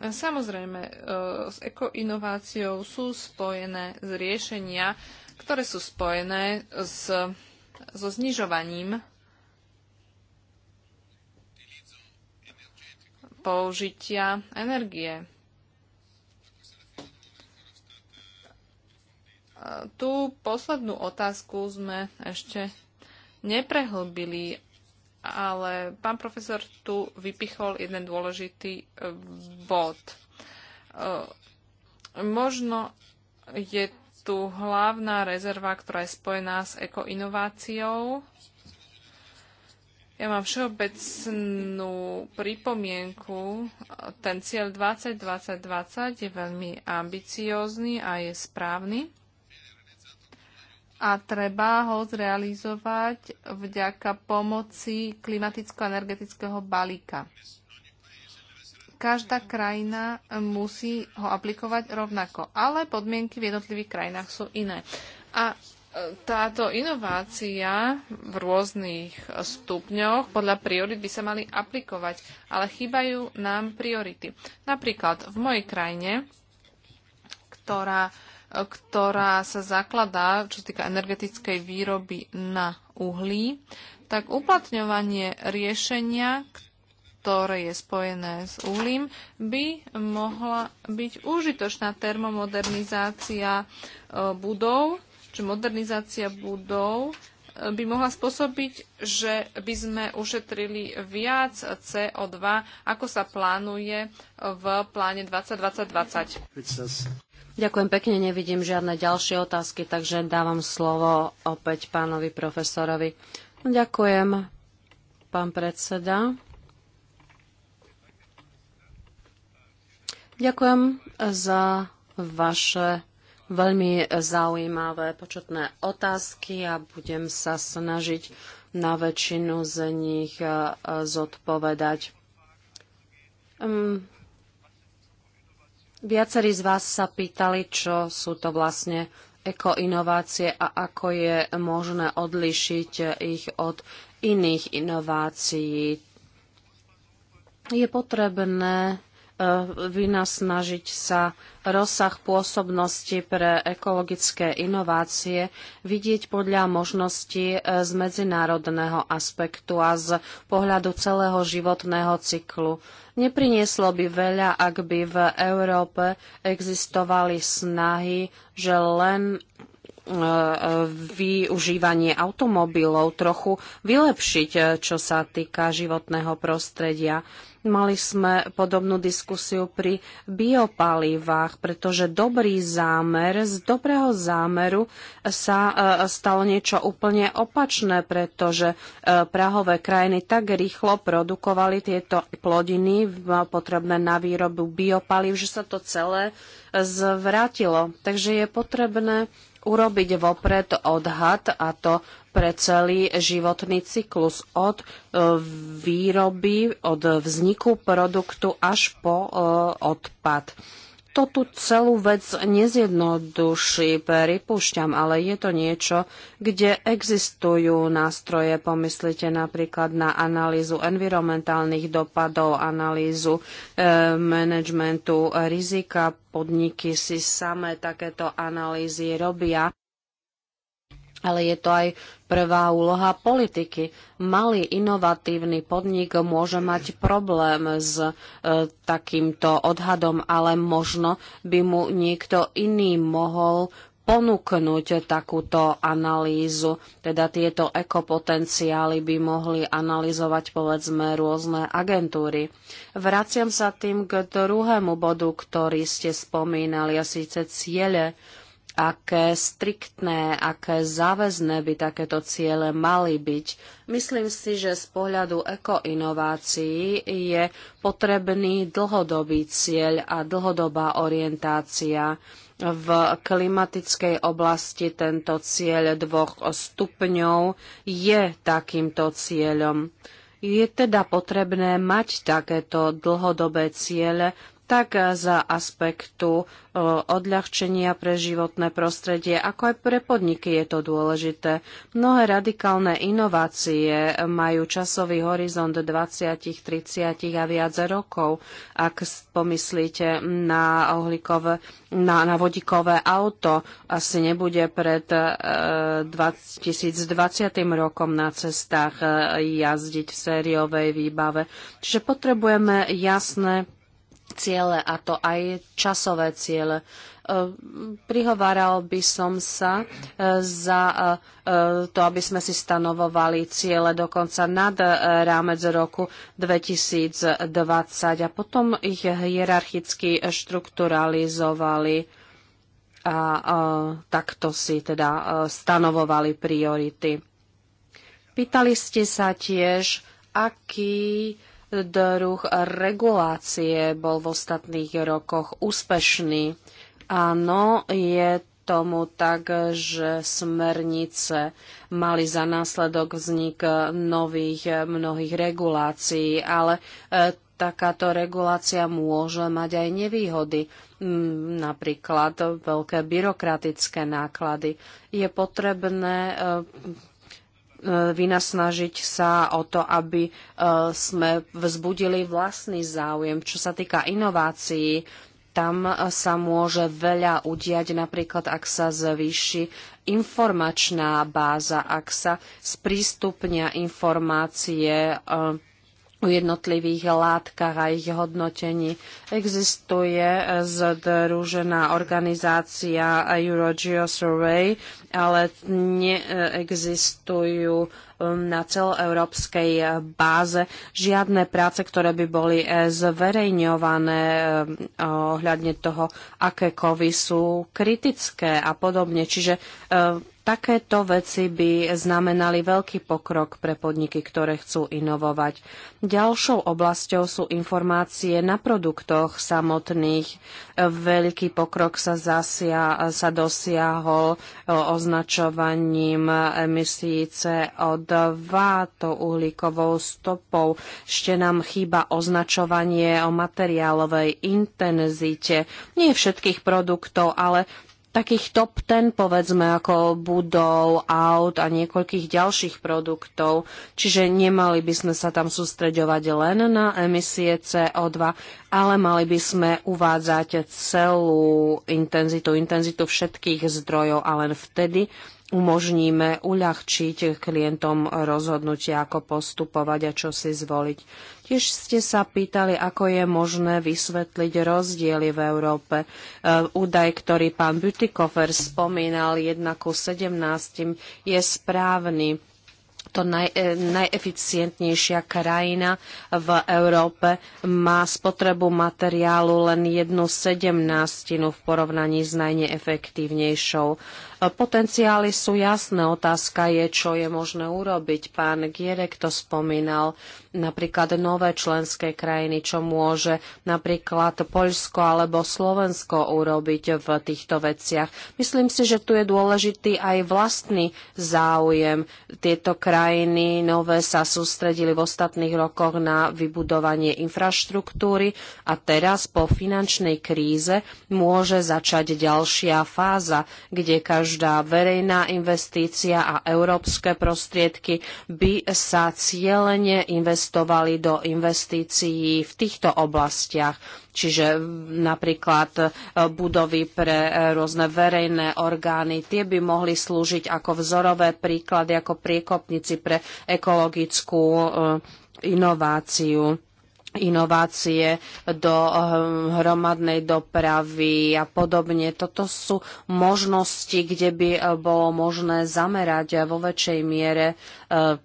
Samozrejme, e, s ekoinováciou sú spojené z riešenia, ktoré sú spojené s, so znižovaním použitia energie. tú poslednú otázku sme ešte neprehlbili, ale pán profesor tu vypichol jeden dôležitý e, bod. E, možno je tu hlavná rezerva, ktorá je spojená s ekoinováciou. Ja mám všeobecnú pripomienku. Ten cieľ 2020-2020 je veľmi ambiciózny a je správny a treba ho zrealizovať vďaka pomoci klimaticko-energetického balíka. Každá krajina musí ho aplikovať rovnako, ale podmienky v jednotlivých krajinách sú iné. A e, táto inovácia v rôznych stupňoch podľa priorit by sa mali aplikovať, ale chýbajú nám priority. Napríklad v mojej krajine, ktorá uh, ktorá sa zakladá, čo sa týka energetickej výroby na uhlí, tak uplatňovanie riešenia, ktoré je spojené s uhlím, by mohla byť užitočná termomodernizácia e, budov, či modernizácia budov e, by mohla spôsobiť, že by sme ušetrili viac CO2, ako sa plánuje v pláne 2020-2020. Ďakujem pekne, nevidím žiadne ďalšie otázky, takže dávam slovo opäť pánovi profesorovi. Ďakujem, pán predseda. Ďakujem za vaše veľmi zaujímavé početné otázky a budem sa snažiť na väčšinu z nich eh, zodpovedať. Hm, Viacerí z vás sa pýtali, čo sú to vlastne ekoinovácie a ako je možné odlišiť ich od iných inovácií. Je potrebné Eh, vynasnažiť sa rozsah pôsobnosti pre ekologické inovácie vidieť podľa možností eh, z medzinárodného aspektu a z pohľadu celého životného cyklu. Neprinieslo by veľa, ak by v Európe existovali snahy, že len eh, využívanie automobilov trochu vylepšiť, čo sa týka životného prostredia. Mali sme podobnú diskusiu pri biopalivách, pretože dobrý zámer, z dobrého zámeru sa e, stalo niečo úplne opačné, pretože e, Prahové krajiny tak rýchlo produkovali tieto plodiny e, potrebné na výrobu biopalív, že sa to celé zvrátilo. Takže je potrebné urobiť vopred odhad a to pre celý životný cyklus od e, výroby, od vzniku produktu až po e, odpad. To tu celú vec nezjednoduší, pripúšťam, ale je to niečo, kde existujú nástroje. Pomyslite napríklad na analýzu environmentálnych dopadov, analýzu e, managementu rizika. Podniky si samé takéto analýzy robia ale je to aj prvá úloha politiky. Malý inovatívny podnik môže mať problém s e, takýmto odhadom, ale možno by mu niekto iný mohol ponúknuť takúto analýzu. Teda tieto ekopotenciály by mohli analyzovať povedzme rôzne agentúry. Vraciam sa tým k druhému bodu, ktorý ste spomínali, a síce ciele aké striktné, aké záväzné by takéto ciele mali byť. Myslím si, že z pohľadu ekoinovácií je potrebný dlhodobý cieľ a dlhodobá orientácia. V klimatickej oblasti tento cieľ dvoch stupňov je takýmto cieľom. Je teda potrebné mať takéto dlhodobé ciele, tak za aspektu e, odľahčenia pre životné prostredie, ako aj pre podniky je to dôležité. Mnohé radikálne inovácie majú časový horizont 20, 30 a viac rokov, ak pomyslíte na, ohlikové, na, na vodíkové auto. Asi nebude pred 2020 e, rokom na cestách e, jazdiť v sériovej výbave. Čiže potrebujeme jasné ciele, a to aj časové ciele. E, prihováral by som sa e, za e, to, aby sme si stanovovali ciele dokonca nad rámec roku 2020 a potom ich hierarchicky štrukturalizovali a takto si teda stanovovali priority. Pýtali ste sa tiež, aký druh regulácie bol v ostatných rokoch úspešný. Áno, je tomu tak, že smernice mali za následok vznik nových mnohých regulácií, ale e, takáto regulácia môže mať aj nevýhody, napríklad veľké byrokratické náklady. Je potrebné e, E, vynasnažiť sa o to, aby e, sme vzbudili vlastný záujem. Čo sa týka inovácií, tam e, sa môže veľa udiať, napríklad ak sa zvýši informačná báza, ak sa sprístupnia informácie o jednotlivých látkach a ich hodnotení. Existuje združená organizácia Eurogeosurvey, ale neexistujú um, na celoeurópskej eh, báze žiadne práce, ktoré by boli eh, zverejňované eh, ohľadne toho, aké kovy sú kritické a podobne. Čiže takéto veci by znamenali veľký pokrok pre podniky, ktoré chcú inovovať. Ďalšou oblasťou sú informácie na produktoch samotných. Veľký pokrok sa, zasia, sa dosiahol označovaním emisí CO2, to uhlíkovou stopou. Ešte nám chýba označovanie o materiálovej intenzite. Nie všetkých produktov, ale takých top ten, povedzme, ako budov, aut a niekoľkých ďalších produktov. Čiže nemali by sme sa tam sústreďovať len na emisie CO2, ale mali by sme uvádzať celú intenzitu, intenzitu všetkých zdrojov a len vtedy umožníme uľahčiť klientom rozhodnutie, ako postupovať a čo si zvoliť. Tiež ste sa pýtali, ako je možné vysvetliť rozdiely v Európe. E, údaj, ktorý pán Butikofer spomínal 1 ku 17, je správny to naj, e, najeficientnejšia krajina v Európe má spotrebu materiálu len jednu sedemnástinu v porovnaní s najneefektívnejšou. E, potenciály sú jasné, otázka je, čo je možné urobiť. Pán Gierek to spomínal napríklad nové členské krajiny, čo môže napríklad Poľsko alebo Slovensko urobiť v týchto veciach. Myslím si, že tu je dôležitý aj vlastný záujem. Tieto krajiny nové sa sústredili v ostatných rokoch na vybudovanie infraštruktúry a teraz po finančnej kríze môže začať ďalšia fáza, kde každá verejná investícia a európske prostriedky by sa cieľene investovali investovali do investícií v týchto oblastiach, čiže napríklad e, budovy pre e, rôzne verejné orgány. Tie by mohli slúžiť ako vzorové príklady, ako priekopníci pre ekologickú e, inováciu inovácie do eh, hromadnej dopravy a podobne. Toto sú možnosti, kde by eh, bolo možné zamerať eh, vo väčšej miere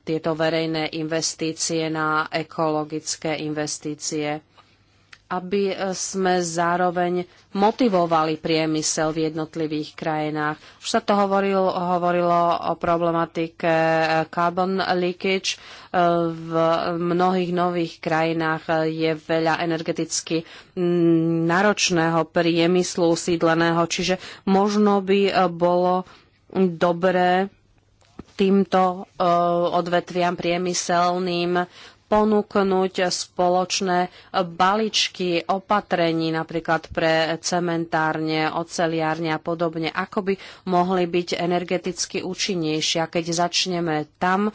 tieto verejné investície na ekologické investície aby e, sme zároveň motivovali priemysel v jednotlivých krajinách. Už sa to hovorilo, hovorilo o problematike e, carbon leakage. E, v mnohých nových krajinách je veľa energeticky náročného priemyslu usídleného, čiže možno by bolo dobré týmto odvetviam priemyselným ponúknuť spoločné balíčky opatrení napríklad pre cementárne, oceliárne a podobne, ako by mohli byť energeticky účinnejšie. A keď začneme tam, eh,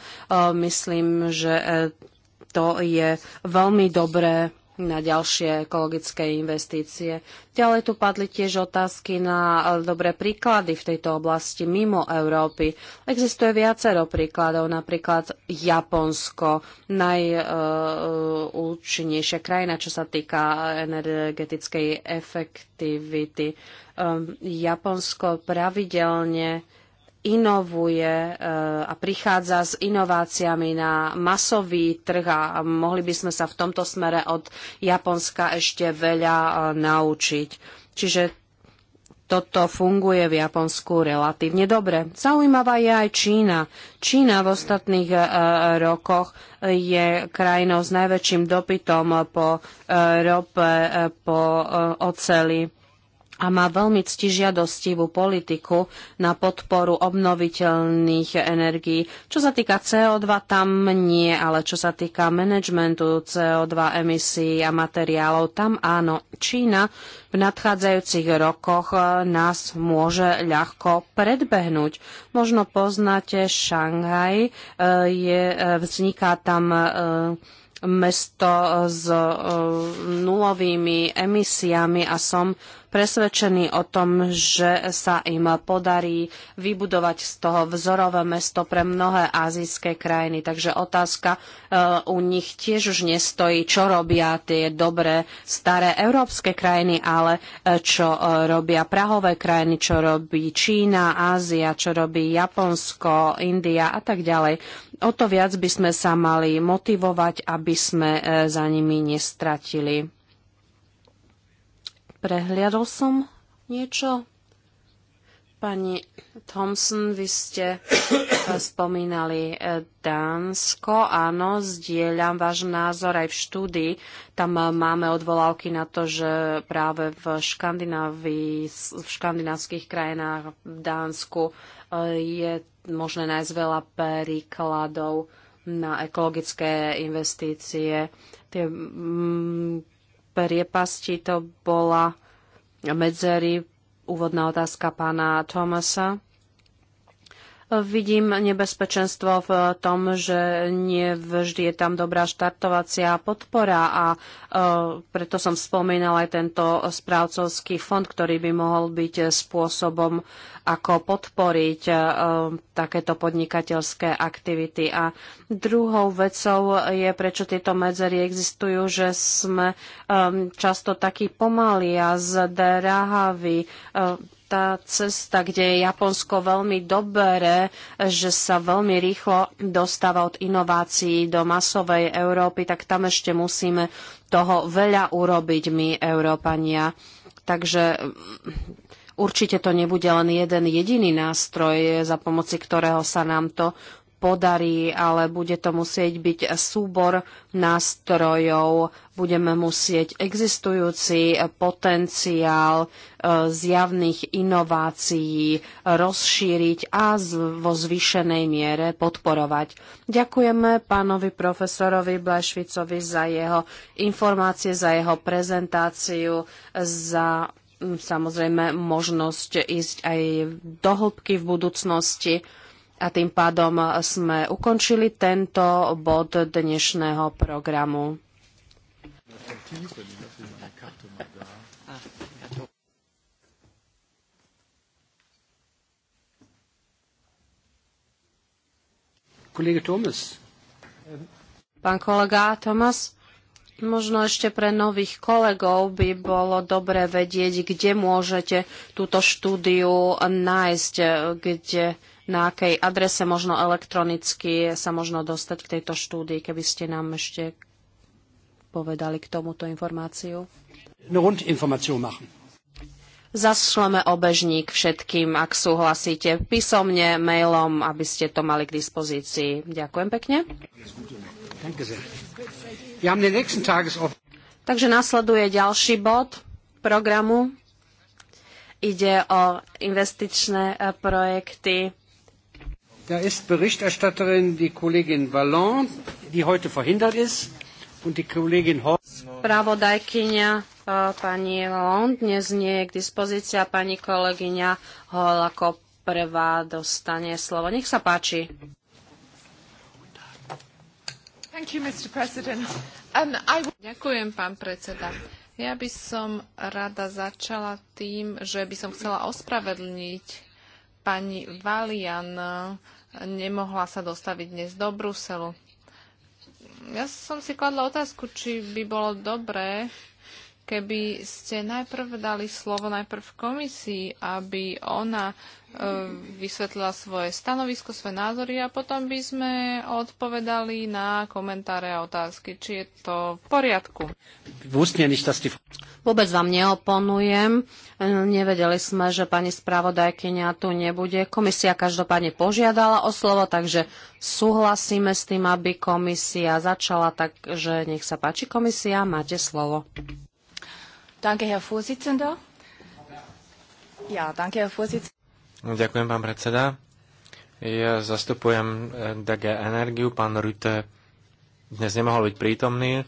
myslím, že eh, to je veľmi dobré na ďalšie ekologické investície. Ďalej tu padli tiež otázky na dobré príklady v tejto oblasti mimo Európy. Existuje viacero príkladov, napríklad Japonsko, najúčinnejšia krajina, čo sa týka energetickej efektivity. Ehm, Japonsko pravidelne inovuje e, a prichádza s inováciami na masový trh a mohli by sme sa v tomto smere od Japonska ešte veľa e, naučiť. Čiže toto funguje v Japonsku relatívne dobre. Zaujímavá je aj Čína. Čína v ostatných e, rokoch je krajinou s najväčším dopytom po rope, po oceli a má veľmi ctižiadostivú politiku na podporu obnoviteľných energií. Čo sa týka CO2, tam nie, ale čo sa týka managementu CO2 emisí a materiálov, tam áno. Čína v nadchádzajúcich rokoch nás môže ľahko predbehnúť. Možno poznáte Šanghaj, e, je, e, vzniká tam e, mesto s nulovými emisiami a som presvedčení o tom, že sa im podarí vybudovať z toho vzorové mesto pre mnohé azijské krajiny. Takže otázka eh, u nich tiež už nestojí, čo robia tie dobré staré európske krajiny, ale eh, čo eh, robia prahové krajiny, čo robí Čína, Ázia, čo robí Japonsko, India a tak ďalej. O to viac by sme sa mali motivovať, aby sme za nimi nestratili Prehliadol som niečo? Pani Thompson, vy ste spomínali e, Dánsko. Áno, zdieľam váš názor aj v štúdii. Tam e, máme odvolávky na to, že práve v, Škandinávii, v škandinávských krajinách v Dánsku e, je možné nájsť veľa príkladov na ekologické investície. Tie priepasti to bola medzery úvodná otázka pána Thomasa Vidím nebezpečenstvo v tom, že nie vždy je tam dobrá štartovacia podpora a e, preto som spomínal aj tento správcovský fond, ktorý by mohol byť spôsobom, ako podporiť e, takéto podnikateľské aktivity. A druhou vecou je, prečo tieto medzery existujú, že sme e, často takí pomalí a zdráhaví tá cesta, kde je Japonsko veľmi dobré, že sa veľmi rýchlo dostáva od inovácií do masovej Európy, tak tam ešte musíme toho veľa urobiť my, Európania. Takže mm, určite to nebude len jeden jediný nástroj, za pomoci ktorého sa nám to podarí, ale bude to musieť byť súbor nástrojov, budeme musieť existujúci potenciál e, zjavných inovácií rozšíriť a vo zvýšenej miere podporovať. Ďakujeme pánovi profesorovi Blešvicovi za jeho informácie, za jeho prezentáciu, za samozrejme možnosť ísť aj do hĺbky v budúcnosti. A tým pádom sme ukončili tento bod dnešného programu. Kolega Thomas. Pán kolega Tomas, možno ešte pre nových kolegov by bolo dobre vedieť, kde môžete túto štúdiu nájsť, kde na akej adrese možno elektronicky sa možno dostať k tejto štúdii, keby ste nám ešte povedali k tomuto informáciu. Zašleme obežník všetkým, ak súhlasíte, písomne, mailom, aby ste to mali k dispozícii. Ďakujem pekne. Takže nasleduje ďalší bod programu. Ide o investičné eh, projekty Da ist Berichterstatterin die Kollegin Vallon, die heute verhindert ist, und die Kollegin Horst. Eh, pani Lon dnes nie je k dispozícii a pani kolegyňa Hol ako prvá dostane slovo. Nech sa páči. You, um, I... Ďakujem, pán predseda. Ja by som rada začala tým, že by som chcela ospravedlniť pani Valian, nemohla sa dostaviť dnes do Bruselu. Ja som si kladla otázku, či by bolo dobré, keby ste najprv dali slovo najprv komisii, aby ona E, vysvetlila svoje stanovisko, svoje názory a potom by sme odpovedali na komentáre a otázky, či je to v poriadku. Vôbec vám neoponujem. E, nevedeli sme, že pani spravodajkynia tu nebude. Komisia každopádne požiadala o slovo, takže súhlasíme s tým, aby komisia začala, takže nech sa páči komisia, máte slovo. Danke, Herr Vorsitzender. Ja, danke, Herr Vorsitzender. No, ďakujem, pán predseda. Ja zastupujem eh, DG Energiu. Pán Rute dnes nemohol byť prítomný.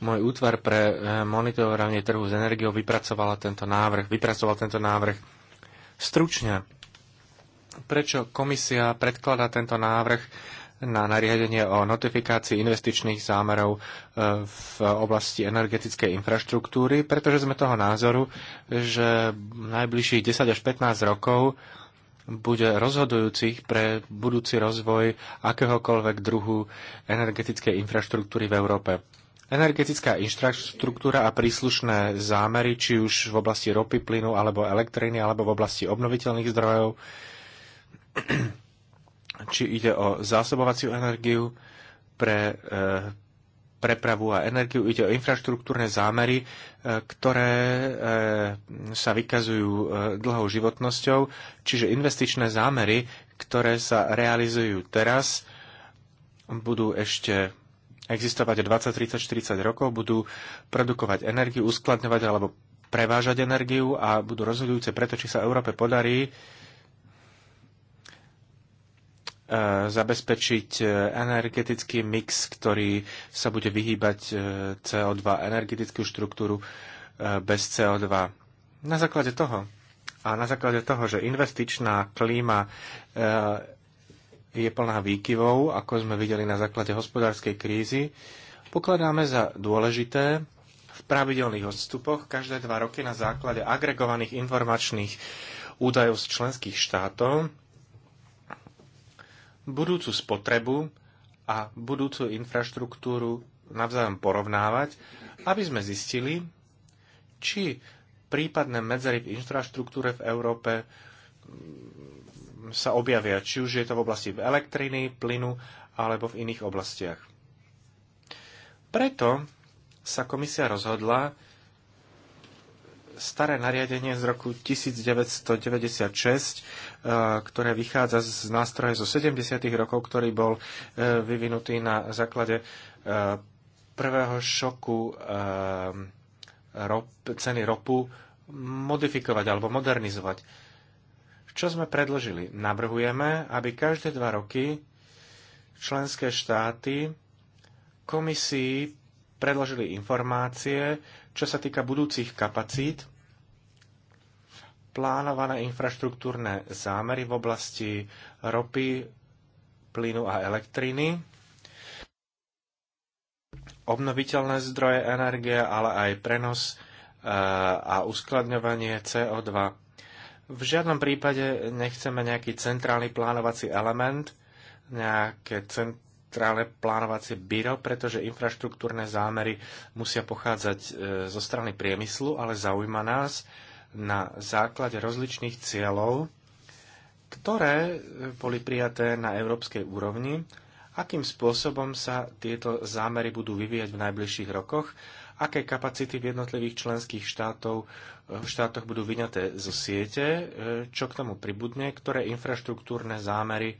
Môj útvar pre eh, monitorovanie trhu s energiou vypracoval tento návrh. Vypracoval tento návrh stručne. Prečo komisia predkladá tento návrh na nariadenie o notifikácii investičných zámerov eh, v oblasti energetickej infraštruktúry? Pretože sme toho názoru, že najbližších 10 až 15 rokov bude rozhodujúcich pre budúci rozvoj akéhokoľvek druhu energetickej infraštruktúry v Európe. Energetická infraštruktúra a príslušné zámery, či už v oblasti ropy, plynu alebo elektriny, alebo v oblasti obnoviteľných zdrojov, či ide o zásobovaciu energiu pre e, prepravu a energiu. Ide o infraštruktúrne zámery, e, ktoré e, sa vykazujú e, dlhou životnosťou, čiže investičné zámery, ktoré sa realizujú teraz, budú ešte existovať 20, 30, 40 rokov, budú produkovať energiu, uskladňovať alebo prevážať energiu a budú rozhodujúce preto, či sa Európe podarí E, zabezpečiť e, energetický mix, ktorý sa bude vyhýbať e, CO2, energetickú štruktúru bez CO2. Na základe toho a na základe toho, že investičná klíma je plná výkyvov, ako sme videli na základe hospodárskej krízy, pokladáme za dôležité v pravidelných odstupoch každé dva roky na základe agregovaných informačných údajov z členských štátov budúcu spotrebu a budúcu infraštruktúru navzájom porovnávať, aby sme zistili, či prípadné medzery v infraštruktúre v Európe mm, sa objavia, či už je to v oblasti elektriny, plynu alebo v iných oblastiach. Preto sa komisia rozhodla staré nariadenie z roku 1996, e, ktoré vychádza z nástroje zo 70. rokov, ktorý bol e, vyvinutý na základe e, prvého šoku ceny ropu modifikovať alebo modernizovať. Čo sme predložili? Navrhujeme, aby každé dva roky členské štáty komisii predložili informácie, čo sa týka budúcich kapacít plánované infraštruktúrne zámery v oblasti ropy, plynu a elektriny, obnoviteľné zdroje energie, ale aj prenos e, a uskladňovanie CO2. V žiadnom prípade nechceme nejaký centrálny plánovací element, nejaké centrálne plánovacie byro, pretože infraštruktúrne zámery musia pochádzať e, zo strany priemyslu, ale zaujíma nás, na základe rozličných cieľov, ktoré boli prijaté na európskej úrovni, akým spôsobom sa tieto zámery budú vyvíjať v najbližších rokoch, aké kapacity v jednotlivých členských štátov, v štátoch budú vyňaté zo siete, čo k tomu pribudne, ktoré infraštruktúrne zámery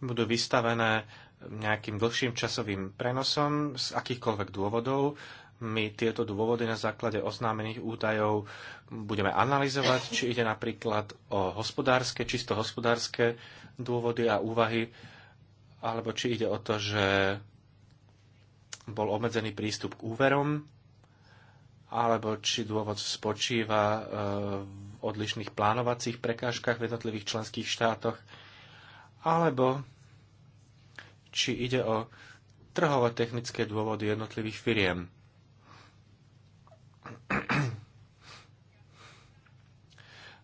budú vystavené nejakým dlhším časovým prenosom z akýchkoľvek dôvodov, my tieto dôvody na základe oznámených údajov budeme analyzovať, či ide napríklad o hospodárske, čisto hospodárske dôvody a úvahy, alebo či ide o to, že bol obmedzený prístup k úverom, alebo či dôvod spočíva e, v odlišných plánovacích prekážkach v jednotlivých členských štátoch, alebo či ide o trhové technické dôvody jednotlivých firiem.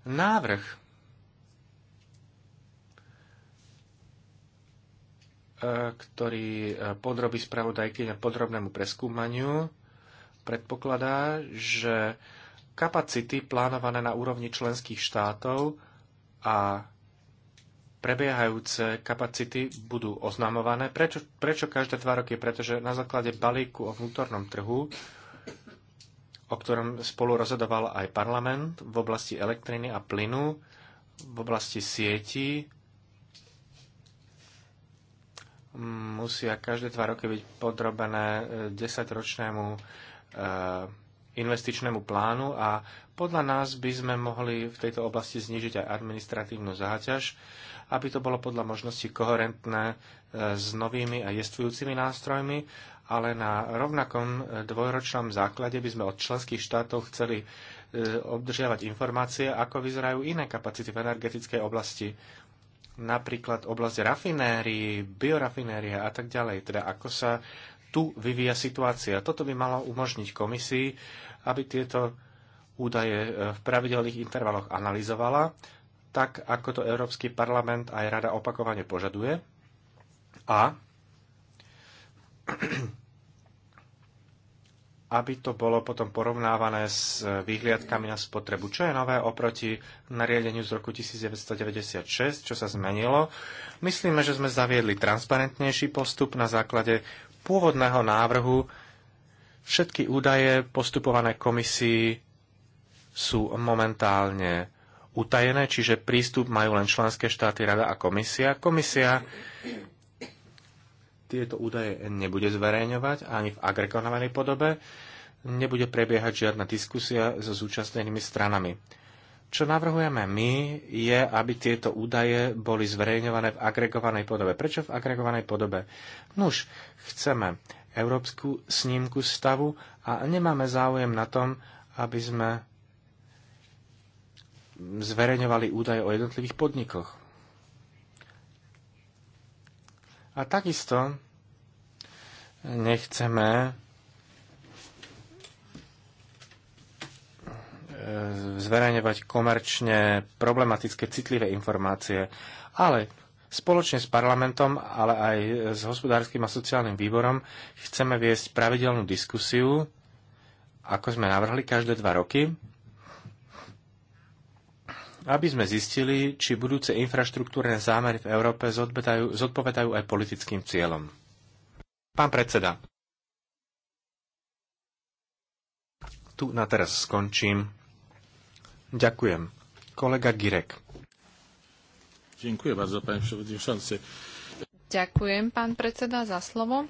návrh e, ktorý e, podrobí na podrobnému preskúmaniu, predpokladá, že kapacity plánované na úrovni členských štátov a prebiehajúce kapacity budú oznamované. Prečo, prečo každé dva roky? Pretože na základe balíku o vnútornom trhu o ktorom spolu rozhodoval aj parlament v oblasti elektriny a plynu, v oblasti sietí. Musia každé dva roky byť podrobené eh, desaťročnému eh, investičnému plánu a podľa nás by sme mohli v tejto oblasti znižiť aj administratívnu záťaž, aby to bolo podľa možnosti koherentné eh, s novými a jestvujúcimi nástrojmi ale na rovnakom e, dvojročnom základe by sme od členských štátov chceli e, obdržiavať informácie, ako vyzerajú iné kapacity v energetickej oblasti, napríklad oblasť rafinérií, biorafinérie a tak ďalej, teda ako sa tu vyvíja situácia. Toto by malo umožniť komisii, aby tieto údaje e, v pravidelných intervaloch analyzovala, tak ako to Európsky parlament aj rada opakovane požaduje. A aby to bolo potom porovnávané s výhliadkami na spotrebu. Čo je nové oproti nariadeniu z roku 1996, čo sa zmenilo? Myslíme, že sme zaviedli transparentnejší postup na základe pôvodného návrhu. Všetky údaje postupované komisii sú momentálne utajené, čiže prístup majú len členské štáty, rada a komisia. Komisia tieto údaje nebude zverejňovať ani v agregovanej podobe, nebude prebiehať žiadna diskusia so zúčastnenými stranami. Čo navrhujeme my, je, aby tieto údaje boli zverejňované v agregovanej podobe. Prečo v agregovanej podobe? Nuž, chceme európsku snímku stavu a nemáme záujem na tom, aby sme zverejňovali údaje o jednotlivých podnikoch. A takisto nechceme e, zverejňovať komerčne problematické citlivé informácie, ale spoločne s parlamentom, ale aj s hospodárskym a sociálnym výborom chceme viesť pravidelnú diskusiu, ako sme navrhli každé dva roky, aby sme zistili, či budúce infraštruktúrne zámery v Európe zodpovedajú, zodpovedajú aj politickým cieľom. Pán predseda, tu na teraz skončím. Ďakujem. Kolega Girek. Ďakujem bardzo, pán przewodniczący. Ďakujem, pán predseda, za slovo.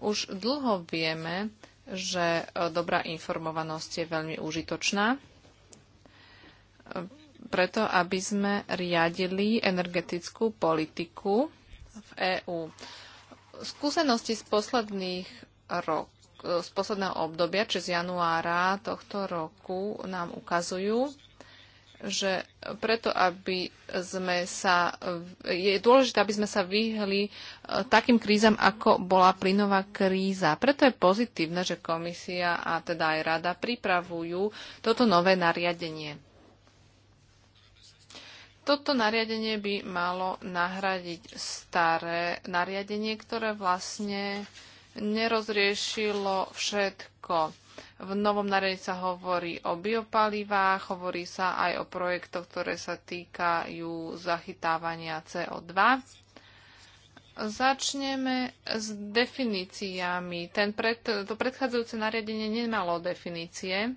Už dlho vieme, že e, dobrá informovanosť je veľmi užitočná, e, preto aby sme riadili energetickú politiku v EÚ skúsenosti z posledných rok, z posledného obdobia, či z januára tohto roku nám ukazujú, že preto, aby sme sa, je dôležité, aby sme sa vyhli e, takým krízam, ako bola plynová kríza. Preto je pozitívne, že komisia a teda aj rada pripravujú toto nové nariadenie. Toto nariadenie by malo nahradiť staré nariadenie, ktoré vlastne nerozriešilo všetko. V novom nariadení sa hovorí o biopalivách, hovorí sa aj o projektoch, ktoré sa týkajú zachytávania CO2. Začneme s definíciami. Ten pred, to predchádzajúce nariadenie nemalo definície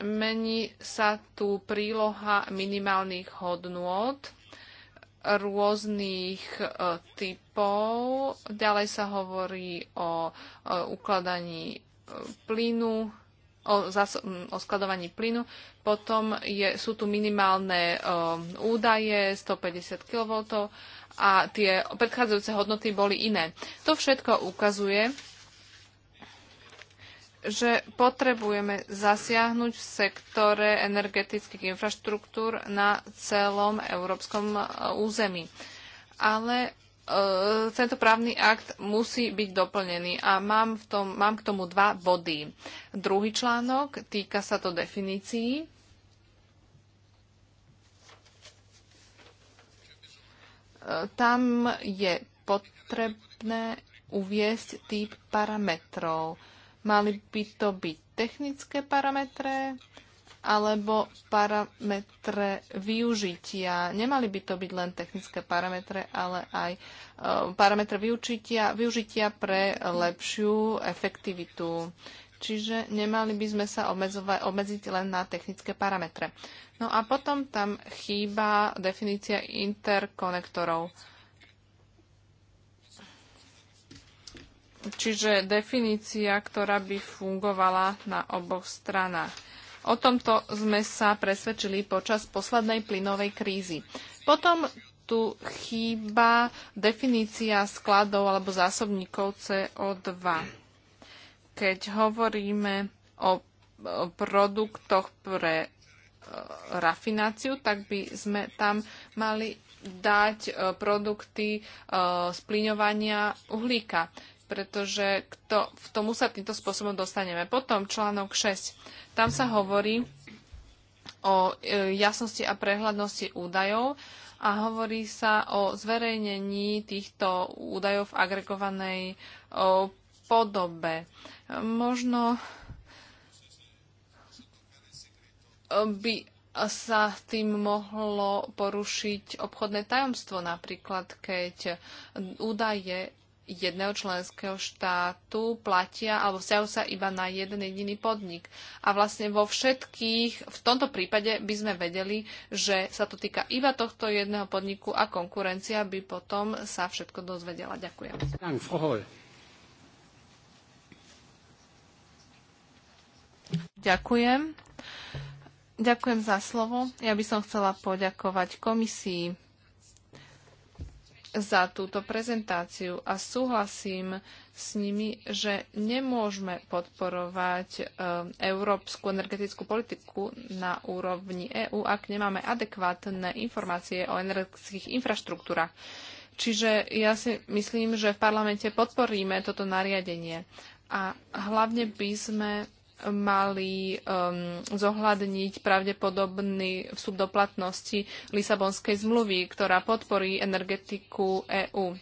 Mení sa tu príloha minimálnych hodnôt rôznych e, typov. Ďalej sa hovorí o e, ukladaní e, plynu, o, zas, o skladovaní plynu. Potom je, sú tu minimálne um, údaje 150 kV a tie predchádzajúce hodnoty boli iné. To všetko ukazuje, že potrebujeme zasiahnuť v sektore energetických infraštruktúr na celom európskom e, území. Ale e, tento právny akt musí byť doplnený a mám, v tom, mám k tomu dva body. Druhý článok týka sa to definícií. E, tam je potrebné uviesť typ parametrov Mali by to byť technické parametre alebo parametre využitia. Nemali by to byť len technické parametre, ale aj e, parametre využitia, využitia pre lepšiu efektivitu. Čiže nemali by sme sa obmedzovať, obmedziť len na technické parametre. No a potom tam chýba definícia interkonektorov. Čiže definícia, ktorá by fungovala na oboch stranách. O tomto sme sa presvedčili počas poslednej plynovej krízy. Potom tu chýba definícia skladov alebo zásobníkov CO2. Keď hovoríme o produktoch pre e, rafináciu, tak by sme tam mali dať e, produkty e, splyňovania uhlíka pretože k, to, k tomu sa týmto spôsobom dostaneme. Potom článok 6. Tam sa hovorí o e, jasnosti a prehľadnosti údajov a hovorí sa o zverejnení týchto údajov v agregovanej podobe. Možno by sa tým mohlo porušiť obchodné tajomstvo, napríklad keď údaje jedného členského štátu platia alebo vzťahujú sa iba na jeden jediný podnik. A vlastne vo všetkých, v tomto prípade by sme vedeli, že sa to týka iba tohto jedného podniku a konkurencia by potom sa všetko dozvedela. Ďakujem. Ďakujem. Ďakujem za slovo. Ja by som chcela poďakovať komisii za túto prezentáciu a súhlasím s nimi, že nemôžeme podporovať e, európsku energetickú politiku na úrovni EÚ, ak nemáme adekvátne informácie o energetických infraštruktúrach. Čiže ja si myslím, že v parlamente podporíme toto nariadenie a hlavne by sme mali um, zohľadniť pravdepodobný vstup do platnosti Lisabonskej zmluvy, ktorá podporí energetiku EÚ.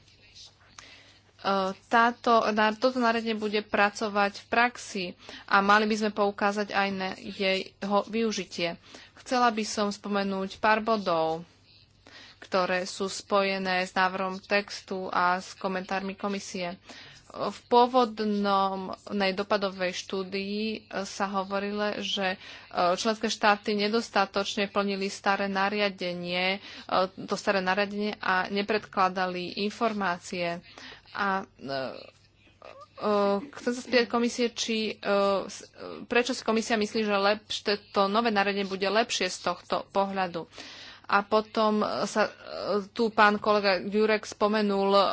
Uh, táto, na, toto nariadenie bude pracovať v praxi a mali by sme poukázať aj na jeho využitie. Chcela by som spomenúť pár bodov, ktoré sú spojené s návrhom textu a s komentármi komisie. V pôvodnom dopadovej štúdii e, sa hovorilo, že e, členské štáty nedostatočne plnili staré nariadenie, e, to staré nariadenie a nepredkladali informácie. A chcem sa spýtať komisie, či, prečo si komisia myslí, že lepš, to nové nariadenie bude lepšie z tohto pohľadu. A potom e, sa e, tu pán kolega Jurek spomenul um,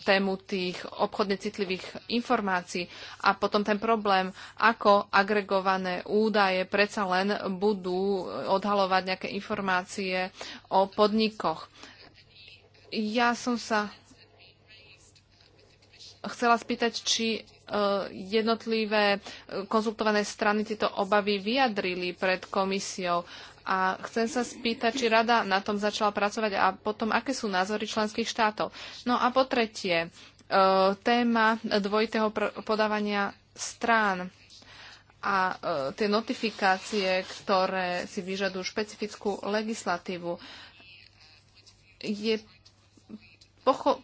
tému tých obchodne citlivých informácií a potom ten problém, ako agregované údaje predsa len budú odhalovať nejaké informácie o podnikoch. Ja som sa chcela spýtať, či jednotlivé konzultované strany tieto obavy vyjadrili pred komisiou a chcem sa spýtať, či rada na tom začala pracovať a potom, aké sú názory členských štátov. No a po tretie, e, téma dvojitého podávania strán a e, tie notifikácie, ktoré si vyžadujú špecifickú legislatívu. Je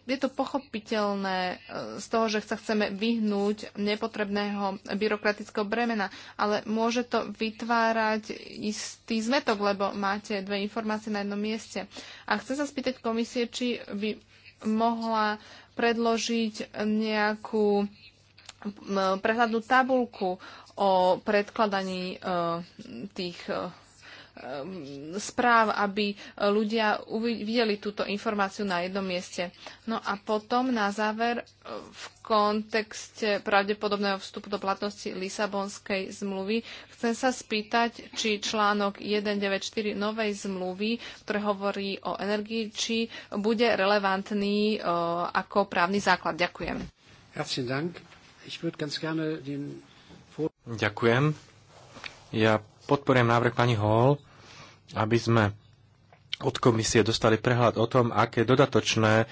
je to pochopiteľné e, z toho, že sa chceme vyhnúť nepotrebného byrokratického bremena, ale môže to vytvárať istý zmetok, lebo máte dve informácie na jednom mieste. A chcem sa spýtať komisie, či by mohla predložiť nejakú prehľadnú tabulku o predkladaní e, tých e, Ehm, správ, aby ľudia videli túto informáciu na jednom mieste. No a potom na záver e, v kontexte pravdepodobného vstupu do platnosti Lisabonskej zmluvy chcem sa spýtať, či článok 194 novej zmluvy, ktorý hovorí o energii, či bude relevantný e, ako právny základ. Ďakujem. Ďakujem. Ja podporujem návrh pani Hall, aby sme od komisie dostali prehľad o tom, aké dodatočné e,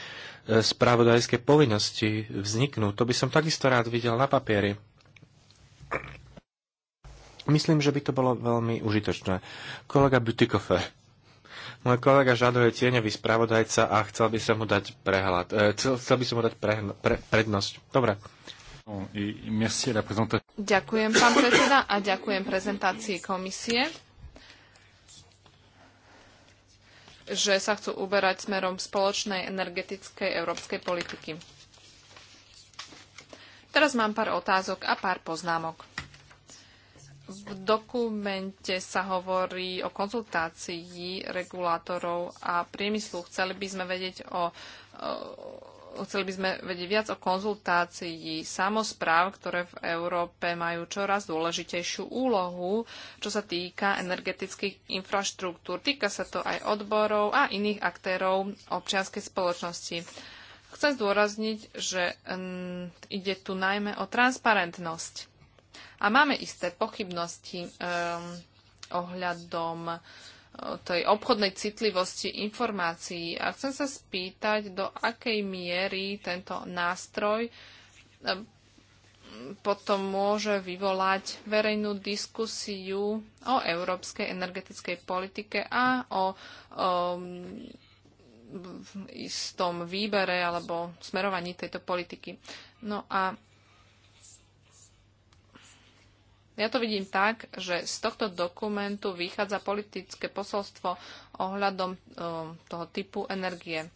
spravodajské povinnosti vzniknú. To by som takisto rád videl na papieri. Myslím, že by to bolo veľmi užitočné. Kolega Butikofe. Môj kolega žaduje tieňový spravodajca a chcel by som mu dať prehľad. E, chcel, chcel by som mu dať pre, pre, prednosť. Dobre. Ďakujem, pán predseda, a ďakujem prezentácii komisie, že sa chcú uberať smerom spoločnej energetickej európskej politiky. Teraz mám pár otázok a pár poznámok. V dokumente sa hovorí o konzultácii regulátorov a priemyslu. Chceli by sme vedieť o, o chceli by sme vedieť viac o konzultácii samozpráv, ktoré v Európe majú čoraz dôležitejšiu úlohu, čo sa týka energetických infraštruktúr. Týka sa to aj odborov a iných aktérov občianskej spoločnosti. Chcem zdôrazniť, že mm, ide tu najmä o transparentnosť. A máme isté pochybnosti um, ohľadom uh, tej obchodnej citlivosti informácií. A chcem sa spýtať, do akej miery tento nástroj eh, potom môže vyvolať verejnú diskusiu o európskej energetickej politike a o, o ehm, istom výbere alebo smerovaní tejto politiky. No a Ja to vidím tak, že z tohto dokumentu vychádza politické posolstvo ohľadom eh, toho typu energie.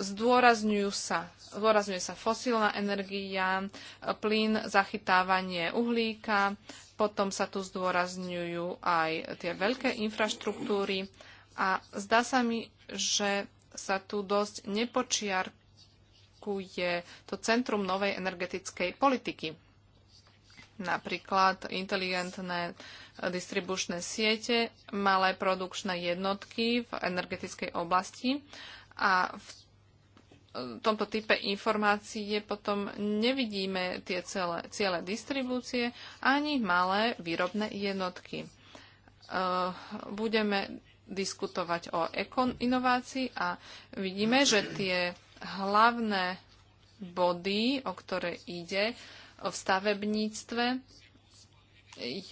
Zdôrazňujú sa, zdôrazňuje sa fosílna energia, plyn, zachytávanie uhlíka, potom sa tu zdôrazňujú aj tie veľké infraštruktúry a zdá sa mi, že sa tu dosť nepočiarkuje to centrum novej energetickej politiky napríklad inteligentné distribučné siete, malé produkčné jednotky v energetickej oblasti a v tomto type informácie potom nevidíme tie celé, ciele distribúcie ani malé výrobné jednotky. E, budeme diskutovať o inovácii a vidíme, že tie hlavné body, o ktoré ide, v stavebníctve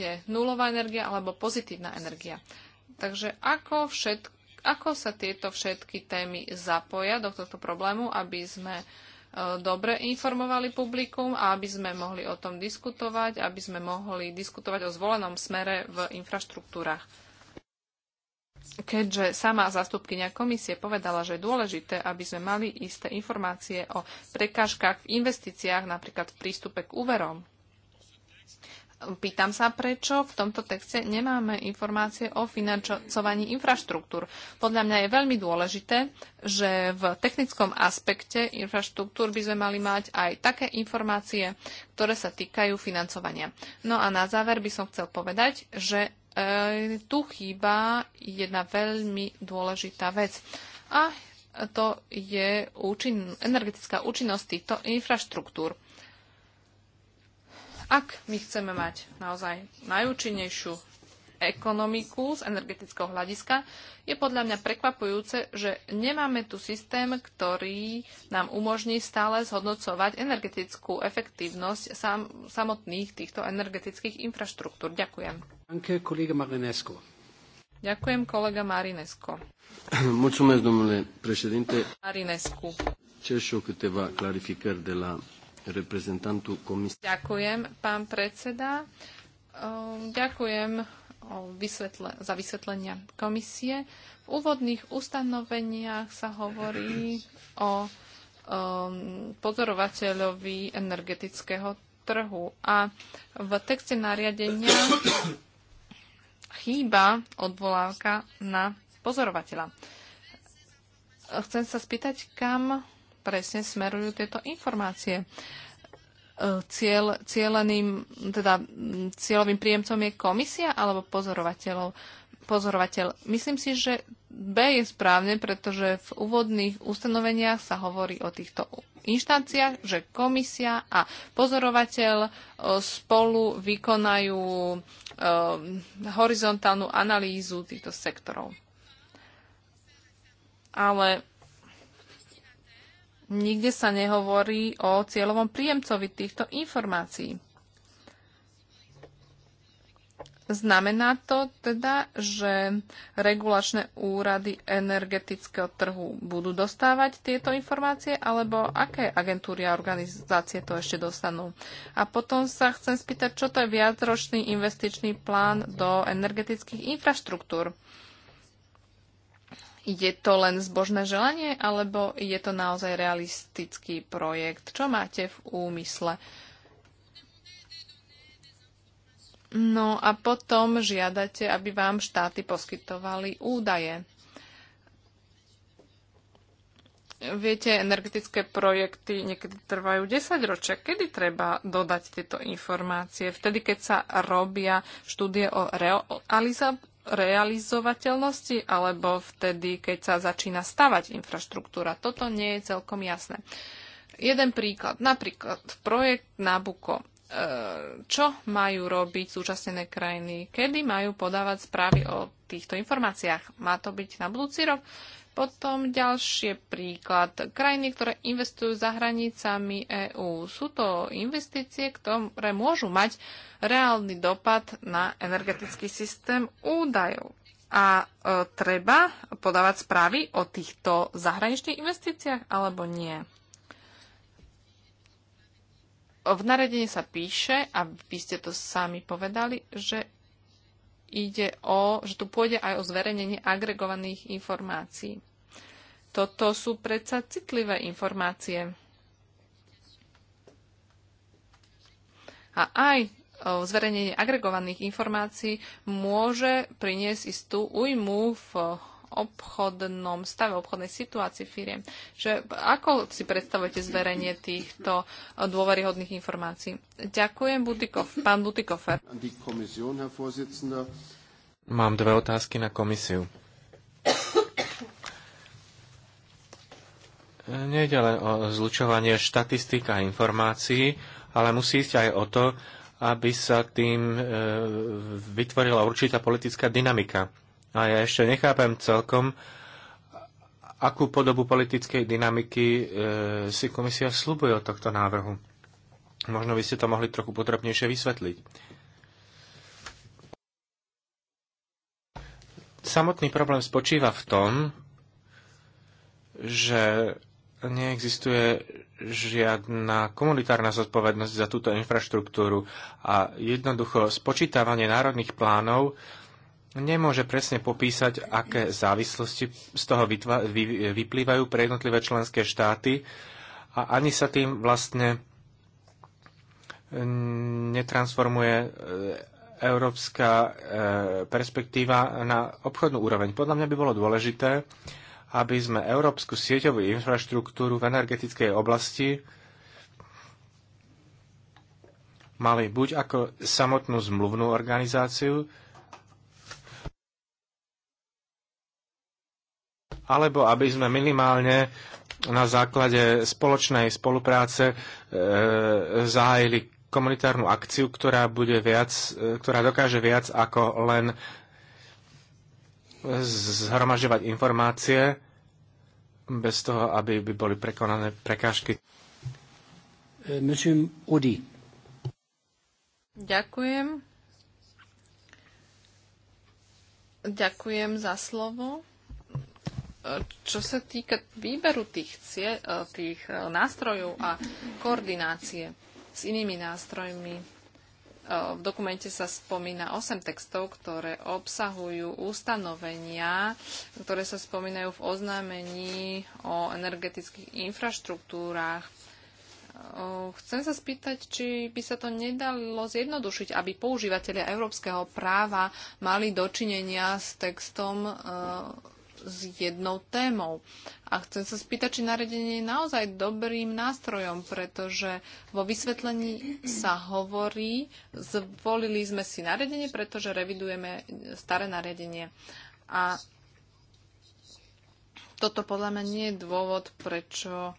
je nulová energia alebo pozitívna energia. Takže ako, všet, ako sa tieto všetky témy zapoja do tohto problému, aby sme e, dobre informovali publikum a aby sme mohli o tom diskutovať, aby sme mohli diskutovať o zvolenom smere v infraštruktúrach keďže sama zastupkynia komisie povedala, že je dôležité, aby sme mali isté informácie o prekážkach v investíciách, napríklad v prístupe k úverom. Pýtam sa, prečo v tomto texte nemáme informácie o financovaní infraštruktúr. Podľa mňa je veľmi dôležité, že v technickom aspekte infraštruktúr by sme mali mať aj také informácie, ktoré sa týkajú financovania. No a na záver by som chcel povedať, že E, tu chýba jedna veľmi dôležitá vec. A to je účin, energetická účinnosť týchto infraštruktúr. Ak my chceme mať naozaj najúčinnejšiu ekonomiku z energetického hľadiska, je podľa mňa prekvapujúce, že nemáme tu systém, ktorý nám umožní stále zhodnocovať energetickú efektívnosť sam, samotných týchto energetických infraštruktúr. Ďakujem. Anke, kolega Marinescu. Ďakujem, kolega Marinescu. Mulțumesc, domnule președinte. Marinescu. Cer și eu câteva clarificări de la reprezentantul comisiei. Ďakujem, pán predseda. Ehm, ďakujem vysvetle, za vysvetlenia komisie. V úvodných ustanoveniach sa hovorí o um, pozorovateľovi energetického trhu. A v texte nariadenia chýba odvolávka na pozorovateľa. Chcem sa spýtať, kam presne smerujú tieto informácie cieľ, cieľeným, teda cieľovým príjemcom je komisia alebo pozorovateľov? pozorovateľ. Myslím si, že B je správne, pretože v úvodných ustanoveniach sa hovorí o týchto inštanciách, že komisia a pozorovateľ e, spolu vykonajú e, horizontálnu analýzu týchto sektorov. Ale Nikde sa nehovorí o cieľovom príjemcovi týchto informácií. Znamená to teda, že regulačné úrady energetického trhu budú dostávať tieto informácie, alebo aké agentúry a organizácie to ešte dostanú? A potom sa chcem spýtať, čo to je viacročný investičný plán do energetických infraštruktúr. Je to len zbožné želanie, alebo je to naozaj realistický projekt? Čo máte v úmysle? No a potom žiadate, aby vám štáty poskytovali údaje. Viete, energetické projekty niekedy trvajú 10 ročia. Kedy treba dodať tieto informácie? Vtedy, keď sa robia štúdie o realizácii realizovateľnosti alebo vtedy, keď sa začína stavať infraštruktúra. Toto nie je celkom jasné. Jeden príklad, napríklad projekt Nabuko. E, čo majú robiť súčasnené krajiny? Kedy majú podávať správy o týchto informáciách? Má to byť na budúci rok? Potom ďalší príklad. Krajiny, ktoré investujú za hranicami EÚ. Sú to investície, ktoré môžu mať reálny dopad na energetický systém údajov. A e, treba podávať správy o týchto zahraničných investíciách alebo nie. V naredení sa píše, a vy ste to sami povedali, že ide o, že tu pôjde aj o zverejnenie agregovaných informácií. Toto sú predsa citlivé informácie. A aj zverejnenie agregovaných informácií môže priniesť istú újmu v obchodnom stave, obchodnej situácii firiem. Že ako si predstavujete zverejne týchto dôveryhodných informácií? Ďakujem, Butikov, pán Butikofer. Mám dve otázky na komisiu. Nejde len o zlučovanie štatistík a informácií, ale musí ísť aj o to, aby sa tým e, vytvorila určitá politická dynamika. A ja ešte nechápem celkom, akú podobu politickej dynamiky e, si komisia slúbuje od tohto návrhu. Možno by ste to mohli trochu podrobnejšie vysvetliť. Samotný problém spočíva v tom, že neexistuje žiadna komunitárna zodpovednosť za túto infraštruktúru a jednoducho spočítavanie národných plánov nemôže presne popísať, aké závislosti z toho vyplývajú pre jednotlivé členské štáty a ani sa tým vlastne mm, netransformuje e, európska e, perspektíva na obchodnú úroveň. Podľa mňa by bolo dôležité, aby sme európsku sieťovú infraštruktúru v energetickej oblasti mali buď ako samotnú zmluvnú organizáciu, alebo aby sme minimálne na základe spoločnej spolupráce e, zahájili komunitárnu akciu, ktorá, bude viac, e, ktorá dokáže viac ako len zhromažďovať informácie bez toho, aby by boli prekonané prekážky. E, Udi. Ďakujem. Ďakujem za slovo čo sa týka výberu tých, cie, e, tých e, nástrojov a koordinácie s inými nástrojmi, e, v dokumente sa spomína 8 textov, ktoré obsahujú ustanovenia, ktoré sa spomínajú v oznámení o energetických infraštruktúrach. Chcem sa spýtať, či by sa to nedalo zjednodušiť, aby používateľia európskeho práva mali dočinenia s textom s jednou témou. A chcem sa spýtať, či naredenie je naozaj dobrým nástrojom, pretože vo vysvetlení sa hovorí, zvolili sme si naredenie, pretože revidujeme staré naredenie. A toto podľa mňa nie je dôvod, prečo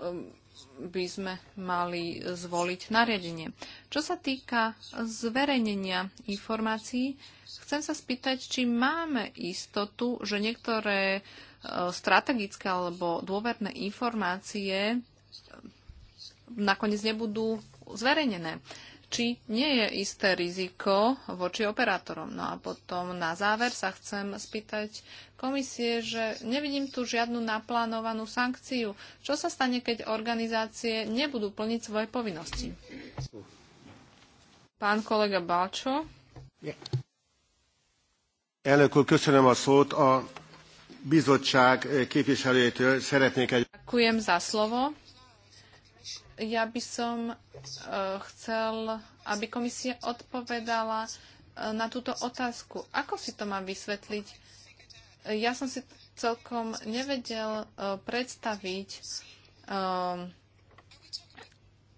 um, by sme mali zvoliť nariadenie. Čo sa týka zverejnenia informácií, chcem sa spýtať, či máme istotu, že niektoré e, strategické alebo dôverné informácie e, nakoniec nebudú zverejnené či nie je isté riziko voči operátorom. No a potom na záver sa chcem spýtať komisie, že nevidím tu žiadnu naplánovanú sankciu. Čo sa stane, keď organizácie nebudú plniť svoje povinnosti? Pán kolega Balčo. Ďakujem za slovo ja by som e, chcel, aby komisia odpovedala e, na túto otázku. Ako si to mám vysvetliť? Ja som si celkom nevedel e, predstaviť,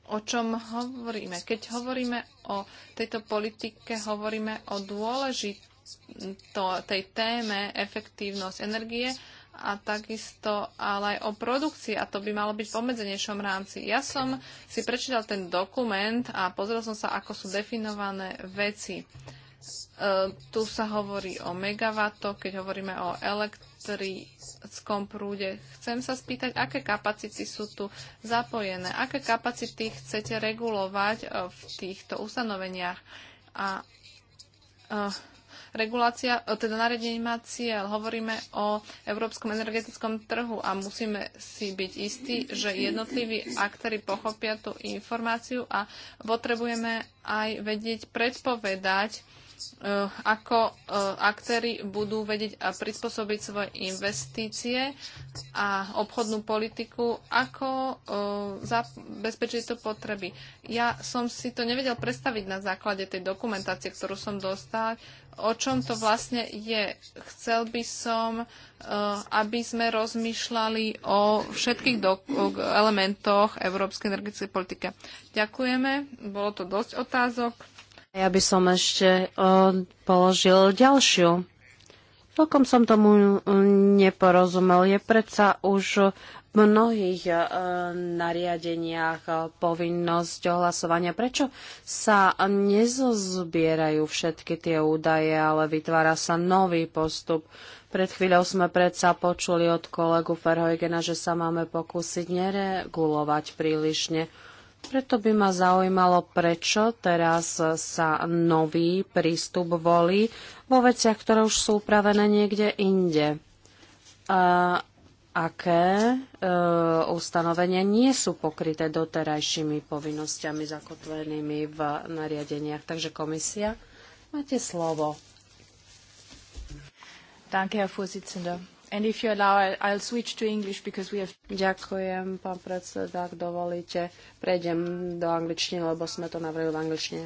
o čom hovoríme. Keď hovoríme o tejto politike, hovoríme o dôležitosti tej téme efektívnosť energie a takisto ale aj o produkcii a to by malo byť v obmedzenejšom rámci. Ja som si prečítal ten dokument a pozrel som sa, ako sú definované veci. E, tu sa hovorí o megawatto, keď hovoríme o elektrickom prúde. Chcem sa spýtať, aké kapacity sú tu zapojené, aké kapacity chcete regulovať e, v týchto ustanoveniach. A e, regulácia, e, teda nariadenie má cieľ. Hovoríme o európskom energetickom trhu a musíme si byť istí, že jednotliví aktéry pochopia tú informáciu a potrebujeme aj vedieť predpovedať, e, ako e, aktéry budú vedieť a prispôsobiť svoje investície a obchodnú politiku, ako zabezpečiť to potreby. Ja som si to nevedel predstaviť na základe tej dokumentácie, ktorú som dostal, o čom to vlastne je. Chcel by som, eh, aby sme rozmýšľali o všetkých elementoch európskej energetickej politike. Ďakujeme, bolo to dosť otázok. Ja by som ešte eh, položil ďalšiu Celkom som tomu neporozumel. Je predsa už mnohých e, nariadeniach e, povinnosť ohlasovania. Prečo sa nezozbierajú všetky tie údaje, ale vytvára sa nový postup? Pred chvíľou sme predsa počuli od kolegu Ferhojgena, že sa máme pokúsiť neregulovať prílišne. Preto by ma zaujímalo, prečo teraz sa nový prístup volí vo veciach, ktoré už sú upravené niekde inde. A aké e, ustanovenia nie sú pokryté doterajšími povinnosťami zakotvenými v nariadeniach. Takže komisia, máte slovo. Danke, Herr Vorsitzender. And if you allow, I'll switch to English because we have... Ďakujem, pán predseda, ak dovolíte. Prejdem do angličtiny, lebo sme to navrhli v angličtine.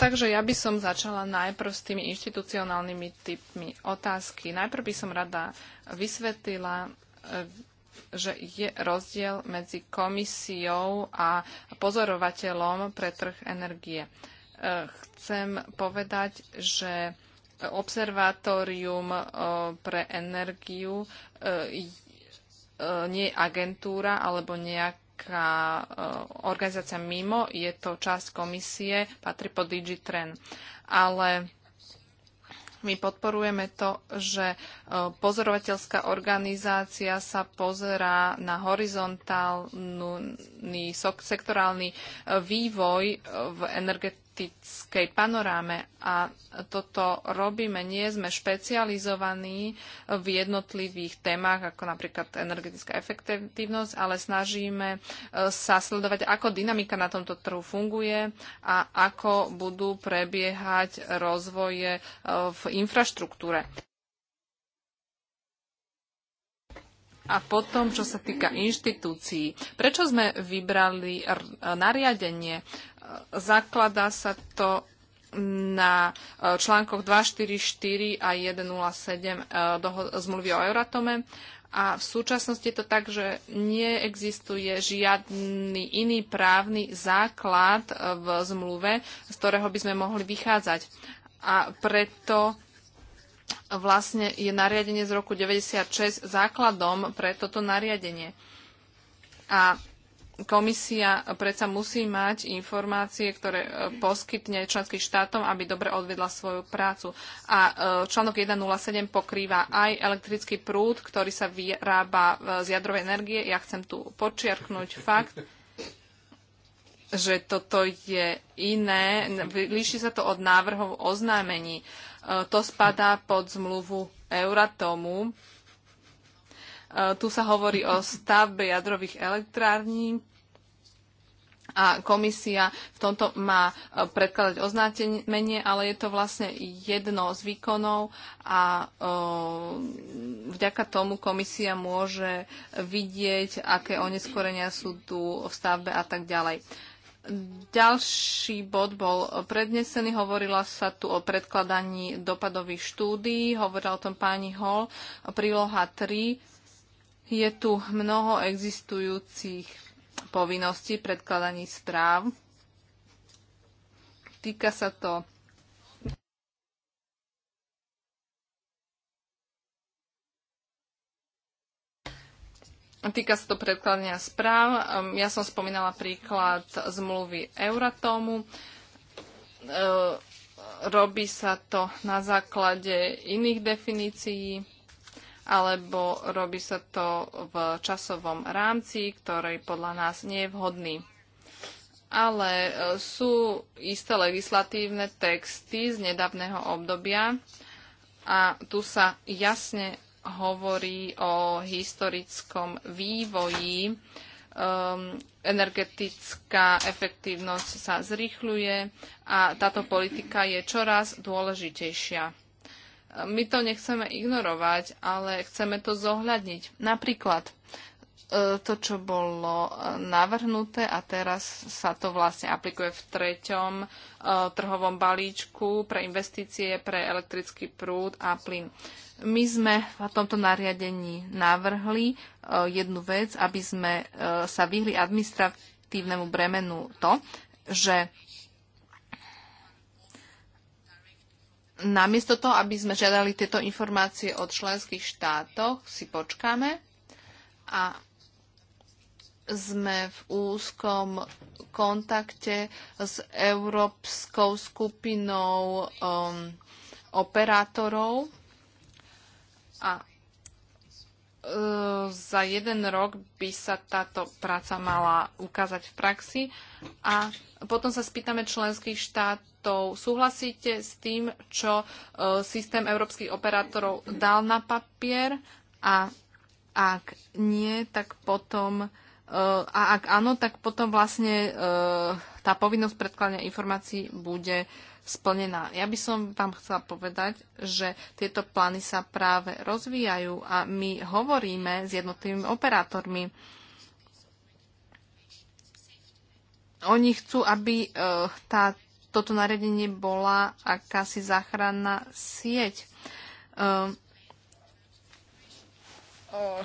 Takže ja by som začala najprv s tými inštitucionálnymi typmi otázky. Najprv by som rada vysvetlila, že je rozdiel medzi komisiou a pozorovateľom pre trh energie. E, chcem povedať, že observatórium e, pre energiu e, nie je agentúra alebo nejaká organizácia mimo, je to časť komisie, patrí pod DigiTren. Ale my podporujeme to, že e, pozorovateľská organizácia sa pozerá na horizontálny sektorálny e, vývoj e, v energetickom politickej panoráme a toto robíme. Nie sme špecializovaní v jednotlivých témach, ako napríklad energetická efektívnosť, ale snažíme e, sa sledovať, ako dynamika na tomto trhu funguje a ako budú prebiehať rozvoje e, v infraštruktúre. A potom, čo sa týka inštitúcií, prečo sme vybrali e, nariadenie? zakladá sa to na e, článkoch 244 a 107 e, zmluvy o Euratome. A v súčasnosti je to tak, že neexistuje žiadny iný právny základ e, v zmluve, z ktorého by sme mohli vychádzať. A preto vlastne je nariadenie z roku 96 základom pre toto nariadenie. A komisia predsa musí mať informácie, ktoré e, poskytne členským štátom, aby dobre odvedla svoju prácu. A e, článok 1.07 pokrýva aj elektrický prúd, ktorý sa vyrába e, z jadrovej energie. Ja chcem tu počiarknúť fakt, že toto je iné. Líši sa to od návrhov oznámení. To spadá pod zmluvu Euratomu E, tu sa hovorí o stavbe jadrových elektrární a komisia v tomto má e, predkladať oznámenie, ale je to vlastne jedno z výkonov a e, vďaka tomu komisia môže vidieť, aké oneskorenia sú tu v stavbe a tak ďalej. Ďalší bod bol prednesený, hovorila sa tu o predkladaní dopadových štúdií, hovorila o tom pani Hall, príloha 3 je tu mnoho existujúcich povinností predkladaní správ. Týka sa to Týka sa to predkladania správ. Ja som spomínala príklad zmluvy Euratomu. robí sa to na základe iných definícií alebo robí sa to v časovom rámci, ktorý podľa nás nie je vhodný. Ale e, sú isté legislatívne texty z nedávneho obdobia a tu sa jasne hovorí o historickom vývoji. Um, energetická efektívnosť sa zrýchľuje a táto politika je čoraz dôležitejšia my to nechceme ignorovať, ale chceme to zohľadniť. Napríklad e, to, čo bolo e, navrhnuté a teraz sa to vlastne aplikuje v treťom e, trhovom balíčku pre investície, pre elektrický prúd a plyn. My sme v tomto nariadení navrhli jednu vec, aby sme sa vyhli administratívnemu bremenu to, že namiesto toho, aby sme žiadali tieto informácie od členských štátoch, si počkáme a sme v úzkom kontakte s Európskou skupinou um, operátorov a uh, za jeden rok by sa táto práca mala ukázať v praxi a potom sa spýtame členských štátov, štátov. Súhlasíte s tým, čo e, systém európskych operátorov dal na papier? A ak nie, tak potom e, a ak áno, tak potom vlastne e, tá povinnosť predkladania informácií bude splnená. Ja by som vám chcela povedať, že tieto plány sa práve rozvíjajú a my hovoríme s jednotlivými operátormi. Oni chcú, aby tá toto nariadenie bola akási záchranná sieť. Ehm,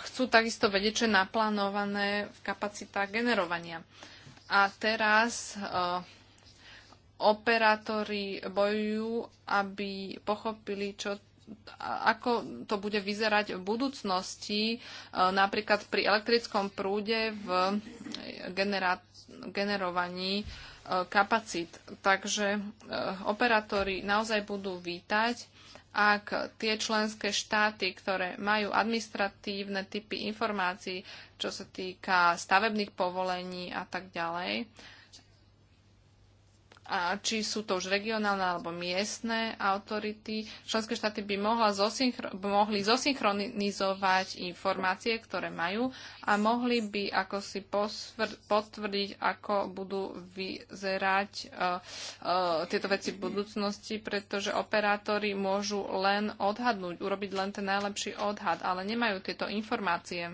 chcú takisto vedieť, čo je naplánované v kapacitách generovania. A teraz ehm, operátori bojujú, aby pochopili, čo, ako to bude vyzerať v budúcnosti, ehm, napríklad pri elektrickom prúde v generá- generovaní kapacít. Takže e, operátori naozaj budú vítať, ak tie členské štáty, ktoré majú administratívne typy informácií, čo sa týka stavebných povolení a tak ďalej, a či sú to už regionálne alebo miestne autority, členské štáty by mohla zosynchro- mohli zosynchronizovať informácie, ktoré majú a mohli by ako si potvrdiť, ako budú vyzerať uh, uh, tieto veci v budúcnosti, pretože operátori môžu len odhadnúť, urobiť len ten najlepší odhad, ale nemajú tieto informácie,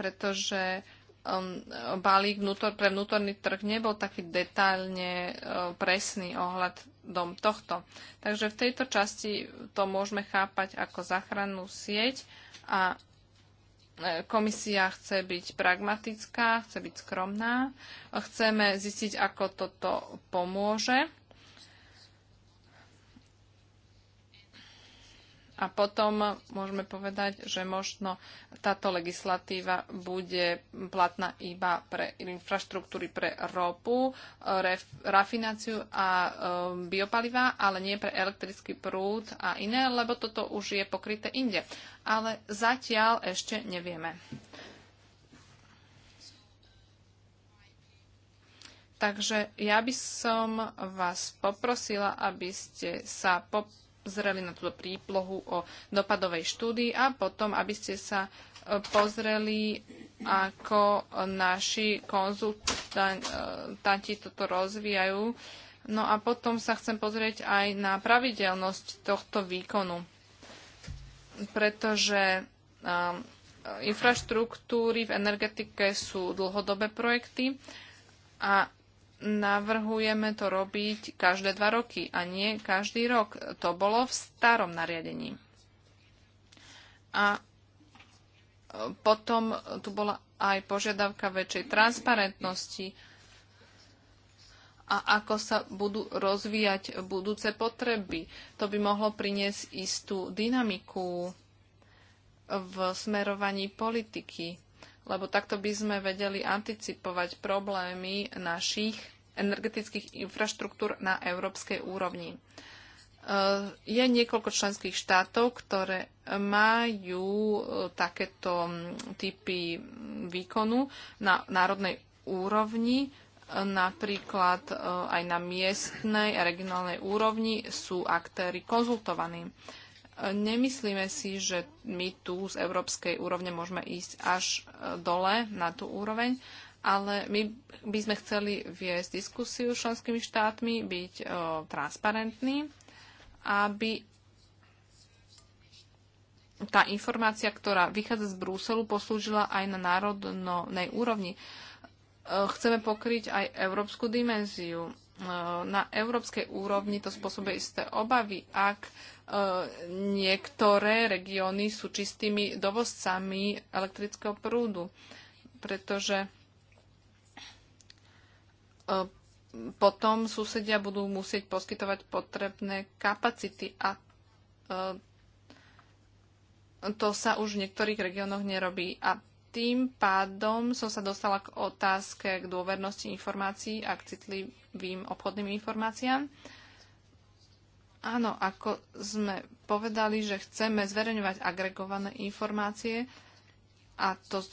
pretože um, balík vnútor, pre vnútorný trh nebol taký detailne uh, presný ohľadom tohto. Takže v tejto časti to môžeme chápať ako záchrannú sieť a e, komisia chce byť pragmatická, chce byť skromná. Chceme zistiť, ako toto pomôže A potom môžeme povedať, že možno táto legislatíva bude platná iba pre infraštruktúry pre ropu, ref, rafináciu a um, biopaliva, ale nie pre elektrický prúd a iné, lebo toto už je pokryté inde. Ale zatiaľ ešte nevieme. Takže ja by som vás poprosila, aby ste sa po pozreli na túto príplohu o dopadovej štúdii a potom, aby ste sa e, pozreli, ako naši konzultanti e, toto rozvíjajú. No a potom sa chcem pozrieť aj na pravidelnosť tohto výkonu, pretože um, infraštruktúry v energetike sú dlhodobé projekty a navrhujeme to robiť každé dva roky a nie každý rok. To bolo v starom nariadení. A e, potom tu bola aj požiadavka väčšej transparentnosti a ako sa budú rozvíjať budúce potreby. To by mohlo priniesť istú dynamiku v smerovaní politiky lebo takto by sme vedeli anticipovať problémy našich energetických infraštruktúr na európskej úrovni. E, je niekoľko členských štátov, ktoré majú e, takéto typy výkonu na národnej úrovni, e, napríklad aj na miestnej a regionálnej úrovni sú aktéry konzultovaní. Nemyslíme si, že my tu z európskej úrovne môžeme ísť až e, dole na tú úroveň, ale my by sme chceli viesť diskusiu s členskými štátmi, byť e, transparentní, aby tá informácia, ktorá vychádza z Bruselu, poslúžila aj na národnej úrovni. E, chceme pokryť aj európsku dimenziu. Na európskej úrovni to spôsobuje isté obavy, ak niektoré regióny sú čistými dovozcami elektrického prúdu, pretože e, potom susedia budú musieť poskytovať potrebné kapacity a e, to sa už v niektorých regiónoch nerobí. A tým pádom som sa dostala k otázke k dôvernosti informácií a k citlivým obchodným informáciám. Uh, Áno, ako sme povedali, že chceme zverejňovať agregované informácie a to z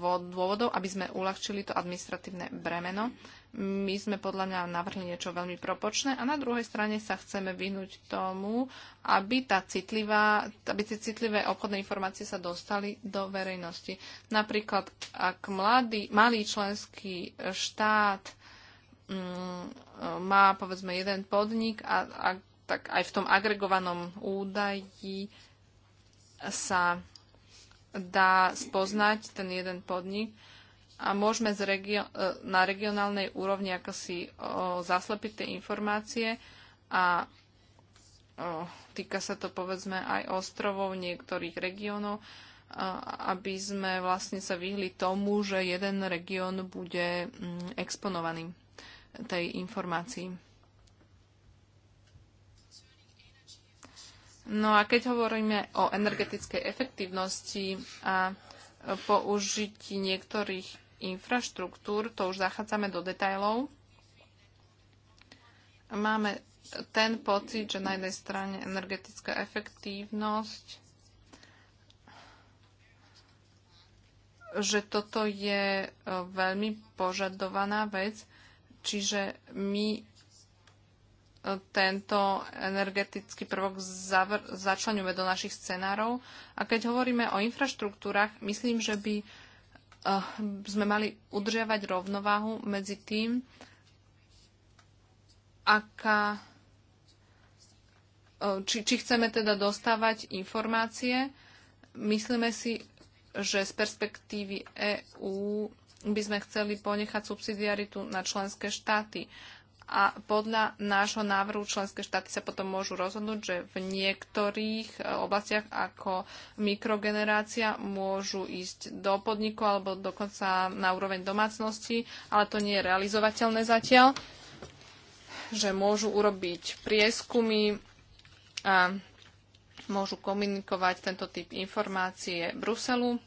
dvoch dôvodov, aby sme uľahčili to administratívne bremeno. My sme podľa mňa navrhli niečo veľmi propočné a na druhej strane sa chceme vyhnúť tomu, aby, tá citlivá, aby tie citlivé obchodné informácie sa dostali do verejnosti. Napríklad, ak mladý, malý členský štát mm, má povedzme jeden podnik a ak tak aj v tom agregovanom údaji sa dá spoznať ten jeden podnik a môžeme z regio- e, na regionálnej úrovni ako si zaslepiť tie informácie a o, týka sa to povedzme aj ostrovov niektorých regiónov, aby sme vlastne sa vyhli tomu, že jeden región bude mm, exponovaný tej informácii. No a keď hovoríme o energetickej efektívnosti a použití niektorých infraštruktúr, to už zachádzame do detajlov. Máme ten pocit, že na jednej strane energetická efektívnosť, že toto je e, veľmi požadovaná vec, čiže my tento energetický prvok začlenujeme do našich scenárov. A keď hovoríme o infraštruktúrach, myslím, že by uh, sme mali udržiavať rovnováhu medzi tým, aká, uh, či, či chceme teda dostávať informácie. Myslíme si, že z perspektívy EÚ by sme chceli ponechať subsidiaritu na členské štáty a podľa nášho návrhu členské štáty sa potom môžu rozhodnúť, že v niektorých e, oblastiach ako mikrogenerácia môžu ísť do podniku alebo dokonca na úroveň domácnosti, ale to nie je realizovateľné zatiaľ, že môžu urobiť prieskumy a môžu komunikovať tento typ informácie Bruselu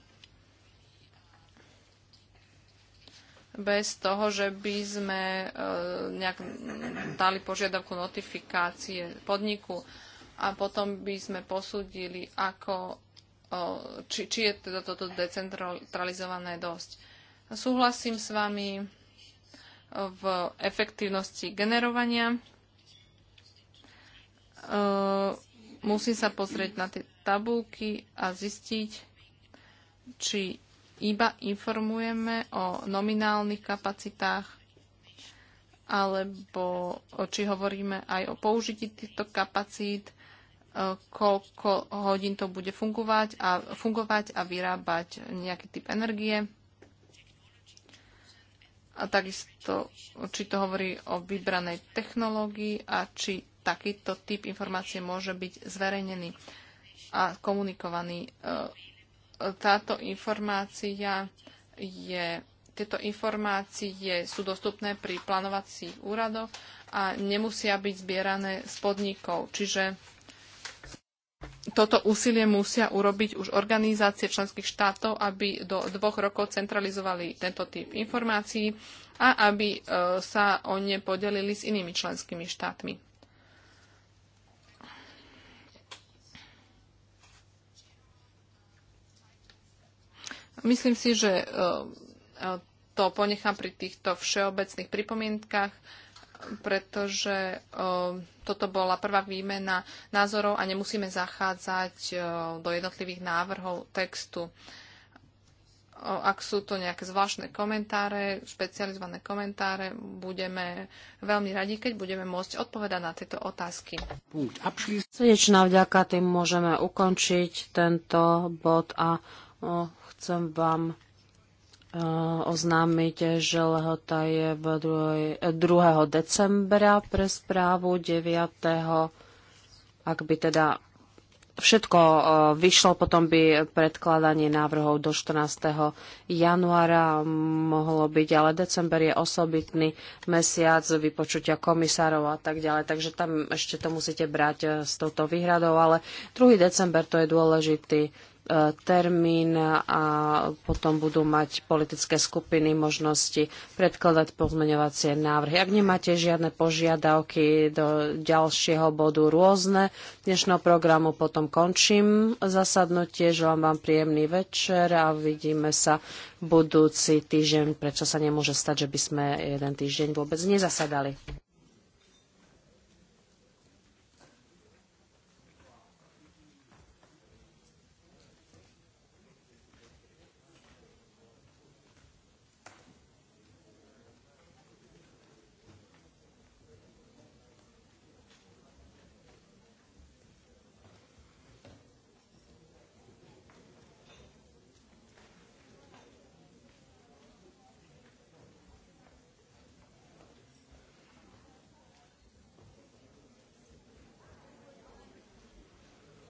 bez toho, že by sme eh, nejak dali požiadavku notifikácie podniku a potom by sme posúdili, ako, eh, či, či je teda toto decentralizované dosť. Súhlasím s vami eh, v efektívnosti generovania. Musím sa pozrieť na tie tabulky a zistiť, či iba informujeme o nominálnych kapacitách alebo či hovoríme aj o použití týchto kapacít, e, koľko hodín to bude fungovať a, fungovať a vyrábať nejaký typ energie. A takisto, či to hovorí o vybranej technológii a či takýto typ informácie môže byť zverejnený a komunikovaný e, táto informácia je, tieto informácie sú dostupné pri plánovacích úradoch a nemusia byť zbierané z podnikov. Čiže toto úsilie musia urobiť už organizácie členských štátov, aby do dvoch rokov centralizovali tento typ informácií a aby e, sa o ne podelili s inými členskými štátmi. Myslím si, že e, e, to ponechám pri týchto všeobecných pripomienkach, pretože e, toto bola prvá výmena názorov a nemusíme zachádzať do jednotlivých návrhov textu. Ak sú to nejaké zvláštne komentáre, špecializované komentáre, budeme veľmi radi, keď budeme môcť odpovedať na tieto otázky. Srdečná vďaka, tým môžeme ukončiť tento bod a Chcem vám eh, oznámiť, že lehota je 2. Eh, decembra pre správu 9. Ak by teda všetko eh, vyšlo, potom by predkladanie návrhov do 14. januára mohlo byť, ale december je osobitný mesiac vypočutia komisárov a tak ďalej, takže tam ešte to musíte brať s touto výhradou, ale 2. december to je dôležitý E, termín a potom budú mať politické skupiny možnosti predkladať pozmeňovacie návrhy. Ak nemáte žiadne požiadavky do ďalšieho bodu rôzne dnešného programu, potom končím zasadnutie. Želám vám príjemný večer a vidíme sa budúci týždeň, prečo sa nemôže stať, že by sme jeden týždeň vôbec nezasadali.